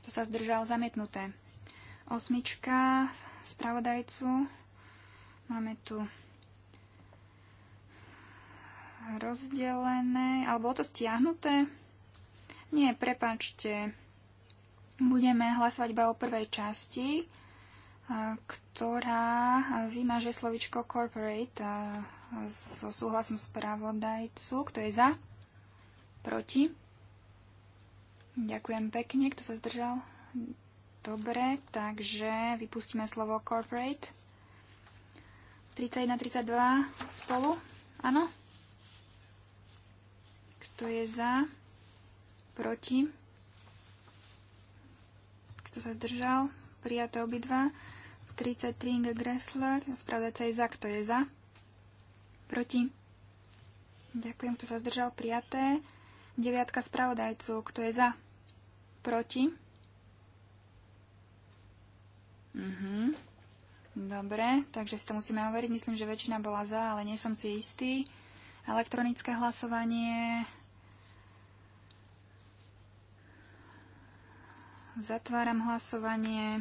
S2: kto sa zdržal, zamietnuté. Osmička, spravodajcu, máme tu rozdelené, alebo to stiahnuté? Nie, prepačte. Budeme hlasovať iba o prvej časti ktorá vymaže slovičko corporate so súhlasom spravodajcu. Kto je za? Proti? Ďakujem pekne. Kto sa zdržal? Dobre, takže vypustíme slovo corporate. 31, 32 spolu. Áno? Kto je za? Proti? Kto sa zdržal? Prijaté obidva. 33 Inge Gressler. Spravodajca je za. Kto je za? Proti? Ďakujem, kto sa zdržal. Prijaté. Deviatka spravodajcu. Kto je za? Proti?
S1: Mhm.
S2: Dobre, takže si to musíme overiť. Myslím, že väčšina bola za, ale nie som si istý. Elektronické hlasovanie. Zatváram hlasovanie.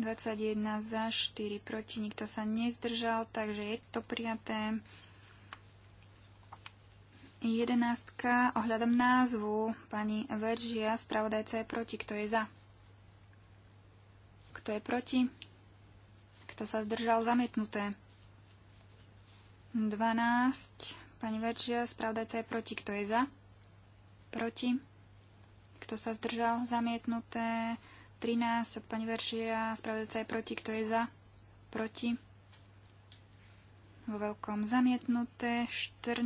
S2: 21 za, 4 proti, nikto sa nezdržal, takže je to prijaté. 11. Ohľadom názvu pani Veržia, spravodajca je proti. Kto je za? Kto je proti? Kto sa zdržal? Zamietnuté. 12. Pani Veržia, spravodajca je proti. Kto je za? Proti. Kto sa zdržal? Zamietnuté. 13 od pani Veršia, spravodajca je proti, kto je za, proti. Vo veľkom zamietnuté. 14,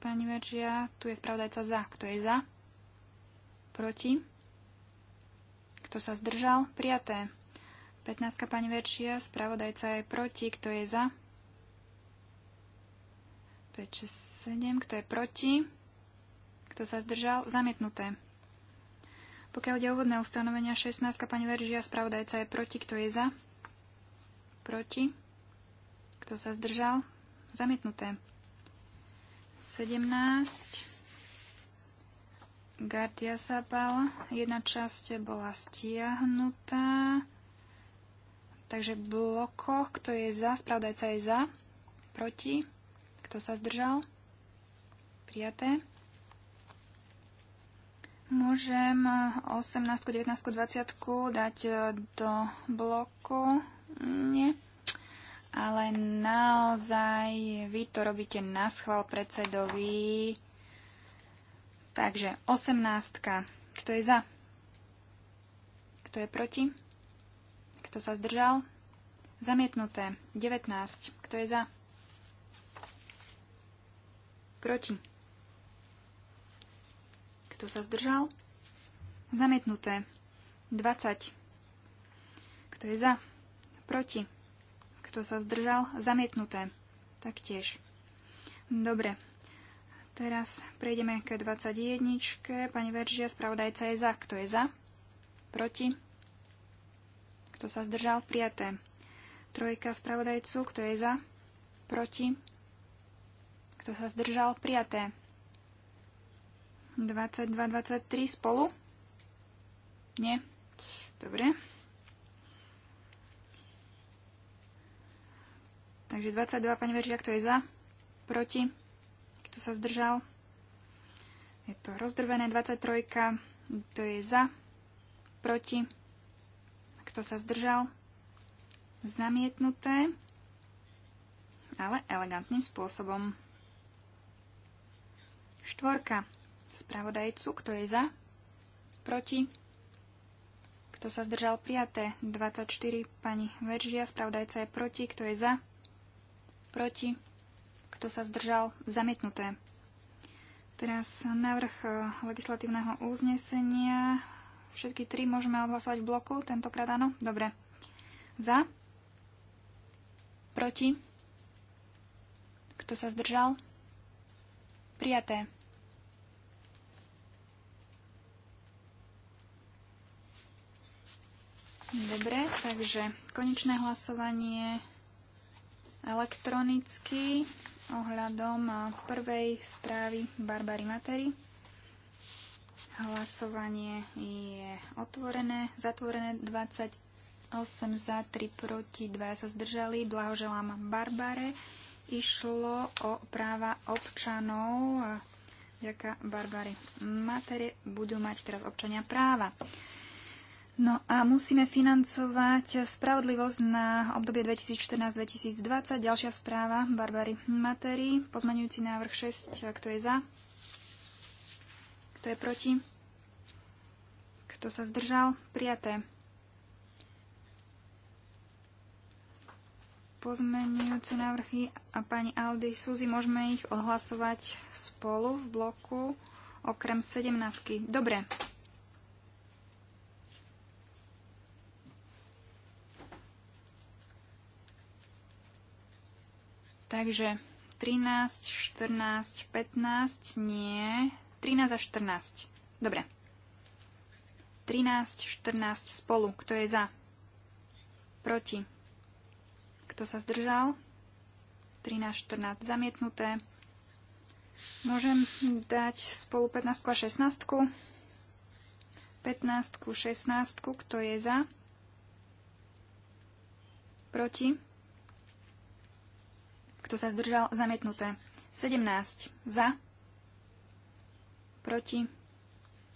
S2: pani Veršia, tu je spravodajca za, kto je za, proti. Kto sa zdržal, prijaté. 15, pani Veršia, spravodajca je proti, kto je za, 5, 6, 7, kto je proti, kto sa zdržal, zamietnuté. Pokiaľ ide o hodné ustanovenia 16, pani Veržia, spravodajca je proti, kto je za? Proti. Kto sa zdržal? Zamietnuté. 17. Gardia Sabal. Jedna časť bola stiahnutá. Takže bloko, kto je za, spravodajca je za, proti, kto sa zdržal, prijaté. Môžem 18, 19, 20 dať e, do bloku? Nie. Ale naozaj vy to robíte na schvál predsedovi. Takže 18. Kto je za? Kto je proti? Kto sa zdržal? Zamietnuté. 19. Kto je za? Proti. Kto sa zdržal? Zamietnuté. 20. Kto je za? Proti. Kto sa zdržal? Zamietnuté. Taktiež. Dobre. Teraz prejdeme k 21. Pani Veržia, spravodajca je za. Kto je za? Proti. Kto sa zdržal? Prijaté. Trojka spravodajcu. Kto je za? Proti. Kto sa zdržal? Prijaté. 22, 23 spolu? Nie. Dobre. Takže 22, pani Veržia, kto je za? Proti? Kto sa zdržal? Je to rozdrvené. 23, kto je za? Proti? Kto sa zdržal? Zamietnuté, ale elegantným spôsobom. Štvorka spravodajcu. Kto je za? Proti? Kto sa zdržal? Prijaté. 24. Pani Veržia. Spravodajca je proti. Kto je za? Proti? Kto sa zdržal? Zamietnuté. Teraz návrh e, legislatívneho uznesenia. Všetky tri môžeme odhlasovať v bloku. Tentokrát áno? Dobre. Za? Proti? Kto sa zdržal? Prijaté. Dobre, takže konečné hlasovanie elektronicky ohľadom prvej správy Barbary Matery. Hlasovanie je otvorené, zatvorené 28 za, 3 proti, 2 sa zdržali. Blahoželám Barbare. Išlo o práva občanov. Ďaká Barbary Matere budú mať teraz občania práva. No a musíme financovať spravodlivosť na obdobie 2014-2020. Ďalšia správa Barbary Materi, Pozmenujúci návrh 6. Kto je za? Kto je proti? Kto sa zdržal? Prijaté. Pozmenujúce návrhy a pani Aldy Suzy, môžeme ich odhlasovať spolu v bloku okrem 17. Dobre. Takže 13, 14, 15, nie. 13 a 14. Dobre. 13, 14 spolu. Kto je za? Proti. Kto sa zdržal? 13, 14 zamietnuté. Môžem dať spolu 15 a 16. 15, 16, kto je za? Proti? Kto sa zdržal? Zamietnuté. 17. Za. Proti.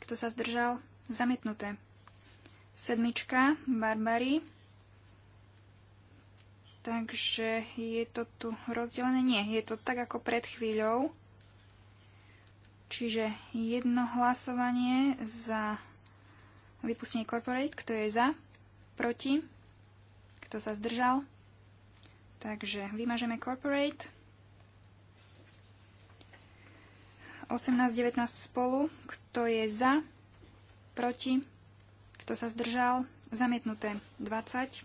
S2: Kto sa zdržal? Zamietnuté. Sedmička. Barbary. Takže je to tu rozdelené? Nie, je to tak ako pred chvíľou. Čiže jedno hlasovanie za vypustenie corporate. Kto je za? Proti? Kto sa zdržal? Takže vymažeme corporate. 18, 19 spolu. Kto je za? Proti? Kto sa zdržal? Zamietnuté 20.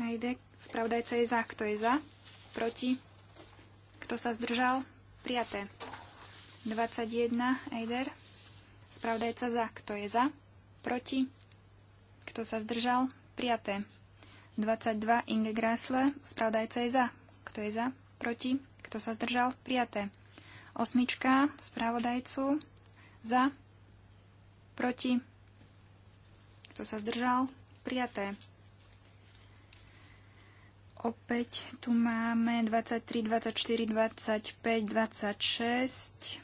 S2: Hejde. Spravdajca je za. Kto je za? Proti? Kto sa zdržal? Prijaté. 21. Ejder. Spravdajca za. Kto je za? Proti? Kto sa zdržal? Prijaté. 22 Inge Grasle, spravodajca je za. Kto je za? Proti? Kto sa zdržal? Prijaté. Osmička, spravodajcu, za, proti, kto sa zdržal? Prijaté. Opäť tu máme 23, 24, 25, 26, 27,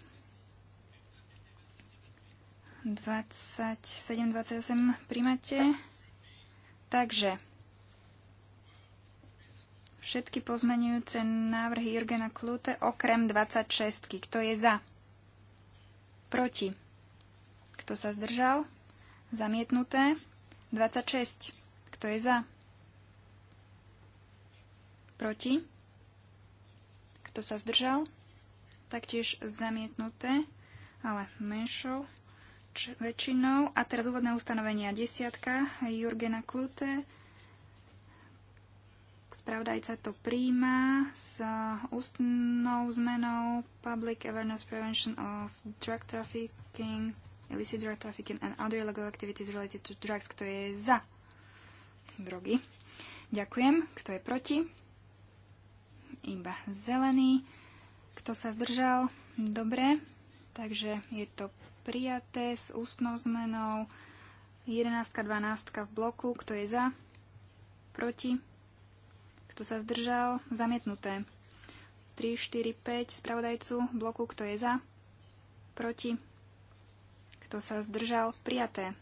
S2: 28 príjmate. Takže všetky pozmenujúce návrhy Jurgena Klute okrem 26. Kto je za? Proti. Kto sa zdržal? Zamietnuté. 26. Kto je za? Proti. Kto sa zdržal? Taktiež zamietnuté, ale menšou väčšinou. A teraz úvodné ustanovenia desiatka Jurgena Klute Spravodajca to príjma s ústnou zmenou Public Awareness Prevention of Drug Trafficking, Illicit Drug Trafficking and Other Illegal Activities Related to Drugs. Kto je za drogy? Ďakujem. Kto je proti? Iba zelený. Kto sa zdržal? Dobre. Takže je to prijaté s ústnou zmenou. 11, 12 v bloku. Kto je za? Proti? Kto sa zdržal? Zamietnuté. 3, 4, 5 spravodajcu bloku, kto je za, proti, kto sa zdržal, prijaté.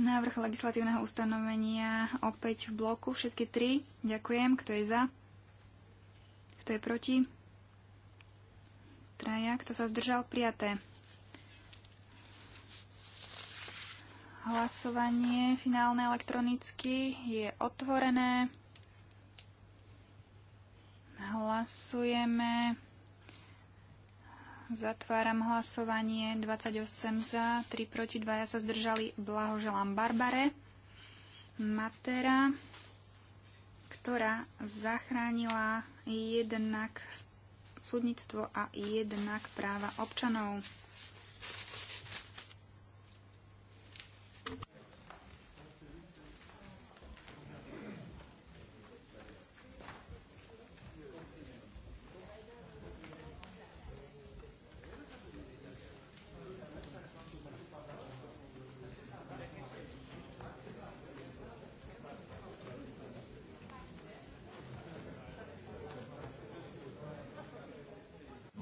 S2: Návrh legislatívneho ustanovenia opäť v bloku, všetky tri. Ďakujem, kto je za, kto je proti, traja, kto sa zdržal, prijaté. Hlasovanie finálne elektronicky je otvorené. Hlasujeme. Zatváram hlasovanie. 28 za, 3 proti, 2 ja sa zdržali. Blahoželám Barbare Matera, ktorá zachránila jednak súdnictvo a jednak práva občanov.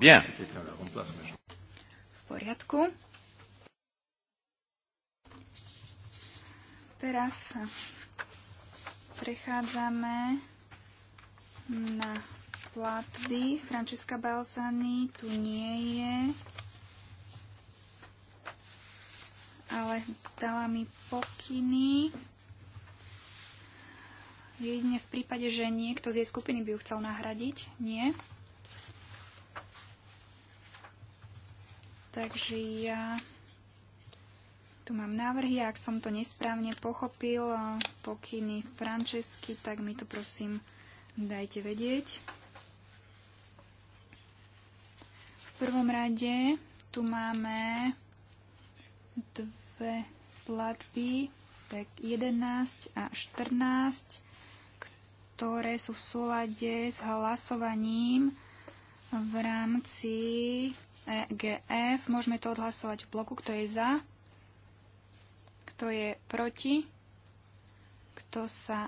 S2: Bien. V poriadku. Teraz prechádzame na platby. Francesca Balzani tu nie je, ale dala mi pokyny. Jedine v prípade, že niekto z jej skupiny by ju chcel nahradiť. Nie. Takže ja tu mám návrhy, ak som to nesprávne pochopil, pokyny Francesky, tak mi to prosím dajte vedieť. V prvom rade tu máme dve platby, tak 11 a 14, ktoré sú v súlade s hlasovaním v rámci EGF. Môžeme to odhlasovať v bloku, kto je za, kto je proti, kto sa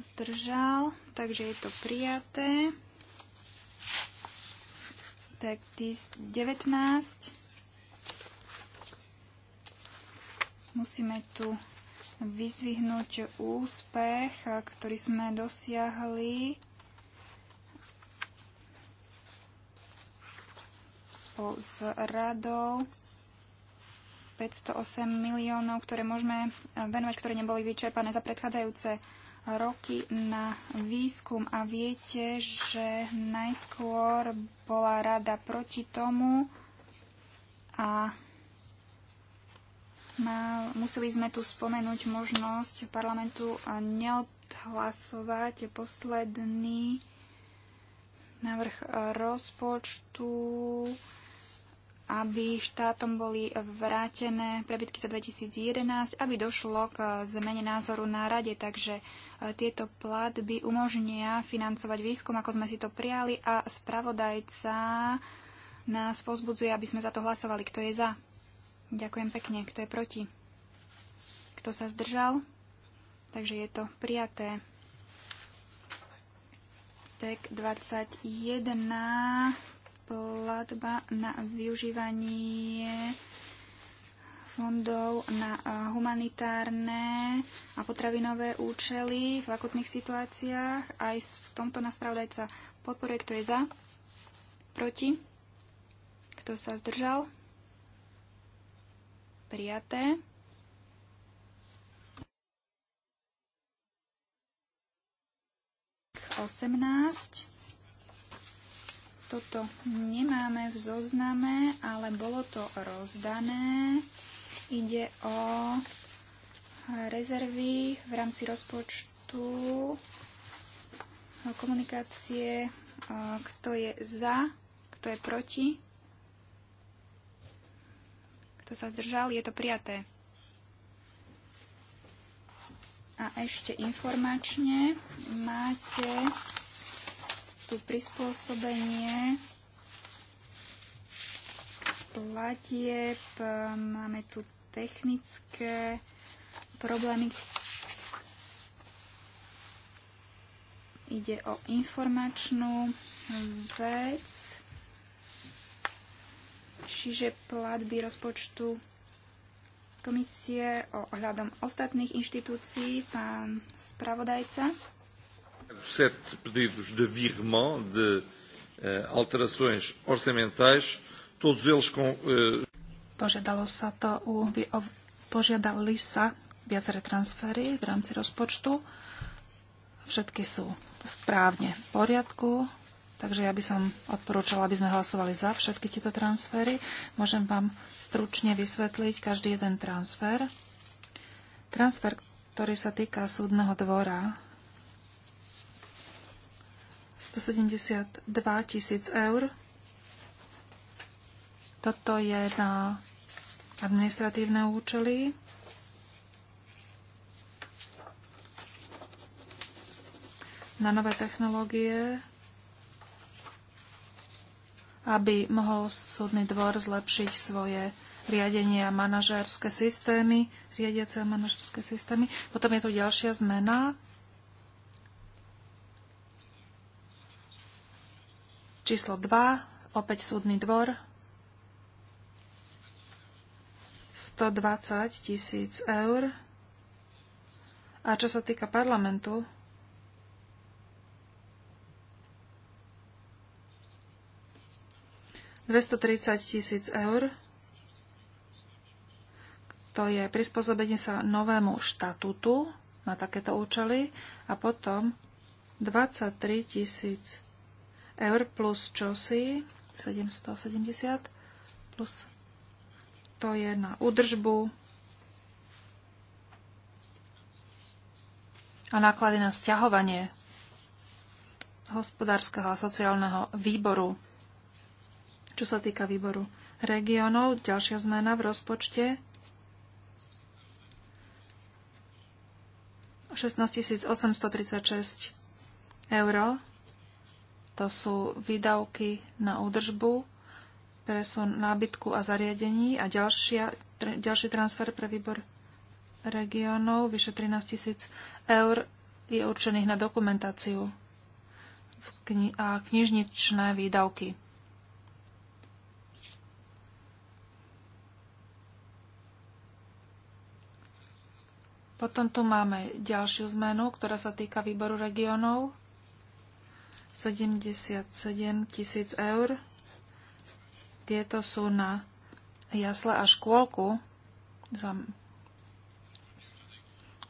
S2: zdržal, takže je to prijaté. Tak 19. Musíme tu vyzdvihnúť úspech, ktorý sme dosiahli spolu s radou 508 miliónov, ktoré môžeme e, venovať, ktoré neboli vyčerpané za predchádzajúce roky na výskum a viete, že najskôr bola rada proti tomu a mal, museli sme tu spomenúť možnosť parlamentu neodhlasovať posledný návrh rozpočtu aby štátom boli vrátené prebytky za 2011, aby došlo k eh, zmene názoru na rade. Takže eh, tieto platby umožnia financovať výskum, ako sme si to prijali a spravodajca nás pozbudzuje, aby sme za to hlasovali. Kto je za? Ďakujem pekne. Kto je proti? Kto sa zdržal? Takže je to prijaté. Tak 21 platba na využívanie fondov na humanitárne a potravinové účely v akutných situáciách. Aj v tomto nás pravdajca podporuje, kto je za, proti, kto sa zdržal. Prijaté. K 18. Toto nemáme v zozname, ale bolo to rozdané. Ide o rezervy v rámci rozpočtu komunikácie, kto je za, kto je proti, kto sa zdržal, je to prijaté. A ešte informačne máte tu prispôsobenie platieb, máme tu technické problémy. Ide o informačnú vec, čiže platby rozpočtu komisie o ohľadom ostatných inštitúcií, pán spravodajca
S3: sete pedidos de virmão,
S1: de eh, alterações orçamentais, todos eles com... Eh... požiadali sa viaceré transfery v rámci rozpočtu. Všetky sú právne v poriadku, takže ja by som odporúčala, aby sme hlasovali za všetky tieto transfery. Môžem vám stručne vysvetliť každý jeden transfer. Transfer, ktorý sa týka súdneho dvora, 172 tisíc eur. Toto je na administratívne účely. na nové technológie, aby mohol súdny dvor zlepšiť svoje riadenie a manažerské systémy, riadiace a manažerské systémy. Potom je tu ďalšia zmena Číslo 2, opäť súdny dvor. 120 tisíc eur. A čo sa týka parlamentu, ...230 tisíc eur. To je prispôsobenie sa novému štatútu na takéto účely. A potom 23 tisíc eur plus čosi 770 plus to je na údržbu a náklady na stiahovanie hospodárskeho a sociálneho výboru. Čo sa týka výboru regionov, ďalšia zmena v rozpočte 16 836 eur to sú výdavky na údržbu, presun nábytku a zariadení a ďalšia, tr- ďalší transfer pre výbor regionov, vyše 13 tisíc eur je určených na dokumentáciu a knižničné výdavky. Potom tu máme ďalšiu zmenu, ktorá sa týka výboru regionov 77 tisíc eur. Tieto sú na jasle a škôlku.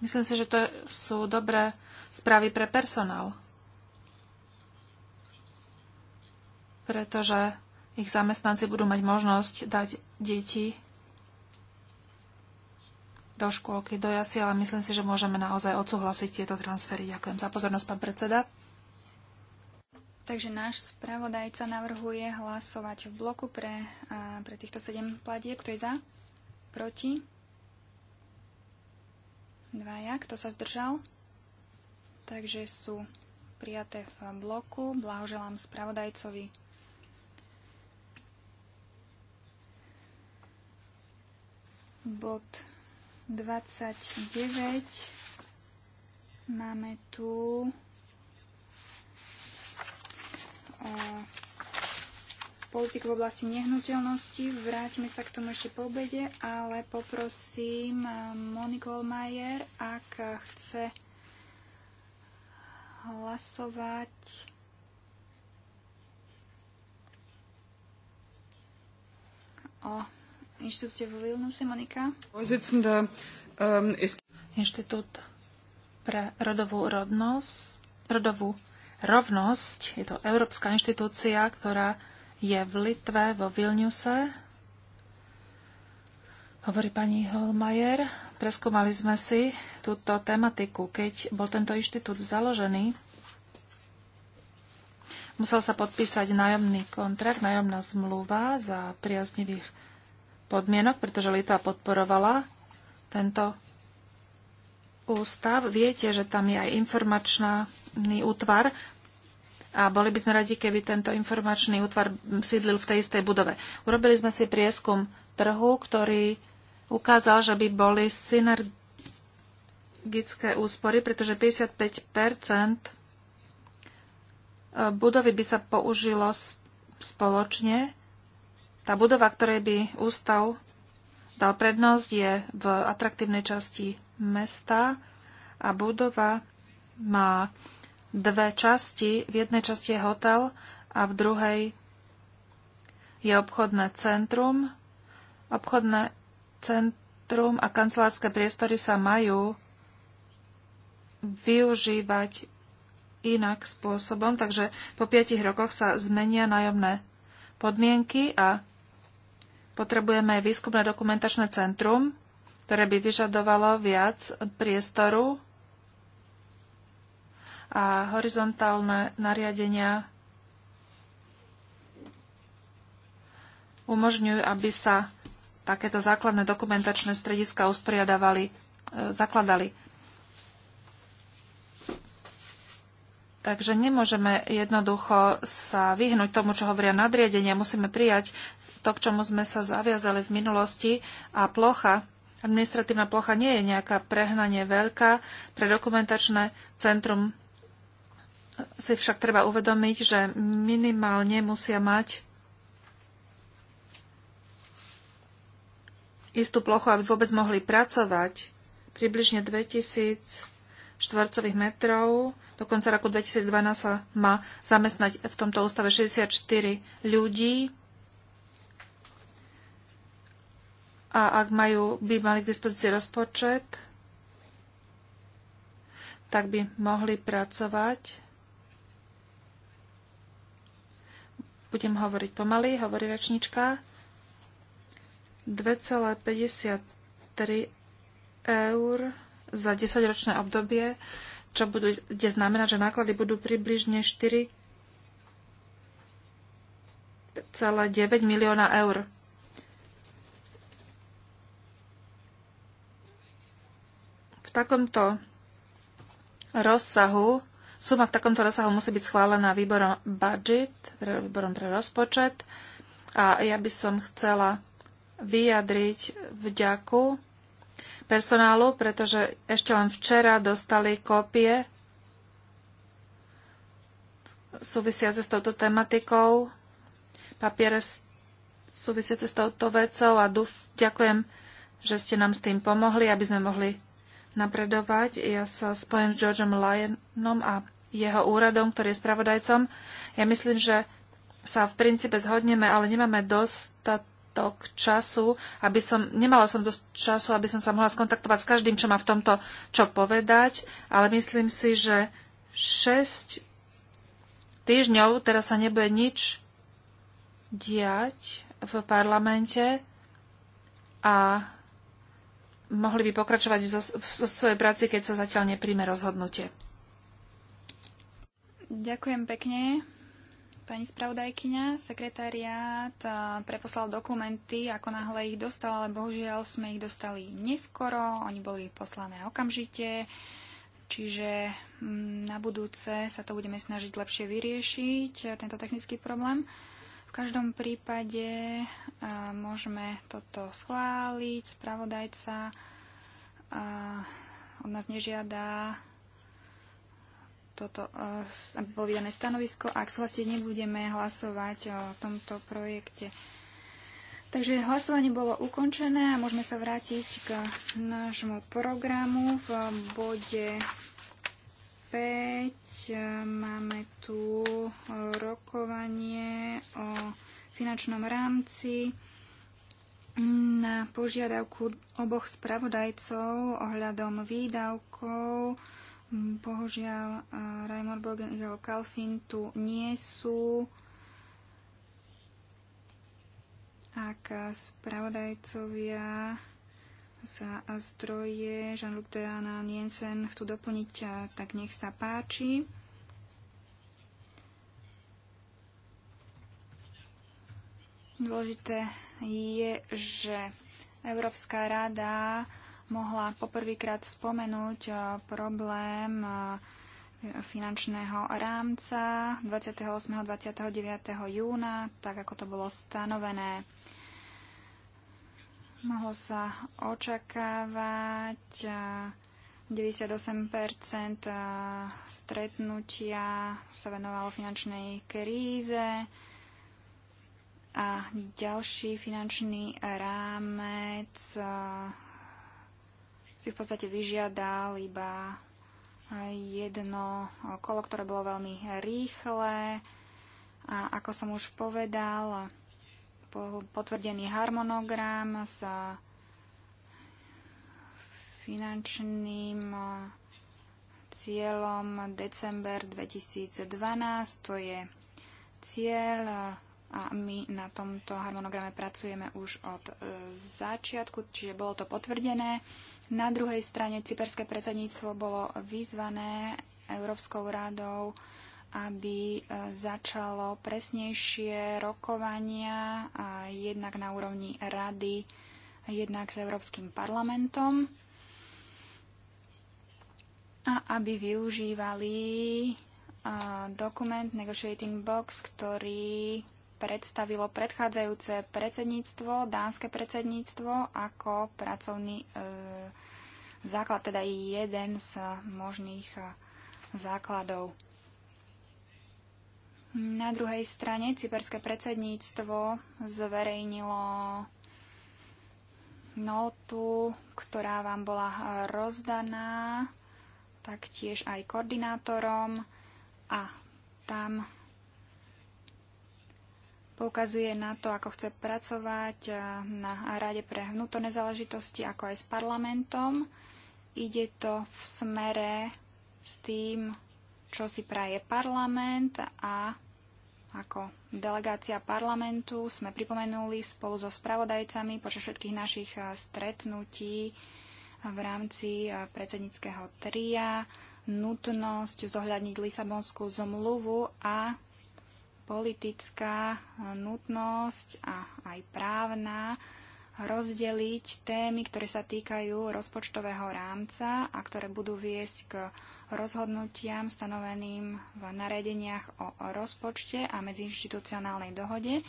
S1: Myslím si, že to sú dobré správy pre personál. Pretože ich zamestnanci budú mať možnosť dať deti do škôlky, do jasiel a myslím si, že môžeme naozaj odsúhlasiť tieto transfery. Ďakujem za pozornosť, pán predseda.
S2: Takže náš spravodajca navrhuje hlasovať v bloku pre, a, pre týchto 7 platieb. Kto je za? Proti? Dvaja. Kto sa zdržal? Takže sú prijaté v bloku. Blahoželám spravodajcovi. Bod 29. Máme tu politiku v oblasti nehnuteľnosti. Vrátime sa k tomu ešte po obede, ale poprosím eh, Moniku Olmajer, ak chce hlasovať o inštitúte vo Vilnuse. Monika?
S1: Eh, Inštitút pre rodovú rodnosť, rodovú rovnosť. Je to európska inštitúcia, ktorá je v Litve, vo Vilniuse. Hovorí pani Holmajer. Preskúmali sme si túto tematiku. Keď bol tento inštitút založený, musel sa podpísať nájomný kontrakt, nájomná zmluva za priaznivých podmienok, pretože Litva podporovala tento ústav. Viete, že tam je aj informačná informačný útvar a boli by sme radi, keby tento informačný útvar sídlil v tej istej budove. Urobili sme si prieskum trhu, ktorý ukázal, že by boli synergické úspory, pretože 55 e, budovy by sa použilo spoločne. Tá budova, ktorej by ústav dal prednosť, je v atraktívnej časti mesta a budova má dve časti. V jednej časti je hotel a v druhej je obchodné centrum. Obchodné centrum a kancelárske priestory sa majú využívať inak spôsobom, takže po piatich rokoch sa zmenia nájomné podmienky a potrebujeme aj výskumné dokumentačné centrum, ktoré by vyžadovalo viac priestoru a horizontálne nariadenia umožňujú, aby sa takéto základné dokumentačné strediska usporiadavali, e, zakladali. Takže nemôžeme jednoducho sa vyhnúť tomu, čo hovoria nadriadenia. Musíme prijať to, k čomu sme sa zaviazali v minulosti a plocha, administratívna plocha nie je nejaká prehnanie veľká pre dokumentačné centrum si však treba uvedomiť, že minimálne musia mať istú plochu, aby vôbec mohli pracovať. Približne 2000 štvorcových metrov. Do konca roku 2012 sa má zamestnať v tomto ústave 64 ľudí. A ak majú, by mali k dispozícii rozpočet, tak by mohli pracovať Budem hovoriť pomaly, hovorí rečnička. 2,53 eur za 10-ročné obdobie, čo bude znamená, že náklady budú približne 4,9 milióna eur. V takomto rozsahu Suma v takomto rozsahu musí byť schválená výborom budget, výborom pre rozpočet. A ja by som chcela vyjadriť vďaku personálu, pretože ešte len včera dostali kópie súvisiace s touto tematikou, papiere súvisiace s touto vecou a dúf, ďakujem, že ste nám s tým pomohli, aby sme mohli napredovať. Ja sa spojím s Georgeom Lyonom a jeho úradom, ktorý je spravodajcom. Ja myslím, že sa v princípe zhodneme, ale nemáme dostatok času, aby som, nemala som dosť času, aby som sa mohla skontaktovať s každým, čo má v tomto čo povedať, ale myslím si, že 6 týždňov teraz sa nebude nič diať v parlamente a mohli by pokračovať zo, zo svojej práci, keď sa zatiaľ nepríjme rozhodnutie.
S2: Ďakujem pekne. Pani spravodajkyňa, sekretariát preposlal dokumenty, ako náhle ich dostal, ale bohužiaľ sme ich dostali neskoro, oni boli poslané okamžite, čiže mm, na budúce sa to budeme snažiť lepšie vyriešiť, tento technický problém každom prípade môžeme toto schváliť. Spravodajca od nás nežiada toto, aby stanovisko. Ak súhlasíte, nebudeme hlasovať o tomto projekte. Takže hlasovanie bolo ukončené a môžeme sa vrátiť k nášmu programu v bode Eh, máme tu eh, rokovanie o finančnom rámci na požiadavku oboch spravodajcov ohľadom výdavkov. Bohužiaľ, eh, Raymond Bogen a Kalfin tu nie sú. Ak spravodajcovia za zdroje. Jean-Luc Deana Niensen chcú doplniť, tak nech sa páči. Dôležité je, že Európska rada mohla poprvýkrát spomenúť e, problém e, finančného rámca 28. 29. júna, tak ako to bolo stanovené. Mohlo sa očakávať 98 stretnutia sa venovalo finančnej kríze a ďalší finančný rámec si v podstate vyžiadal iba jedno kolo, ktoré bolo veľmi rýchle. A ako som už povedal, potvrdený harmonogram s finančným cieľom december 2012. To je cieľ a my na tomto harmonograme pracujeme už od e, začiatku, čiže bolo to potvrdené. Na druhej strane cyperské predsedníctvo bolo vyzvané Európskou radou aby e, začalo presnejšie rokovania a jednak na úrovni rady, jednak s Európskym parlamentom a aby využívali e, dokument Negotiating Box, ktorý predstavilo predchádzajúce predsedníctvo, dánske predsedníctvo, ako pracovný e, základ, teda jeden z možných e, základov. Na druhej strane cyperské predsedníctvo zverejnilo notu, ktorá vám bola rozdaná, taktiež aj koordinátorom a tam poukazuje na to, ako chce pracovať na Rade pre vnútorné záležitosti, ako aj s parlamentom. Ide to v smere s tým, čo si praje parlament a ako delegácia parlamentu sme pripomenuli spolu so spravodajcami počas všetkých našich eh, stretnutí eh, v rámci eh, predsedníckého tria nutnosť zohľadniť Lisabonskú zmluvu a politická nutnosť a aj právna rozdeliť témy, ktoré sa týkajú rozpočtového rámca a ktoré budú viesť k rozhodnutiam stanoveným v nariadeniach o rozpočte a medziinštitucionálnej dohode.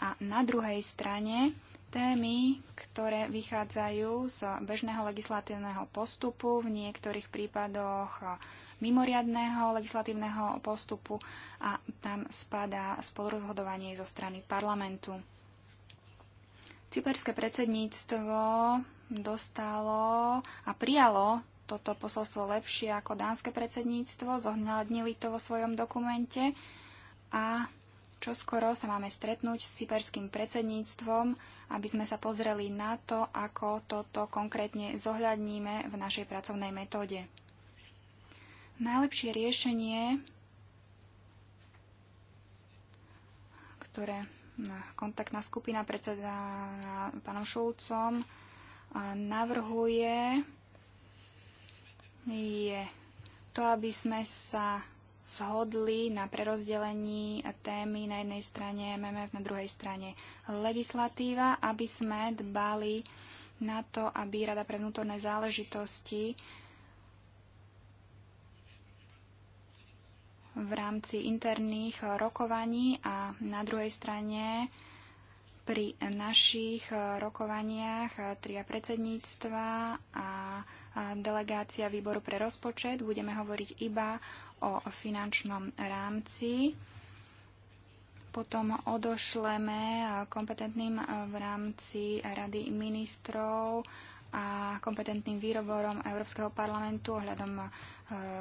S2: A na druhej strane témy, ktoré vychádzajú z bežného legislatívneho postupu, v niektorých prípadoch mimoriadného legislatívneho postupu a tam spadá spolurozhodovanie zo strany parlamentu. Cyperské predsedníctvo dostalo a prijalo toto posolstvo lepšie ako dánske predsedníctvo, zohľadnili to vo svojom dokumente a čoskoro sa máme stretnúť s cyperským predsedníctvom, aby sme sa pozreli na to, ako toto konkrétne zohľadníme v našej pracovnej metóde. Najlepšie riešenie, ktoré kontaktná skupina predseda pánom Šulcom navrhuje je to, aby sme sa zhodli na prerozdelení témy na jednej strane MMF, na druhej strane legislatíva, aby sme dbali na to, aby Rada pre vnútorné záležitosti v rámci interných rokovaní a na druhej strane pri našich rokovaniach tria predsedníctva a delegácia výboru pre rozpočet budeme hovoriť iba o finančnom rámci. Potom odošleme kompetentným v rámci Rady ministrov a kompetentným výroborom Európskeho parlamentu ohľadom e,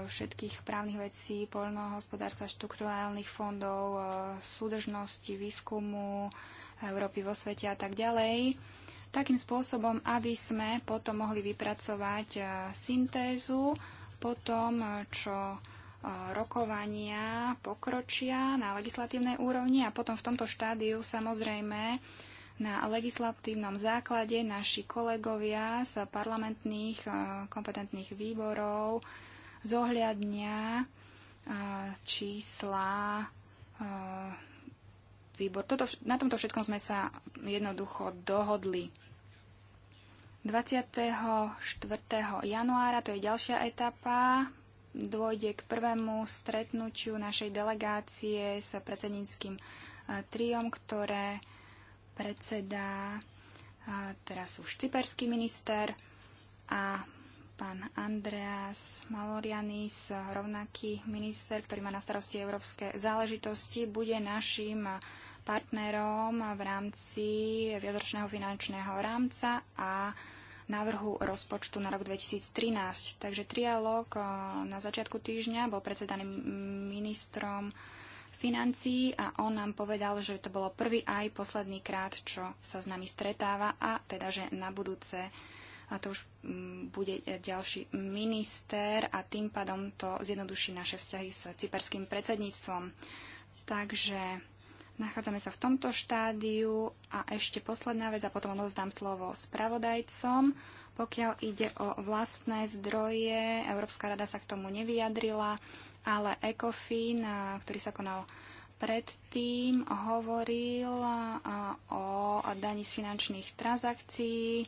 S2: všetkých právnych vecí, poľnohospodárstva, štruktúrálnych fondov, e, súdržnosti, výskumu Európy vo svete a tak ďalej. Takým spôsobom, aby sme potom mohli vypracovať e, syntézu po tom, čo rokovania pokročia na legislatívnej úrovni a potom v tomto štádiu samozrejme na legislatívnom základe naši kolegovia z parlamentných e, kompetentných výborov zohľadnia e, čísla e, výbor. Toto, na tomto všetkom sme sa jednoducho dohodli. 24. januára, to je ďalšia etapa, dôjde k prvému stretnutiu našej delegácie s predsedníckým triom, ktoré predseda, teraz už cyperský minister a pán Andreas Malorianis, rovnaký minister, ktorý má na starosti európske záležitosti, bude našim partnerom v rámci viadročného finančného rámca a návrhu rozpočtu na rok 2013. Takže trialog e, na začiatku týždňa bol predsedaný ministrom financií a on nám povedal, že to bolo prvý aj posledný krát, čo sa s nami stretáva a teda, že na budúce a to už mm, bude ďalší minister a tým pádom to zjednoduší naše vzťahy s cyperským predsedníctvom. Takže nachádzame sa v tomto štádiu a ešte posledná vec a potom odovzdám slovo spravodajcom. Pokiaľ ide o vlastné zdroje, Európska rada sa k tomu nevyjadrila ale ECOFIN, ktorý sa konal predtým, hovoril o daní z finančných transakcií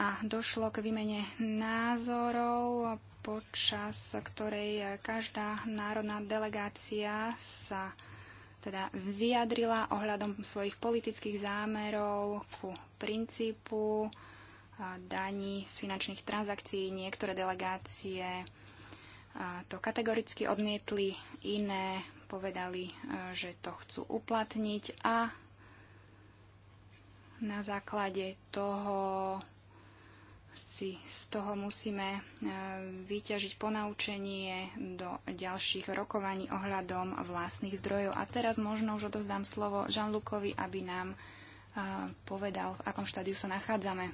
S2: a došlo k výmene názorov, počas ktorej každá národná delegácia sa teda vyjadrila ohľadom svojich politických zámerov ku princípu daní z finančných transakcií. Niektoré delegácie to kategoricky odmietli, iné povedali, e, že to chcú uplatniť a na základe toho si z toho musíme e, vyťažiť ponaučenie do ďalších rokovaní ohľadom vlastných zdrojov. A teraz možno už odovzdám slovo Žanlukovi, aby nám e, povedal, v akom štádiu sa
S3: nachádzame.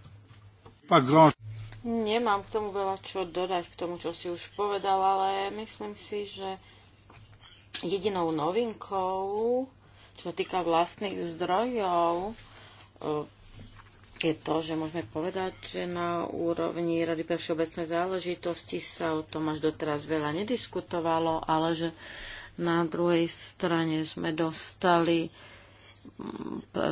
S3: Nemám k tomu veľa čo dodať, k tomu, čo si už povedal, ale myslím si, že jedinou novinkou, čo sa týka vlastných zdrojov, eh, je to, že môžeme povedať, že na úrovni Rady pre všeobecné záležitosti sa o tom až doteraz veľa nediskutovalo, ale že na druhej strane sme dostali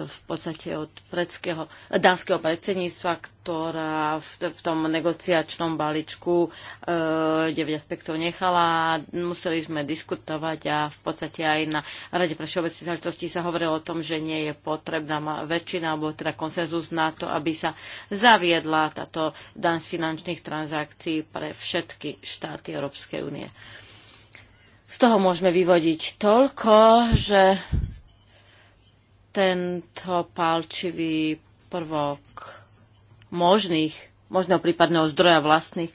S3: v podstate od predského, dánskeho predsedníctva, ktorá v, v tom negociačnom balíčku e, eh, 9 aspektov nechala. Museli sme diskutovať a v podstate aj na Rade pre všeobecné záležitosti sa hovorilo o tom, že nie je potrebná väčšina alebo teda konsenzus na to, aby sa zaviedla táto daň z finančných transakcií pre všetky štáty Európskej únie. Z toho môžeme vyvodiť toľko, že tento palčivý prvok možných, možného prípadného zdroja vlastných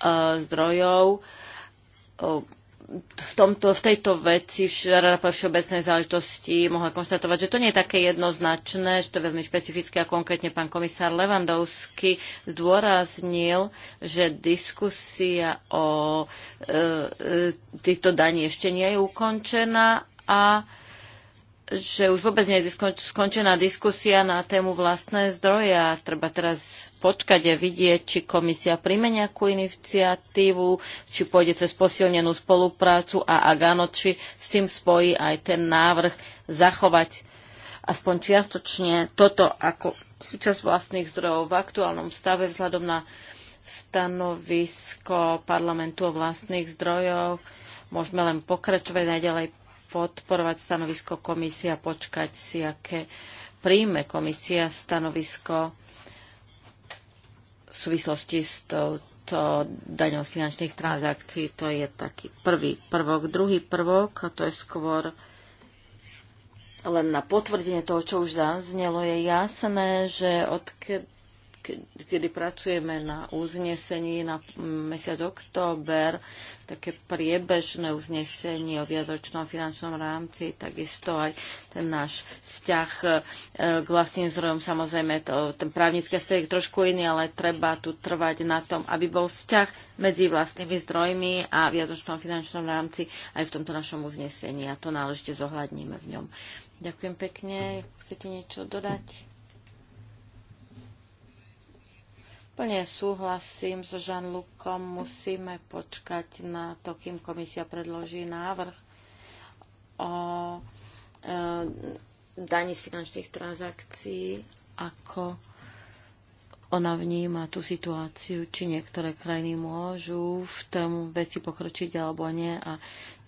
S3: uh, zdrojov. Uh, v, tomto, v tejto veci Rada pre všeobecnej záležitosti mohla konštatovať, že to nie je také jednoznačné, že to je veľmi špecifické a konkrétne pán komisár Levandovský zdôraznil, že diskusia o e, e, týchto daní ešte nie je ukončená a e, že už vôbec nie je skončená diskusia na tému vlastné zdroje a treba teraz počkať a vidieť, či komisia príjme nejakú iniciatívu, či pôjde cez posilnenú spoluprácu a ak áno, či s tým spojí aj ten návrh zachovať aspoň čiastočne toto ako súčasť vlastných zdrojov v aktuálnom stave vzhľadom na stanovisko parlamentu o vlastných zdrojoch. Môžeme len pokračovať ďalej podporovať stanovisko komisia, počkať si, aké príjme komisia stanovisko v súvislosti s touto daňou z finančných transakcií. To je taký prvý prvok. Druhý prvok, a to je skôr len na potvrdenie toho, čo už zaznelo, je jasné, že odkedy kedy pracujeme na uznesení na mesiac október, také priebežné uznesenie o viacročnom finančnom rámci, takisto aj ten náš vzťah e, k vlastným zdrojom, samozrejme to, ten právnický aspekt je trošku iný, ale treba tu trvať na tom, aby bol vzťah medzi vlastnými zdrojmi a viacročnom finančnom rámci aj v tomto našom uznesení a to náležite zohľadníme v ňom. Ďakujem pekne. Chcete niečo dodať? Plne súhlasím s Lukom, musíme počkať na to, kým komisia predloží návrh o e, daní z finančných transakcií, ako ona vníma tú situáciu, či niektoré krajiny môžu v tom veci pokročiť alebo nie a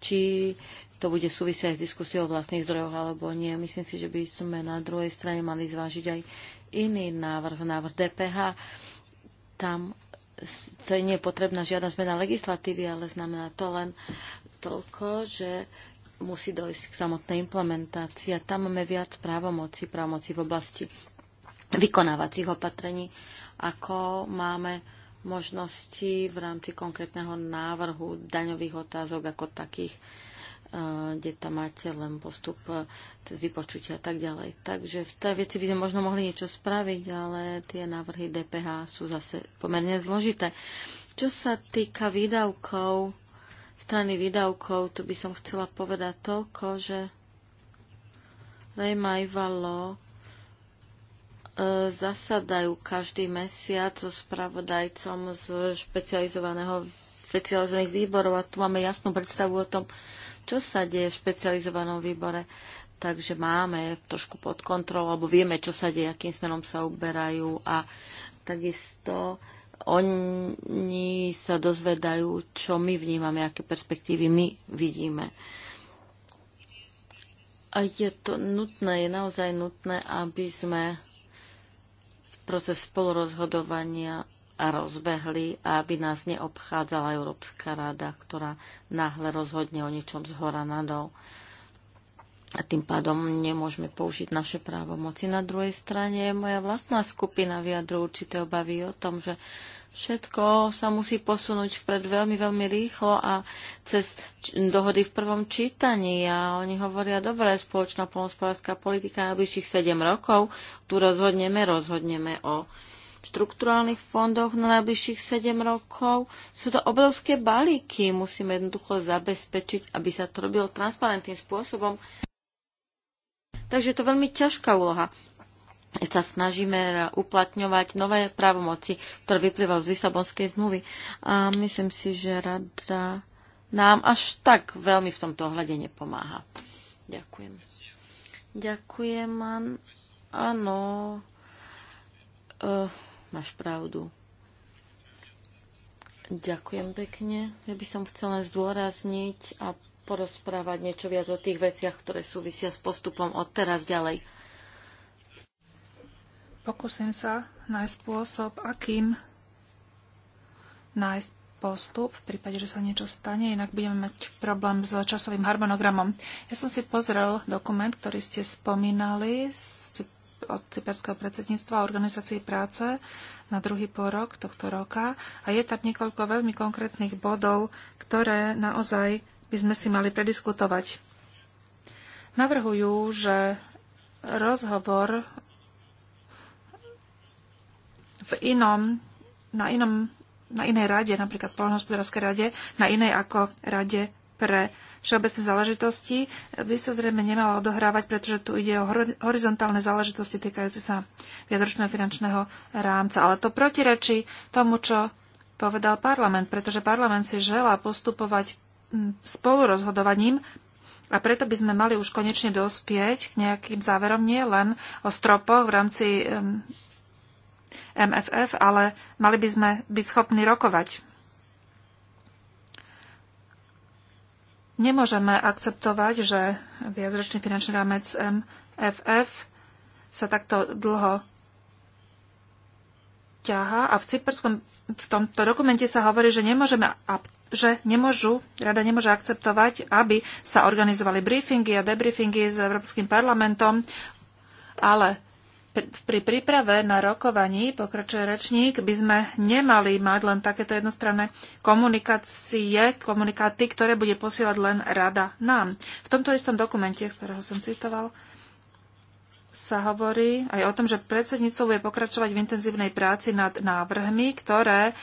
S3: či to bude súvisieť aj s diskusiou o vlastných zdrojoch alebo nie. Myslím si, že by sme na druhej strane mali zvážiť aj iný návrh, návrh DPH tam to nie je potrebná žiadna zmena legislatívy, ale znamená to len toľko, že musí dojsť k samotnej implementácii a tam máme viac právomoci, právomoci v oblasti vykonávacích opatrení, ako máme možnosti v rámci konkrétneho návrhu daňových otázok ako takých kde tam máte len postup cez vypočutia a tak ďalej. Takže v tej veci by sme možno mohli niečo spraviť, ale tie návrhy DPH sú zase pomerne zložité. Čo sa týka výdavkov, strany výdavkov, tu by som chcela povedať toľko, že Rejma Ivalo e, zasadajú každý mesiac so spravodajcom z špecializovaného špecializovaných výborov a tu máme jasnú predstavu o tom, čo sa deje v špecializovanom výbore. Takže máme trošku pod kontrolou, alebo vieme, čo sa deje, akým smerom sa uberajú a takisto oni sa dozvedajú, čo my vnímame, aké perspektívy my vidíme. A je to nutné, je naozaj nutné, aby sme proces spolurozhodovania rozbehli aby nás neobchádzala Európska rada, ktorá náhle rozhodne o niečom z hora nadol. A tým pádom nemôžeme použiť naše právomoci. Na druhej strane moja vlastná skupina vyjadru určité obavy o tom, že všetko sa musí posunúť vpred veľmi, veľmi rýchlo a cez dohody v prvom čítaní. A oni hovoria, dobre, spoločná polnospodárska politika na bližších 7 rokov, tu rozhodneme, rozhodneme o štrukturálnych fondoch na najbližších 7 rokov. Sú to obrovské balíky. Musíme jednoducho zabezpečiť, aby sa to robilo transparentným spôsobom. Takže je to veľmi ťažká úloha sa snažíme uplatňovať nové právomoci, ktoré vyplývajú z Lisabonskej zmluvy. A myslím si, že rada nám až tak veľmi v tomto ohľade nepomáha. Ďakujem. Ďakujem, áno. Uh Máš pravdu. Ďakujem pekne. Ja by som chcela zdôrazniť a porozprávať niečo viac o tých veciach, ktoré súvisia s postupom od teraz ďalej. Pokúsim sa
S1: nájsť spôsob, akým nájsť postup v prípade, že sa niečo stane, inak budeme mať problém s časovým harmonogramom. Ja som si pozrel dokument, ktorý ste spomínali, ste od cyperského predsedníctva organizácie práce na druhý porok tohto roka. A je tam niekoľko veľmi konkrétnych bodov, ktoré naozaj by sme si mali prediskutovať. Navrhujú, že rozhovor v inom, na, inom, na inej rade, napríklad Polnohospodárskej rade, na inej ako rade pre všeobecné záležitosti by sa zrejme nemala odohrávať, pretože tu ide o horizontálne záležitosti týkajúce sa viacročného finančného rámca. Ale to protirečí tomu, čo povedal parlament, pretože parlament si želá postupovať spolurozhodovaním a preto by sme mali už konečne dospieť k nejakým záverom nie len o stropoch v rámci MFF, ale mali by sme byť schopní rokovať Nemôžeme akceptovať, že viacročný finančný rámec MFF sa takto dlho ťaha a v cyperskom v tomto dokumente sa hovorí, že nemôžeme že nemôžu, rada nemôže akceptovať, aby sa organizovali briefingy a debriefingy s Európskym parlamentom, ale pri príprave na rokovaní, pokračuje rečník, by sme nemali mať len takéto jednostranné komunikácie, komunikáty, ktoré bude posielať len rada nám. V tomto istom dokumente, z ktorého som citoval, sa hovorí aj o tom, že predsedníctvo bude pokračovať v intenzívnej práci nad návrhmi, ktoré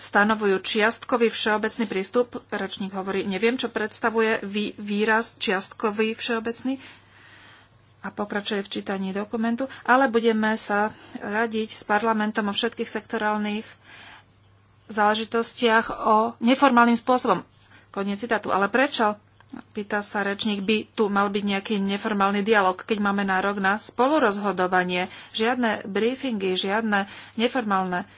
S1: stanovujú čiastkový všeobecný prístup. Rečník hovorí, neviem, čo predstavuje výraz čiastkový všeobecný a pokračuje v čítaní dokumentu, ale budeme sa radiť s parlamentom o všetkých sektorálnych záležitostiach o neformálnym spôsobom. Koniec citátu. Ale prečo? Pýta sa rečník, by tu mal byť nejaký neformálny dialog, keď máme nárok na spolurozhodovanie. Žiadne briefingy, žiadne neformálne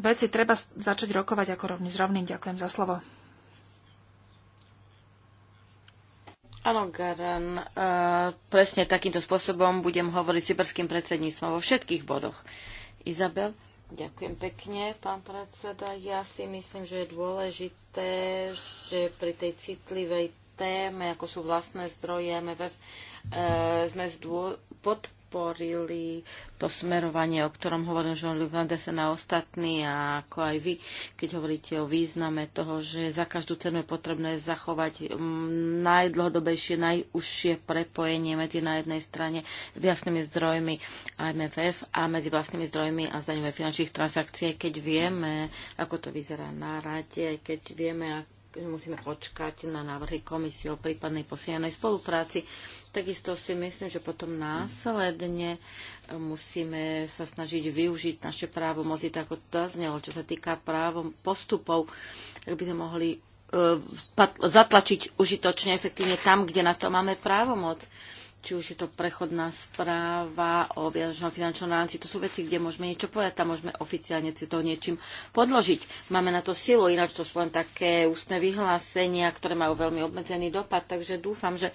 S1: veci. Treba začať rokovať ako rovný s rovným. Ďakujem za slovo.
S3: Áno, Garan, e, presne takýmto spôsobom budem hovoriť cyberským predsedníctvom vo všetkých bodoch. Izabel? Ďakujem pekne, pán predseda. Ja si myslím, že je dôležité, že pri tej citlivej téme, ako sú vlastné zdroje MFF, uh, e, sme zdô- pod, podporili to smerovanie, o ktorom hovorím Jean-Luc sa na ostatní a ako aj vy, keď hovoríte o význame toho, že za každú cenu je potrebné zachovať mm, najdlhodobejšie, najúžšie prepojenie medzi na jednej strane jasnými zdrojmi MFF a medzi vlastnými zdrojmi a zdaňové finančných transakcie, keď vieme, ako to vyzerá na rade, keď vieme, ako musíme počkať na návrhy komisie o prípadnej posilnenej spolupráci. Takisto si myslím, že potom následne musíme sa snažiť využiť naše právo moci, tak ako to znelo, čo sa týka právom postupov, ak by sme mohli e, zatlačiť užitočne, efektívne tam, kde na to máme právomoc. moc či už je to prechodná správa o viažnom finančnom rámci, to sú veci, kde môžeme niečo povedať, tam môžeme oficiálne si to niečím podložiť. Máme na to silu, ináč to sú len také ústne vyhlásenia, ktoré majú veľmi obmedzený dopad, takže dúfam, že e,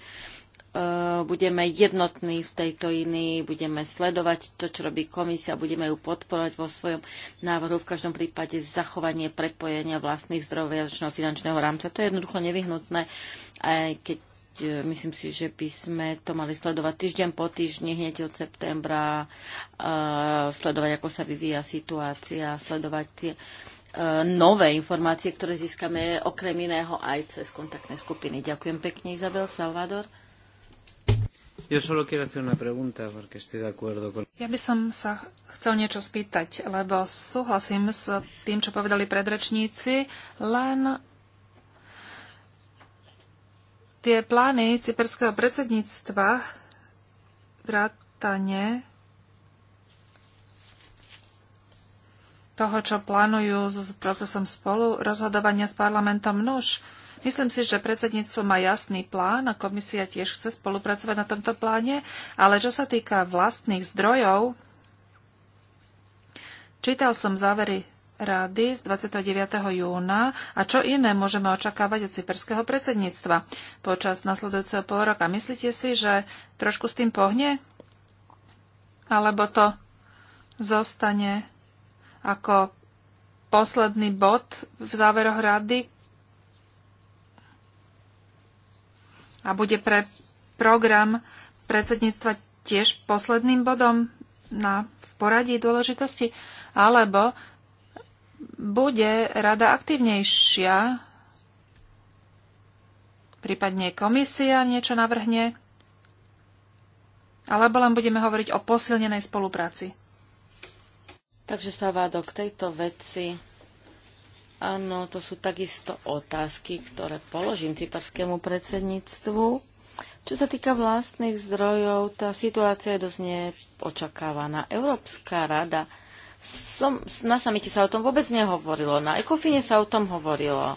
S3: budeme jednotní v tejto inii, budeme sledovať to, čo robí komisia, budeme ju podporovať vo svojom návrhu, v každom prípade zachovanie prepojenia vlastných zdrojov finančného rámca. To je jednoducho nevyhnutné, aj keď E, myslím si, že by sme to mali sledovať týždeň po týždni, hneď od septembra, e, sledovať, ako sa vyvíja situácia, sledovať tie e, nové informácie, ktoré získame okrem iného aj cez kontaktné skupiny. Ďakujem pekne, Izabel Salvador. Ja
S1: by som sa chcel niečo spýtať, lebo súhlasím s tým, čo povedali predrečníci, len Tie plány cyperského predsedníctva vrátane toho, čo plánujú s procesom spolu rozhodovania s parlamentom nuž. No myslím si, že predsedníctvo má jasný plán a komisia tiež chce spolupracovať na tomto pláne, ale čo sa týka vlastných zdrojov, čítal som závery rady z 29. júna a čo iné môžeme očakávať od cyperského predsedníctva počas nasledujúceho pol roka. Myslíte si, že trošku s tým pohne? Alebo to zostane ako posledný bod v záveroch rady a bude pre program predsedníctva tiež posledným bodom na, v poradí dôležitosti? Alebo bude rada aktívnejšia, prípadne komisia niečo navrhne, alebo len budeme hovoriť o posilnenej
S3: spolupráci. Takže sa vádo k tejto veci. Áno, to sú takisto otázky, ktoré položím cyperskému predsedníctvu. Čo sa týka vlastných zdrojov, tá situácia je dosť neočakávaná. Európska rada som, na samite sa o tom vôbec nehovorilo, na ekofine sa o tom hovorilo.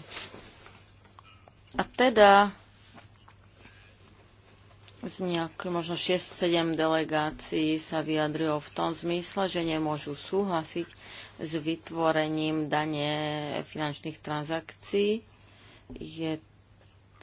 S3: A teda z nejakých možno 6-7 delegácií sa vyjadrilo v tom zmysle, že nemôžu súhlasiť s vytvorením dane finančných transakcií. Je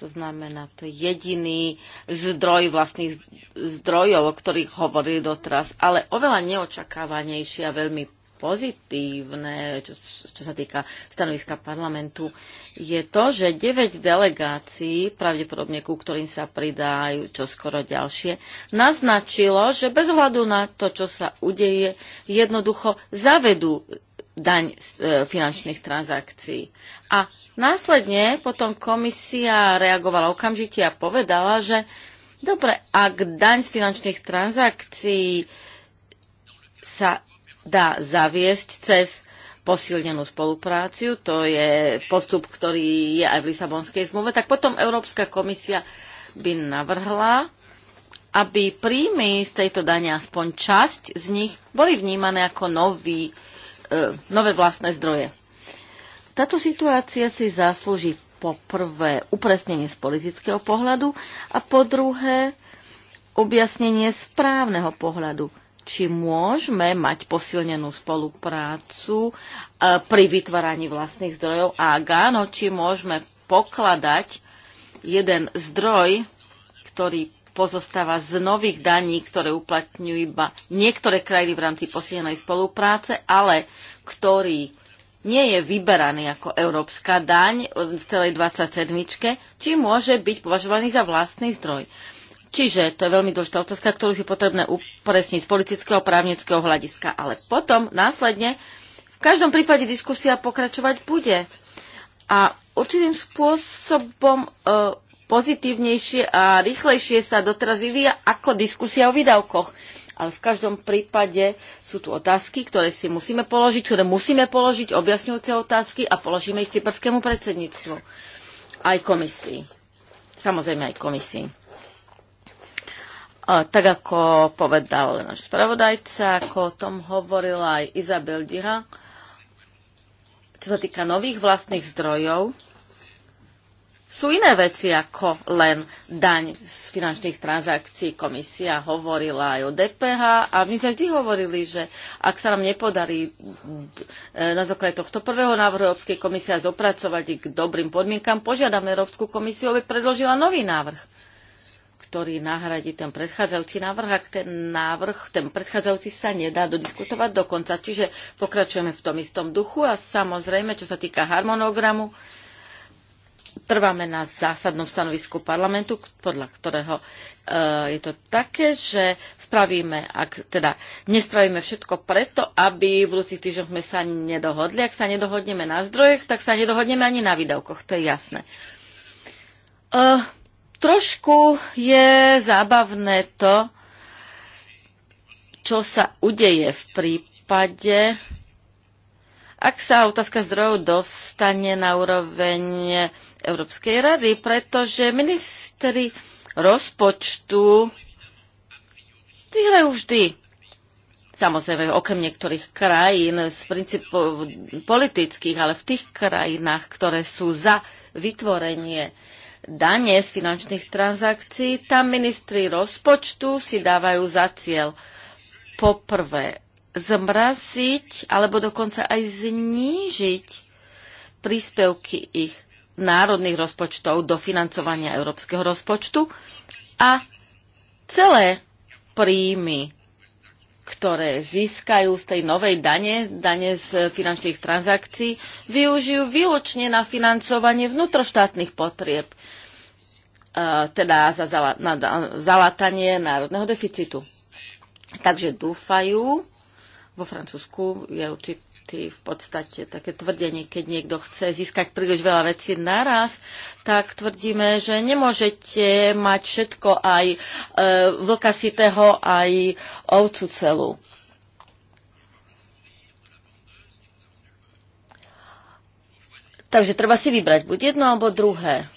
S3: to znamená, to jediný zdroj vlastných zdrojov, o ktorých hovorili doteraz, ale oveľa neočakávanejší a veľmi pozitívne, čo, čo sa týka stanoviska parlamentu, je to, že 9 delegácií, pravdepodobne ku ktorým sa pridajú čo skoro ďalšie, naznačilo, že bez ohľadu na to, čo sa udeje, jednoducho zavedú daň z e, finančných transakcií. A následne potom komisia reagovala okamžite a povedala, že dobre, ak daň z finančných transakcií sa dá zaviesť cez posilnenú spolupráciu, to je postup, ktorý je aj v Lisabonskej zmluve, tak potom Európska komisia by navrhla, aby príjmy z tejto dane, aspoň časť z nich, boli vnímané ako nový, e, nové vlastné zdroje. Táto situácia si zaslúži po prvé upresnenie z politického pohľadu a po druhé objasnenie správneho pohľadu či môžeme mať posilnenú spoluprácu e, pri vytváraní vlastných zdrojov a ak áno, či môžeme pokladať jeden zdroj, ktorý pozostáva z nových daní, ktoré uplatňujú iba niektoré krajiny v rámci posilnenej spolupráce, ale ktorý nie je vyberaný ako európska daň v celej 27, či môže byť považovaný za vlastný zdroj. Čiže to je veľmi dôležitá otázka, ktorú je potrebné upresniť z politického právnického hľadiska. Ale potom, následne, v každom prípade diskusia pokračovať bude. A určitým spôsobom e, pozitívnejšie a rýchlejšie sa doteraz vyvíja ako diskusia o výdavkoch. Ale v každom prípade sú tu otázky, ktoré si musíme položiť, ktoré musíme položiť, objasňujúce otázky a položíme ich cyperskému predsedníctvu. Aj komisii. Samozrejme aj komisii. A tak ako povedal náš spravodajca, ako o tom hovorila aj Izabel Dira, čo sa týka nových vlastných zdrojov, sú iné veci ako len daň z finančných transakcií. Komisia hovorila aj o DPH a my sme vždy hovorili, že ak sa nám nepodarí e, na základe tohto prvého návrhu Európskej komisie dopracovať k dobrým podmienkam, požiadame Európsku komisiu, aby predložila nový návrh ktorý nahradí ten predchádzajúci návrh, ak ten návrh, ten predchádzajúci sa nedá dodiskutovať do konca. Čiže pokračujeme v tom istom duchu a samozrejme, čo sa týka harmonogramu, trváme na zásadnom stanovisku parlamentu, podľa ktorého e, je to také, že spravíme, ak teda nespravíme všetko preto, aby v budúcich týždňoch sme sa nedohodli. Ak sa nedohodneme na zdrojech, tak sa nedohodneme ani na výdavkoch, to je jasné. Eh, trošku je zábavné to, čo sa udeje v prípade, ak sa otázka zdrojov dostane na úroveň Európskej rady, pretože ministri rozpočtu vyhrajú vždy. Samozrejme, okrem niektorých krajín z princípov politických, ale v tých krajinách, ktoré sú za vytvorenie dane z finančných transakcií, tam ministri rozpočtu si dávajú za cieľ poprvé zmraziť alebo dokonca aj znížiť príspevky ich národných rozpočtov do financovania európskeho rozpočtu a celé príjmy ktoré získajú z tej novej dane, dane z finančných transakcií, využijú výlučne na financovanie vnútroštátnych potrieb, e, teda za zalatanie národného deficitu. Takže dúfajú, vo Francúzsku je určite argumenty, v podstate také tvrdenie, keď niekto chce získať príliš veľa vecí naraz, tak tvrdíme, že nemôžete mať všetko aj e, vlka sitého, aj ovcu celú. Takže treba si vybrať buď jedno alebo druhé.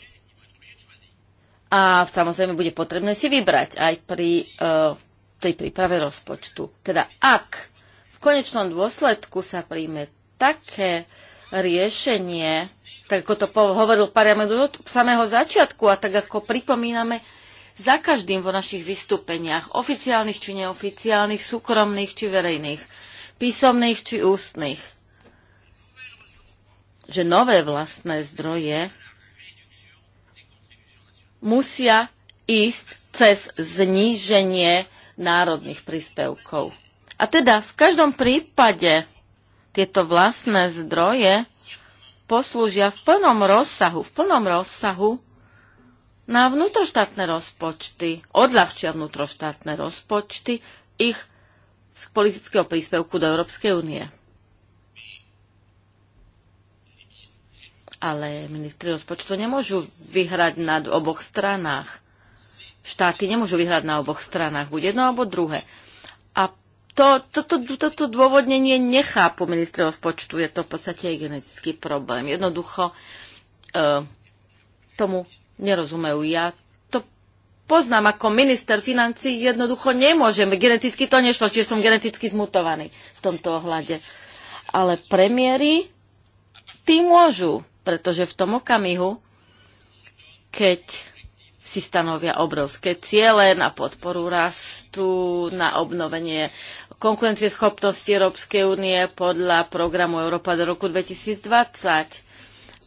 S3: A samozrejme bude potrebné si vybrať aj pri e, tej príprave rozpočtu. Teda ak v konečnom dôsledku sa príjme také riešenie, tak ako to hovoril parlament od samého začiatku a tak ako pripomíname za každým vo našich vystúpeniach, oficiálnych či neoficiálnych, súkromných či verejných, písomných či ústnych, že nové vlastné zdroje musia ísť cez zníženie národných príspevkov a teda v každom prípade tieto vlastné zdroje poslúžia v plnom rozsahu, v plnom rozsahu na vnútroštátne rozpočty, odľahčia vnútroštátne rozpočty ich z politického príspevku do Európskej únie. Ale ministri rozpočtu nemôžu vyhrať na oboch stranách. Štáty nemôžu vyhrať na oboch stranách, buď jedno alebo druhé to, toto, toto dôvodnenie nechápu ministri rozpočtu. Je to v podstate aj genetický problém. Jednoducho e, tomu nerozumejú. Ja to poznám ako minister financí. Jednoducho nemôžem. Geneticky to nešlo, čiže som geneticky zmutovaný v tomto ohľade. Ale premiéry, tí môžu, pretože v tom okamihu, keď si stanovia obrovské ciele na podporu rastu, na obnovenie konkurencieschopnosti Európskej únie podľa programu Európa do roku 2020.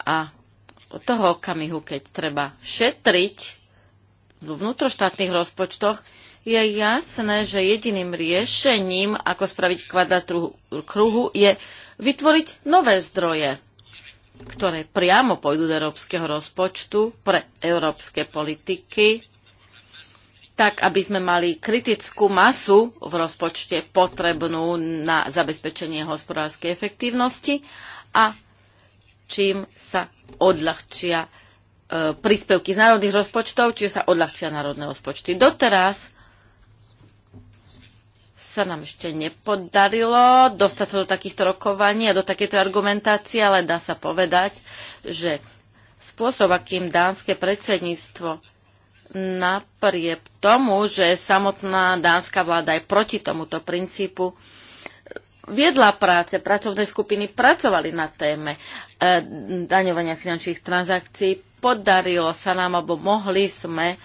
S3: A od toho okamihu, keď treba šetriť vo vnútroštátnych rozpočtoch, je jasné, že jediným riešením, ako spraviť kvadratúru kruhu, je vytvoriť nové zdroje, ktoré priamo pôjdu do európskeho rozpočtu pre európske politiky, tak aby sme mali kritickú masu v rozpočte potrebnú na zabezpečenie hospodárskej efektívnosti a čím sa odľahčia e, príspevky z národných rozpočtov, či sa odľahčia národné rozpočty. Doteraz sa nám ešte nepodarilo dostať sa do takýchto rokovaní a do takéto argumentácie, ale dá sa povedať, že spôsob, akým dánske predsedníctvo napriek tomu, že samotná dánska vláda je proti tomuto princípu, viedla práce, pracovné skupiny pracovali na téme eh, daňovania finančných transakcií. Podarilo sa nám, alebo mohli sme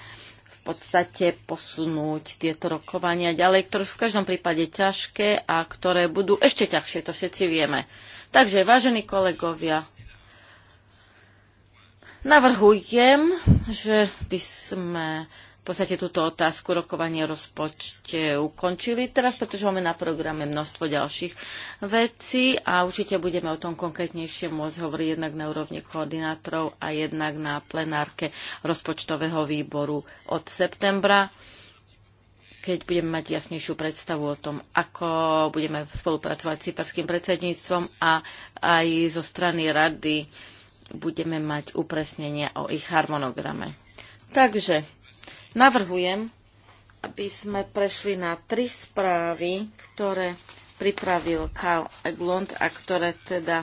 S3: v podstate posunúť tieto rokovania ďalej, ktoré sú v každom prípade ťažké a ktoré budú ešte ťažšie, to všetci vieme. Takže, vážení kolegovia, Navrhujem, že by sme v podstate túto otázku rokovanie o rozpočte ukončili teraz, pretože máme na programe množstvo ďalších vecí a určite budeme o tom konkrétnejšie môcť hovoriť jednak na úrovni koordinátorov a jednak na plenárke rozpočtového výboru od septembra keď budeme mať jasnejšiu predstavu o tom, ako budeme spolupracovať s cyperským predsedníctvom a aj zo strany rady budeme mať upresnenia o ich harmonograme. Takže navrhujem, aby sme prešli na tri správy, ktoré pripravil Karl Eglund a ktoré teda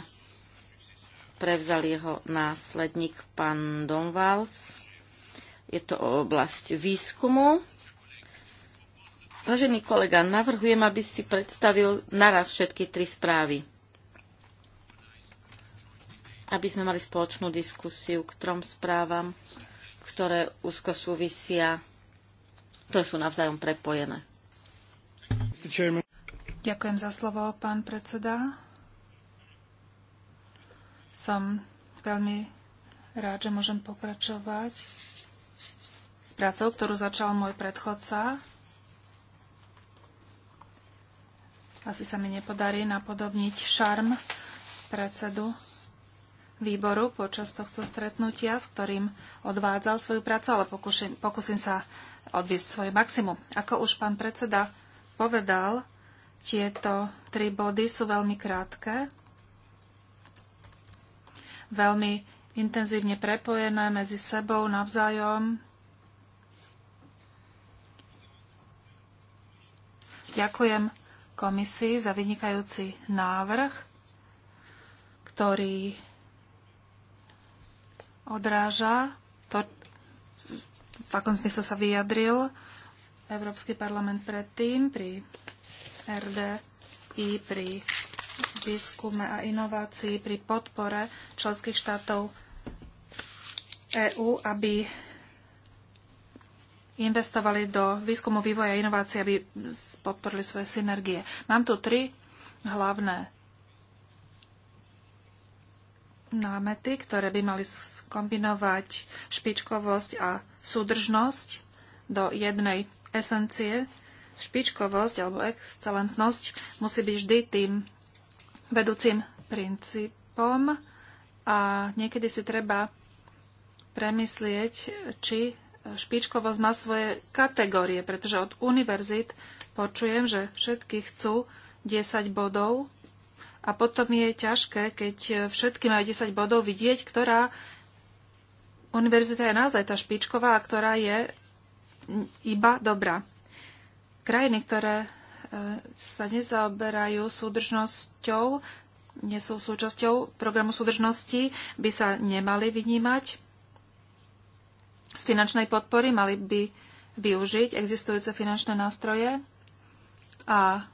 S3: prevzal jeho následník pán Donvals. Je to oblasť výskumu. Vážený kolega, navrhujem, aby si predstavil naraz všetky tri správy aby sme mali spoločnú diskusiu k trom správam, ktoré úzko súvisia, ktoré sú navzájom prepojené.
S1: Ďakujem za slovo, pán predseda. Som veľmi rád, že môžem pokračovať s prácou, ktorú začal môj predchodca. Asi sa mi nepodarí napodobniť šarm predsedu výboru počas tohto stretnutia, s ktorým odvádzal svoju prácu, ale pokusím, pokúsim sa odviesť svoje maximum. Ako už pán predseda povedal, tieto tri body sú veľmi krátke, veľmi intenzívne prepojené medzi sebou navzájom. Ďakujem komisii za vynikajúci návrh, ktorý odráža to, v akom zmysle sa vyjadril Európsky parlament predtým pri RD i pri výskume a inovácii, pri podpore členských štátov EÚ, aby investovali do výskumu, vývoja a inovácií, aby podporili svoje synergie. Mám tu tri hlavné námety, ktoré by mali skombinovať špičkovosť a súdržnosť do jednej esencie. Špičkovosť alebo excelentnosť musí byť vždy tým vedúcim princípom a niekedy si treba premyslieť, či špičkovosť má svoje kategórie, pretože od univerzit počujem, že všetky chcú 10 bodov a potom je ťažké, keď všetky majú 10 bodov, vidieť, ktorá univerzita je naozaj tá špičková a ktorá je iba dobrá. Krajiny, ktoré e, sa nezaoberajú súdržnosťou, nie sú súčasťou programu súdržnosti, by sa nemali vynímať z finančnej podpory, mali by využiť existujúce finančné nástroje a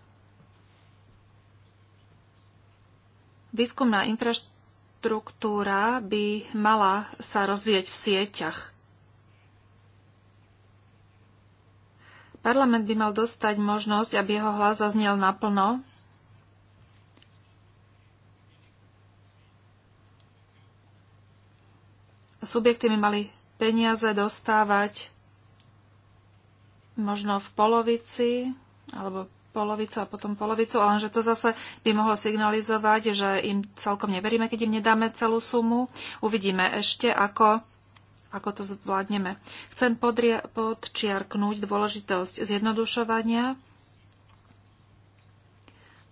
S1: Výskumná infraštruktúra by mala sa rozvíjať v sieťach. Parlament by mal dostať možnosť, aby jeho hlas zaznel naplno. Subjekty by mali peniaze dostávať možno v polovici alebo polovicu a potom polovicu, ale že to zase by mohlo signalizovať, že im celkom neveríme, keď im nedáme celú sumu. Uvidíme ešte, ako, ako to zvládneme. Chcem podria- podčiarknúť dôležitosť zjednodušovania,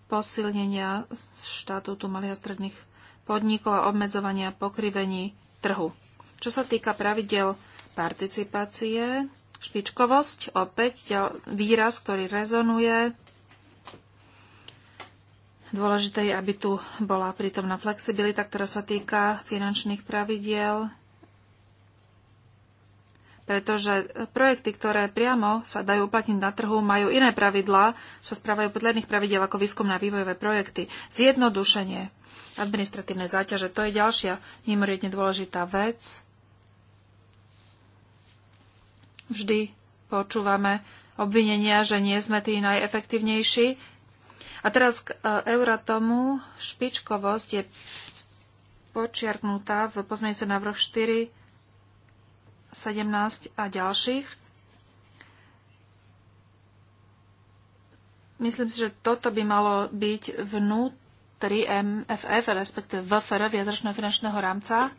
S1: posilnenia štatútu malých a stredných podnikov a obmedzovania pokrivení trhu. Čo sa týka pravidel participácie, špičkovosť, opäť výraz, ktorý rezonuje Dôležité je, aby tu bola prítomná flexibilita, ktorá sa týka finančných pravidiel, pretože projekty, ktoré priamo sa dajú uplatniť na trhu, majú iné pravidlá, sa správajú podľa iných pravidiel ako výskumné a vývojové projekty. Zjednodušenie administratívne záťaže, to je ďalšia mimoriadne dôležitá vec. Vždy počúvame obvinenia, že nie sme tí najefektívnejší a teraz k e, Euratomu. Špičkovosť je počiarknutá v na návrh 4, 17 a ďalších. Myslím si, že toto by malo byť vnútri MFF, respektíve VFR, viacročného finančného rámca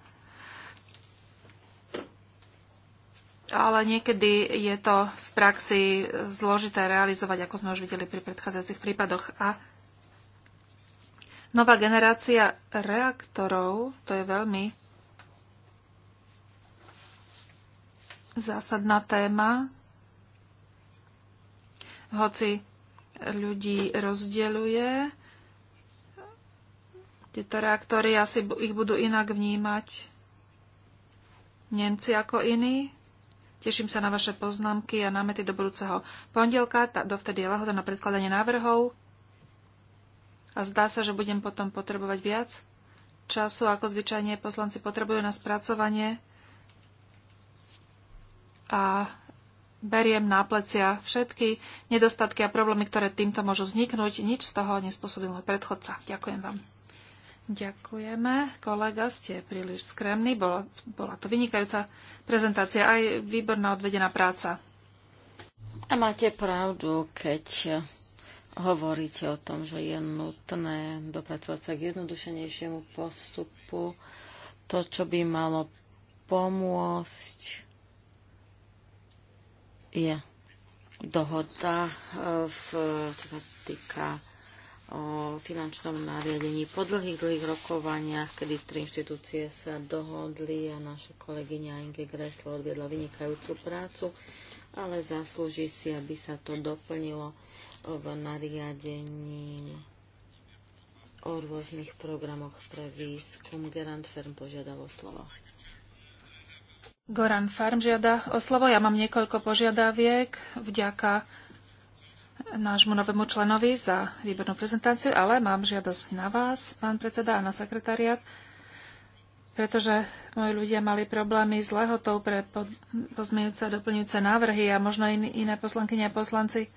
S1: ale niekedy je to v praxi zložité realizovať, ako sme už videli pri predchádzajúcich prípadoch. A nová generácia reaktorov, to je veľmi zásadná téma, hoci ľudí rozdeľuje. Tieto reaktory asi ich budú inak vnímať Nemci ako iní. Teším sa na vaše poznámky a námety do budúceho pondelka. Dovtedy je lehoda na predkladanie návrhov. A zdá sa, že budem potom potrebovať viac času, ako zvyčajne poslanci potrebujú na spracovanie. A beriem na plecia všetky nedostatky a problémy, ktoré týmto môžu vzniknúť. Nič z toho nespôsobil môj predchodca. Ďakujem vám. Ďakujeme. Kolega, ste príliš skromní. Bola, bola to vynikajúca prezentácia, aj výborná odvedená práca.
S3: A máte pravdu, keď hovoríte o tom, že je nutné dopracovať sa k jednodušenejšiemu postupu, to, čo by malo pomôcť, je dohoda, eh, v, čo sa týka o finančnom nariadení. Po dlhých, dlhých rokovaniach, kedy tri inštitúcie sa dohodli a naša kolegyňa Inge Greslo odviedla vynikajúcu prácu, ale zaslúži si, aby sa to doplnilo v nariadení o rôznych programoch pre výskum. Gerant Ferm požiadal o slovo.
S1: Goran Farm žiada o slovo. Ja mám niekoľko požiadaviek. Vďaka nášmu novému členovi za výbornú prezentáciu, ale mám žiadosť na vás, pán predseda, a na sekretariat, pretože moji ľudia mali problémy s lehotou pre pozmejúce a doplňujúce návrhy a možno in, iné poslankyne a poslanci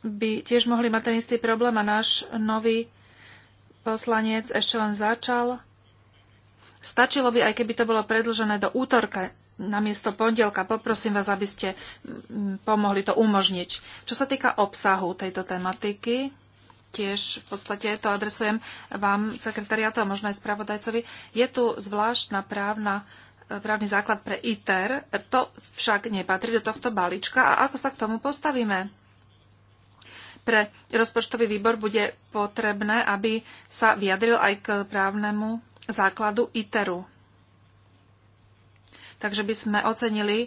S1: by tiež mohli mať ten istý problém a náš nový poslanec ešte len začal. Stačilo by, aj keby to bolo predlžené do útorka, namiesto pondelka. Poprosím vás, aby ste mm, pomohli to umožniť. Čo sa týka obsahu tejto tematiky, tiež v podstate to adresujem vám, sekretariátu a možno aj spravodajcovi. Je tu zvláštna právna e, právny základ pre ITER. To však nepatrí do tohto balíčka. A ako sa k tomu postavíme? Pre rozpočtový výbor bude potrebné, aby sa vyjadril aj k právnemu základu ITERu. Takže by sme ocenili e,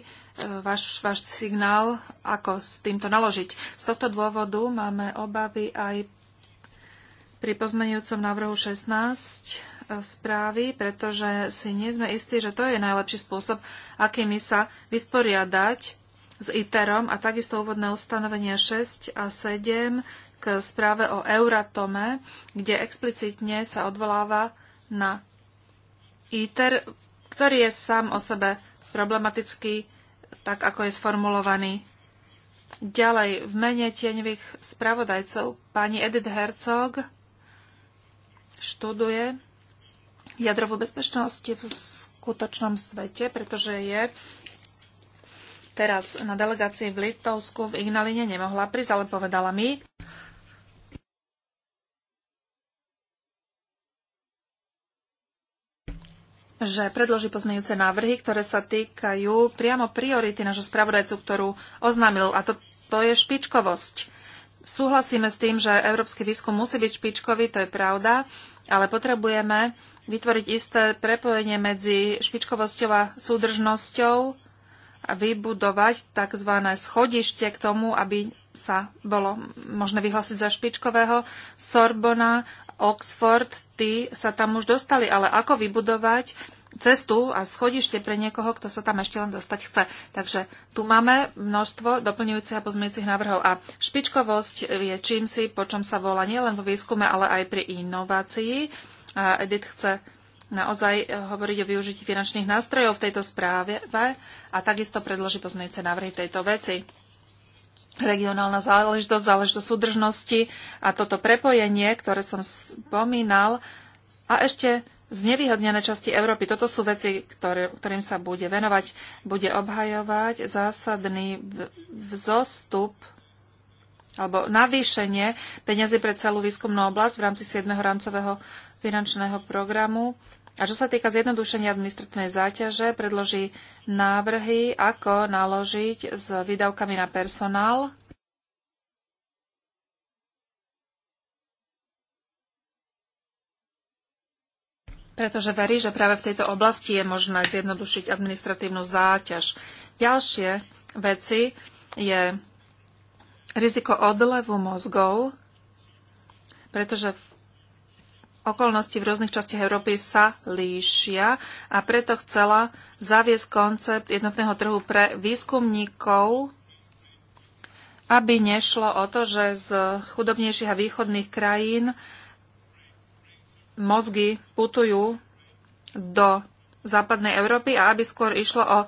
S1: váš, váš signál, ako s týmto naložiť. Z tohto dôvodu máme obavy aj pri pozmenujúcom návrhu 16 e, správy, pretože si nie sme istí, že to je najlepší spôsob, akými sa vysporiadať s ITERom a takisto úvodné ustanovenia 6 a 7 k správe o Euratome, kde explicitne sa odvoláva na ITER ktorý je sám o sebe problematický, tak ako je sformulovaný. Ďalej, v mene tieňových spravodajcov pani Edith Herzog študuje jadrovú bezpečnosť v skutočnom svete, pretože je teraz na delegácii v Litovsku v Ignaline nemohla prísť, ale povedala mi, že predloží pozmeňujúce návrhy, ktoré sa týkajú priamo priority nášho spravodajcu, ktorú oznámil. A to, to je špičkovosť. Súhlasíme s tým, že európsky výskum musí byť špičkový, to je pravda, ale potrebujeme vytvoriť isté prepojenie medzi špičkovosťou a súdržnosťou a vybudovať tzv. schodište k tomu, aby sa bolo možné vyhlásiť za špičkového. Sorbona Oxford, tí sa tam už dostali, ale ako vybudovať cestu a schodište pre niekoho, kto sa tam ešte len dostať chce. Takže tu máme množstvo doplňujúcich a pozmejúcich návrhov. A špičkovosť je čím si, po čom sa volá nielen vo výskume, ale aj pri inovácii. A Edith chce naozaj hovoriť o využití finančných nástrojov v tejto správe a takisto predloží pozmejúce návrhy tejto veci regionálna záležitosť, záležitosť súdržnosti a toto prepojenie, ktoré som spomínal, a ešte znevýhodnené časti Európy. Toto sú veci, ktoré, ktorým sa bude venovať, bude obhajovať zásadný vzostup alebo navýšenie peniazy pre celú výskumnú oblasť v rámci 7. rámcového finančného programu a čo sa týka zjednodušenia administratívnej záťaže, predloží návrhy, ako naložiť s výdavkami na personál. Pretože verí, že práve v tejto oblasti je možné zjednodušiť administratívnu záťaž. Ďalšie veci je riziko odlevu mozgov, pretože okolnosti v rôznych častiach Európy sa líšia a preto chcela zaviesť koncept jednotného trhu pre výskumníkov, aby nešlo o to, že z chudobnejších a východných krajín mozgy putujú do západnej Európy a aby skôr išlo o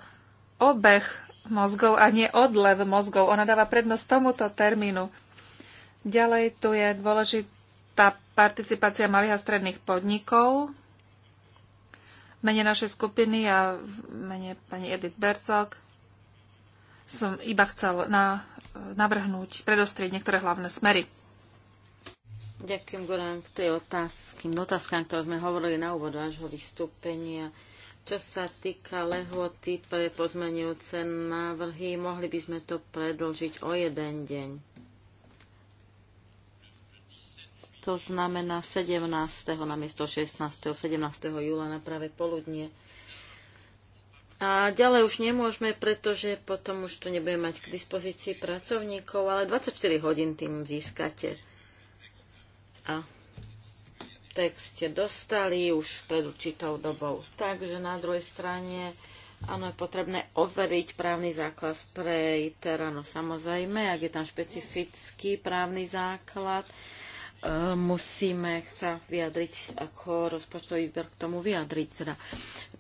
S1: obeh mozgov a nie odlev mozgov. Ona dáva prednosť tomuto termínu. Ďalej tu je dôležitý tá participácia malých a stredných podnikov v mene našej skupiny a v mene pani Edith Bercok som iba chcel na, navrhnúť, predostrieť niektoré hlavné smery.
S3: Ďakujem, Goran, k tej otázky, otázkam, ktoré sme hovorili na úvod vášho vystúpenia. Čo sa týka lehoty pre pozmenujúce návrhy, mohli by sme to predlžiť o jeden deň To znamená 17. namiesto 16. 17. júla na práve poludnie. A ďalej už nemôžeme, pretože potom už tu nebude mať k dispozícii pracovníkov, ale 24 hodín tým získate. A text ste dostali už pred určitou dobou. Takže na druhej strane, áno, je potrebné overiť právny základ pre ITER, áno, samozrejme, ak je tam špecifický právny základ, musíme sa vyjadriť ako rozpočtový výber k tomu vyjadriť, teda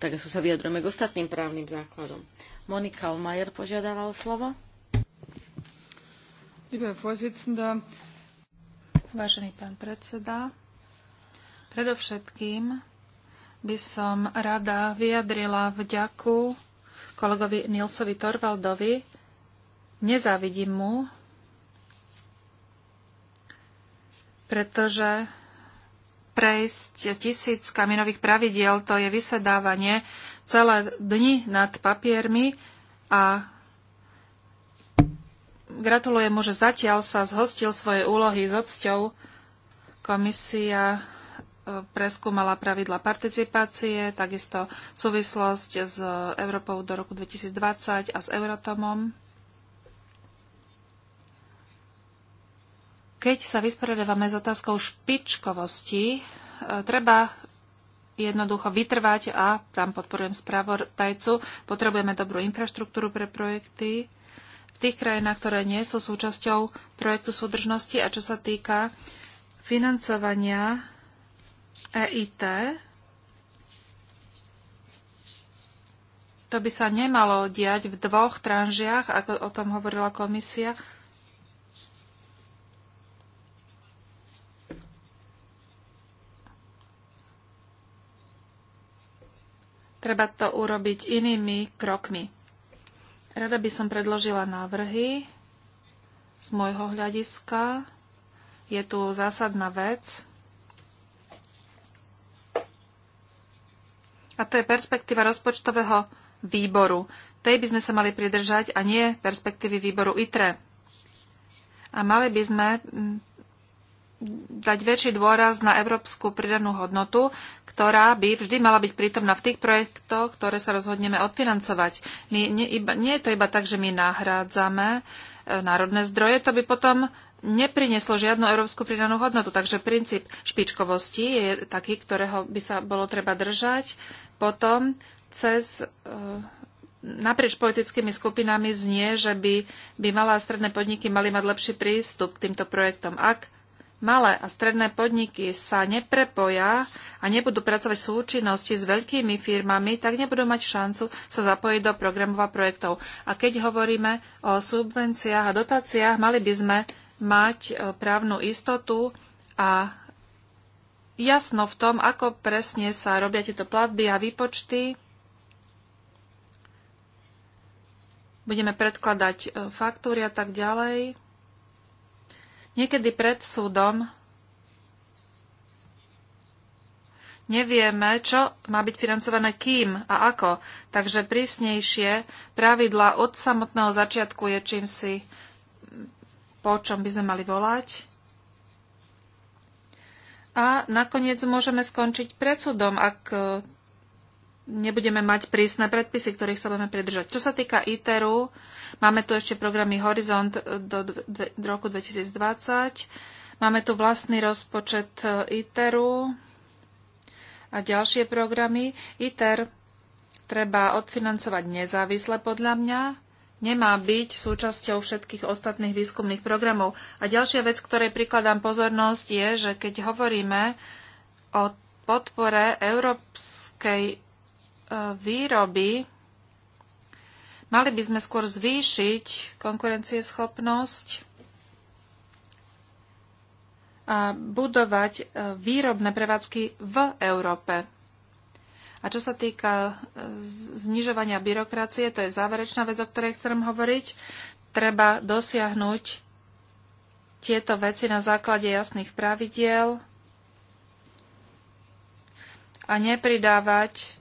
S3: tak ako sa vyjadrujeme k ostatným právnym základom. Monika Olmajer požiadala o slovo.
S1: Vážený pán predseda, predovšetkým by som rada vyjadrila vďaku kolegovi Nilsovi Torvaldovi. Nezávidím mu pretože prejsť tisíc kamenových pravidiel, to je vysedávanie celé dni nad papiermi a gratulujem mu, že zatiaľ sa zhostil svoje úlohy s odsťou. Komisia e, preskúmala pravidla participácie, takisto súvislosť s Európou do roku 2020 a s Eurotomom. Keď sa vysporiadávame s otázkou špičkovosti, e, treba jednoducho vytrvať a tam podporujem spravodajcu. Potrebujeme dobrú infraštruktúru pre projekty v tých krajinách, ktoré nie sú súčasťou projektu súdržnosti a čo sa týka financovania EIT, to by sa nemalo diať v dvoch tranžiach, ako o tom hovorila komisia, Treba to urobiť inými krokmi. Rada by som predložila návrhy z môjho hľadiska. Je tu zásadná vec. A to je perspektíva rozpočtového výboru. Tej by sme sa mali pridržať a nie perspektívy výboru ITRE. A mali by sme dať väčší dôraz na európsku pridanú hodnotu, ktorá by vždy mala byť prítomná v tých projektoch, ktoré sa rozhodneme odfinancovať. My nie, iba, nie je to iba tak, že my nahrádzame e, národné zdroje, to by potom neprineslo žiadnu európsku pridanú hodnotu. Takže princíp špičkovosti je taký, ktorého by sa bolo treba držať. Potom cez e, naprieč politickými skupinami znie, že by, by malé a stredné podniky mali mať lepší prístup k týmto projektom. Ak malé a stredné podniky sa neprepoja a nebudú pracovať v súčinnosti s veľkými firmami, tak nebudú mať šancu sa zapojiť do programov a projektov. A keď hovoríme o subvenciách a dotáciách, mali by sme mať e, právnu istotu a jasno v tom, ako presne sa robia tieto platby a výpočty. Budeme predkladať e, faktúry a tak ďalej. Niekedy pred súdom nevieme, čo má byť financované kým a ako. Takže prísnejšie pravidla od samotného začiatku je čím si, po čom by sme mali volať. A nakoniec môžeme skončiť pred súdom, ak nebudeme mať prísne predpisy, ktorých sa budeme pridržať. Čo sa týka ITERu, máme tu ešte programy Horizont do, dve, do roku 2020, máme tu vlastný rozpočet e, ITERu a ďalšie programy. ITER treba odfinancovať nezávisle podľa mňa, nemá byť súčasťou všetkých ostatných výskumných programov. A ďalšia vec, ktorej prikladám pozornosť, je, že keď hovoríme o podpore európskej výroby, mali by sme skôr zvýšiť konkurencieschopnosť a budovať e, výrobné prevádzky v Európe. A čo sa týka e, znižovania byrokracie, to je záverečná vec, o ktorej chcem hovoriť, treba dosiahnuť tieto veci na základe jasných pravidiel a nepridávať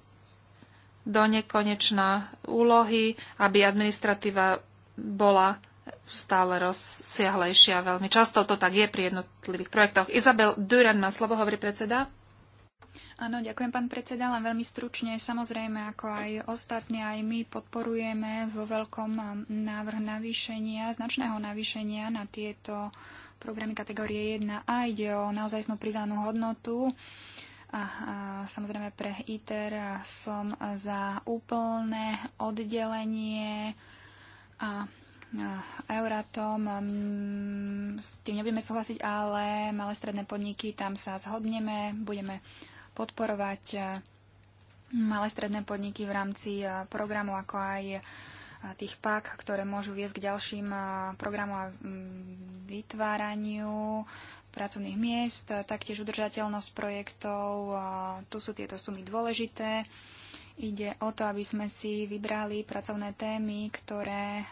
S1: do nekonečná úlohy, aby administratíva bola stále rozsiahlejšia. Veľmi často to tak je pri jednotlivých projektoch. Izabel Duran má slovo, hovorí predseda.
S2: Áno, ďakujem pán predseda, len veľmi stručne. Samozrejme, ako aj ostatní, aj my podporujeme vo veľkom návrh navýšenia, značného navýšenia na tieto programy kategórie 1 a ide o naozajstnú pridanú hodnotu a, a samozrejme pre ITER som za úplné oddelenie a Euratom, s tým nebudeme súhlasiť, ale malé stredné podniky, tam sa zhodneme, budeme podporovať malé stredné podniky v rámci programu, ako aj tých pak, ktoré môžu viesť k ďalším programom a vytváraniu pracovných miest, taktiež udržateľnosť projektov. Tu sú tieto sumy dôležité. Ide o to, aby sme si vybrali pracovné témy, ktoré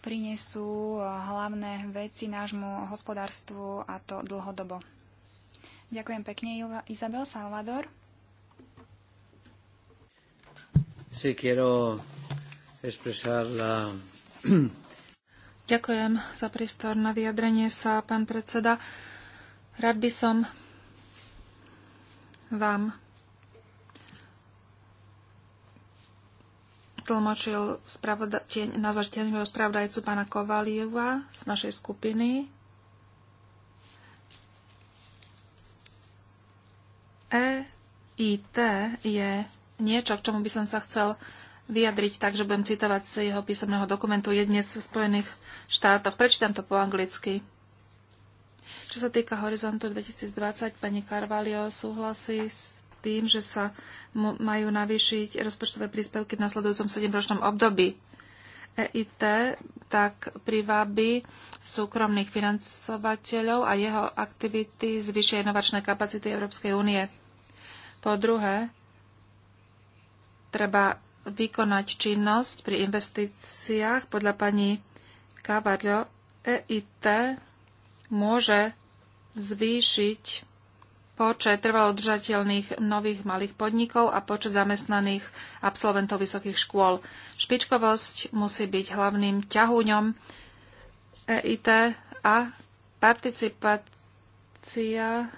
S2: prinesú hlavné veci nášmu hospodárstvu a to dlhodobo. Ďakujem pekne, Izabel Salvador.
S3: Sí, quiero expresar la [CLEARS THROAT]
S1: Ďakujem za priestor na vyjadrenie sa, pán predseda. Rád by som vám tlmočil názor tieňového spravodajcu pána Kovalieva z našej skupiny. EIT je niečo, k čomu by som sa chcel vyjadriť takže budem citovať z jeho písomného dokumentu. Je dnes v Spojených štátoch. Prečítam to po anglicky. Čo sa týka horizontu 2020, pani Carvalho súhlasí s tým, že sa majú navýšiť rozpočtové príspevky v nasledujúcom 7-ročnom období. EIT tak privábi súkromných financovateľov a jeho aktivity zvyšia inovačné kapacity Európskej únie. Po druhé, treba vykonať činnosť pri investíciách podľa pani Cavallo, EIT môže zvýšiť počet trvalo nových malých podnikov a počet zamestnaných absolventov vysokých škôl. Špičkovosť musí byť hlavným ťahuňom EIT a participácia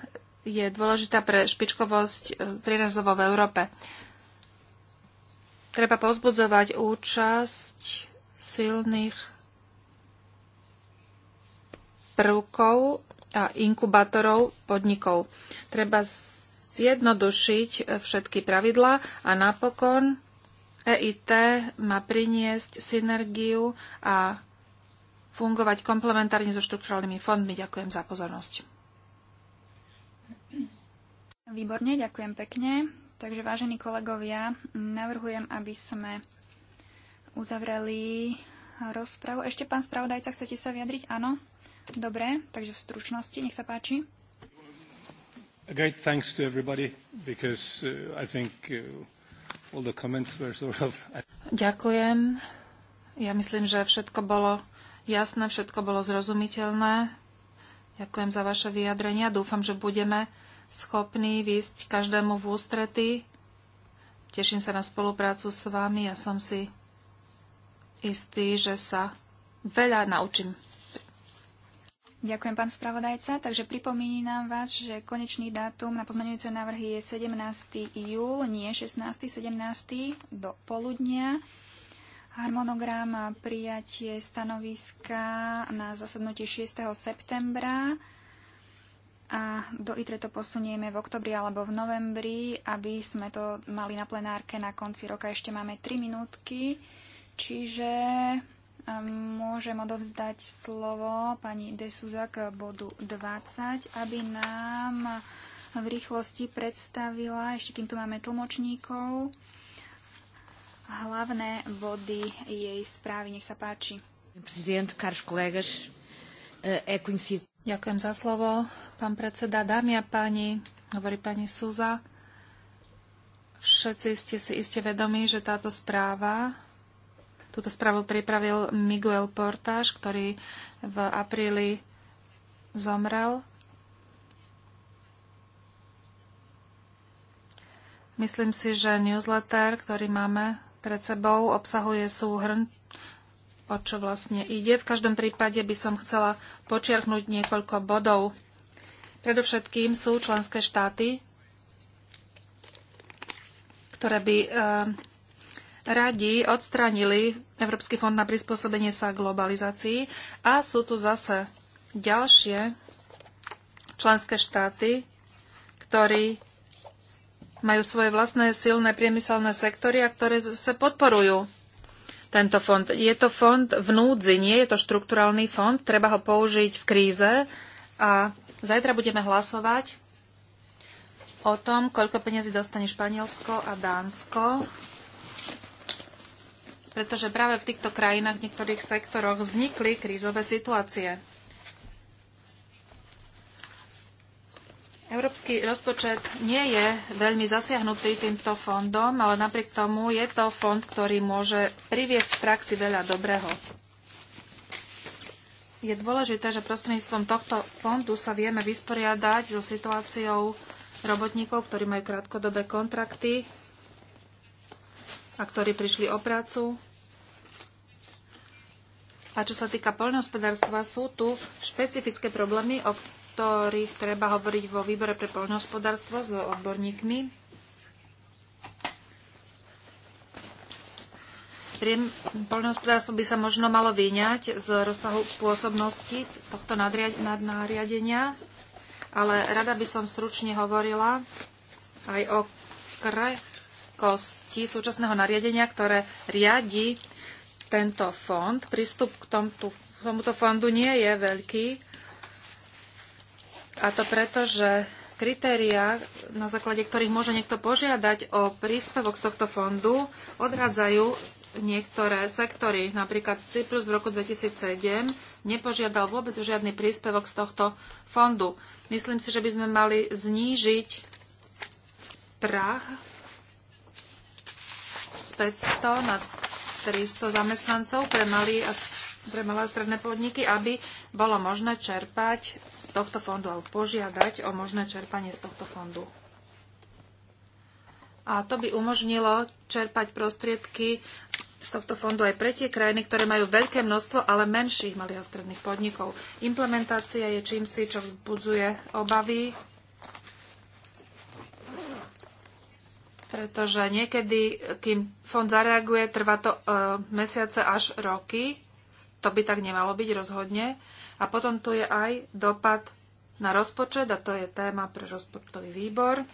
S1: je dôležitá pre špičkovosť e, prírazovo v Európe. Treba pozbudzovať účasť silných prvkov a inkubátorov podnikov. Treba zjednodušiť všetky pravidlá a napokon EIT má priniesť synergiu a fungovať komplementárne so štrukturálnymi fondmi. Ďakujem za pozornosť.
S2: Výborne, ďakujem pekne. Takže vážení kolegovia, navrhujem, aby sme uzavreli rozpravu. Ešte pán spravodajca, chcete sa vyjadriť? Áno? Dobre, takže v stručnosti, nech sa páči.
S1: A great thanks to everybody, because uh, I think uh, all the comments were sort of... Ďakujem. Ja myslím, že všetko bolo jasné, všetko bolo zrozumiteľné. Ďakujem za vaše vyjadrenia. Dúfam, že budeme schopní výsť každému v ústrety. Teším sa na spoluprácu s vami ja som si istý, že sa
S2: veľa naučím. Ďakujem, pán spravodajca. Takže pripomínam vás, že konečný dátum na pozmeňujúce návrhy je 17. júl, nie 16. 17. do poludnia. Harmonogram prijatie stanoviska na zasadnutie 6. septembra a do ITRE to posunieme v oktobri alebo v novembri, aby sme to mali na plenárke na konci roka. Ešte máme 3 minútky, čiže môžem odovzdať slovo pani Desuza k bodu 20, aby nám v rýchlosti predstavila, ešte kým tu máme tlmočníkov, hlavné body jej správy. Nech sa páči.
S1: Prezident, karš kolegaš, e, Ďakujem za slovo, pán predseda. Dámy a páni, hovorí pani Suza, všetci ste si iste vedomí, že táto správa Túto správu pripravil Miguel Portáž, ktorý v apríli zomrel. Myslím si, že newsletter, ktorý máme pred sebou, obsahuje súhrn, o čo vlastne ide. V každom prípade by som chcela počiarknúť niekoľko bodov. Predovšetkým sú členské štáty, ktoré by eh, radi odstránili Európsky fond na prispôsobenie sa globalizácii a sú tu zase ďalšie členské štáty, ktorí majú svoje vlastné silné priemyselné sektory a ktoré sa podporujú tento fond. Je to fond v núdzi, nie je to štrukturálny fond, treba ho použiť v kríze a zajtra budeme hlasovať o tom, koľko peniazy dostane Španielsko a Dánsko pretože práve v týchto krajinách v niektorých sektoroch vznikli krízové situácie. Európsky rozpočet nie je veľmi zasiahnutý týmto fondom, ale napriek tomu je to fond, ktorý môže priviesť v praxi veľa dobrého. Je dôležité, že prostredníctvom tohto fondu sa vieme vysporiadať so situáciou robotníkov, ktorí majú krátkodobé kontrakty a ktorí prišli o prácu. A čo sa týka poľnohospodárstva, sú tu špecifické problémy, o ktorých treba hovoriť vo výbore pre poľnohospodárstvo s odborníkmi. Poľnohospodárstvo by sa možno malo vyňať z rozsahu pôsobnosti tohto nadnáriadenia, ale rada by som stručne hovorila aj o kre- kosti súčasného nariadenia, ktoré riadi tento fond. Prístup k tomto, tomuto fondu nie je veľký. A to preto, že kritéria, na základe ktorých môže niekto požiadať o príspevok z tohto fondu, odrádzajú niektoré sektory. Napríklad Cyprus v roku 2007 nepožiadal vôbec žiadny príspevok z tohto fondu. Myslím si, že by sme mali znížiť prah z 500 na 300 zamestnancov pre, malý a, pre malé a stredné podniky, aby bolo možné čerpať z tohto fondu alebo požiadať o možné čerpanie z tohto fondu. A to by umožnilo čerpať prostriedky z tohto fondu aj pre tie krajiny, ktoré majú veľké množstvo, ale menších malých a stredných podnikov. Implementácia je čím si, čo vzbudzuje obavy pretože niekedy, kým fond zareaguje, trvá to e, mesiace až roky. To by tak nemalo byť rozhodne. A potom tu je aj dopad na rozpočet, a to je téma pre rozpočtový výbor.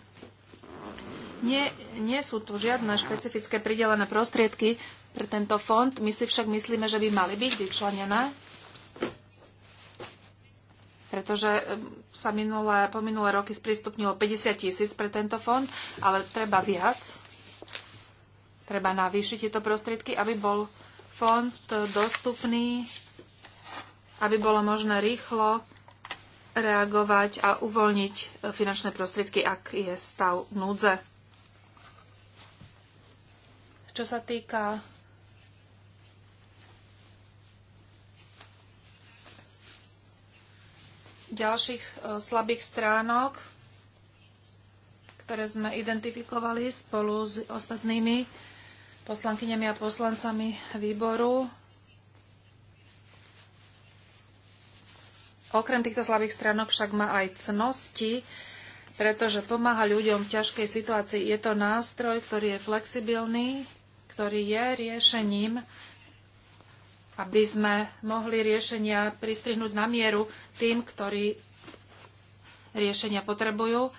S1: Nie, nie sú tu žiadne špecifické pridelené prostriedky pre tento fond. My si však myslíme, že by mali byť vyčlenené pretože sa minulé, po minulé roky sprístupnilo 50 tisíc pre tento fond, ale treba viac. Treba navýšiť tieto prostriedky, aby bol fond dostupný, aby bolo možné rýchlo reagovať a uvoľniť e, finančné prostriedky, ak je stav núdze. Čo sa týka ďalších e, slabých stránok, ktoré sme identifikovali spolu s ostatnými poslankyňami a poslancami výboru. Okrem týchto slabých stránok však má aj cnosti, pretože pomáha ľuďom v ťažkej situácii. Je to nástroj, ktorý je flexibilný, ktorý je riešením aby sme mohli riešenia pristrihnúť na mieru tým, ktorí riešenia potrebujú.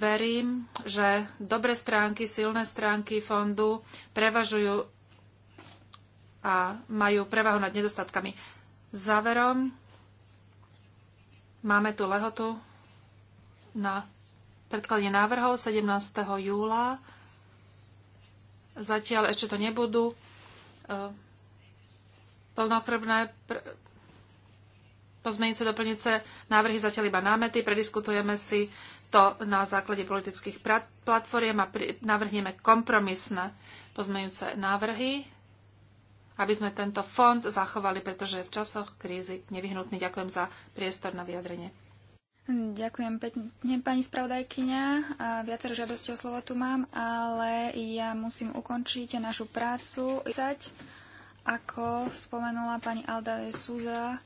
S1: Verím, že dobre stránky, silné stránky fondu prevažujú a majú prevahu nad nedostatkami. Záverom máme tu lehotu na predkladne návrhov 17. júla. Zatiaľ ešte to nebudú eh, plnotrebné pr- pozmenice, doplnice návrhy zatiaľ iba námety. Prediskutujeme si to na základe politických platform a navrhneme kompromisné pozmeňujúce návrhy, aby sme tento fond zachovali, pretože je v časoch krízy nevyhnutný. Ďakujem za priestor na vyjadrenie.
S2: Ďakujem pekne, pani spravodajkyňa. Viacero žiadosti o slovo tu mám, ale ja musím ukončiť našu prácu. Ako spomenula pani Alda de Souza,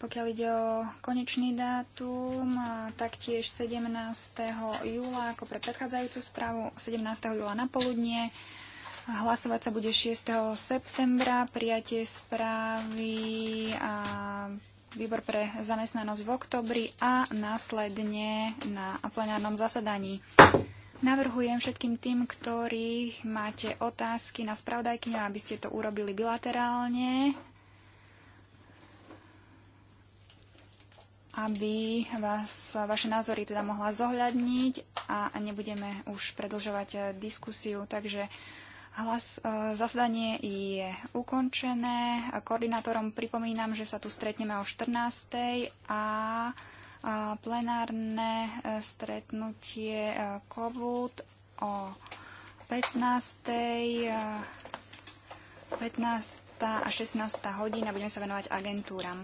S2: pokiaľ ide o konečný dátum, taktiež 17. júla, ako pre predchádzajúcu správu, 17. júla na poludnie. Hlasovať sa bude 6. septembra, prijatie správy a výbor pre zamestnanosť v oktobri a následne na plenárnom zasadaní. Navrhujem všetkým tým, ktorí máte otázky na spravodajkyňu, aby ste to urobili bilaterálne, aby vás vaše názory teda mohla zohľadniť a nebudeme už predlžovať eh, diskusiu. Takže hlas, eh, zasadanie je ukončené. Koordinátorom pripomínam, že sa tu stretneme o 14.00 a plenárne e, stretnutie e, Kovút o 15. 15. E, a 16. hodina budeme sa venovať agentúram.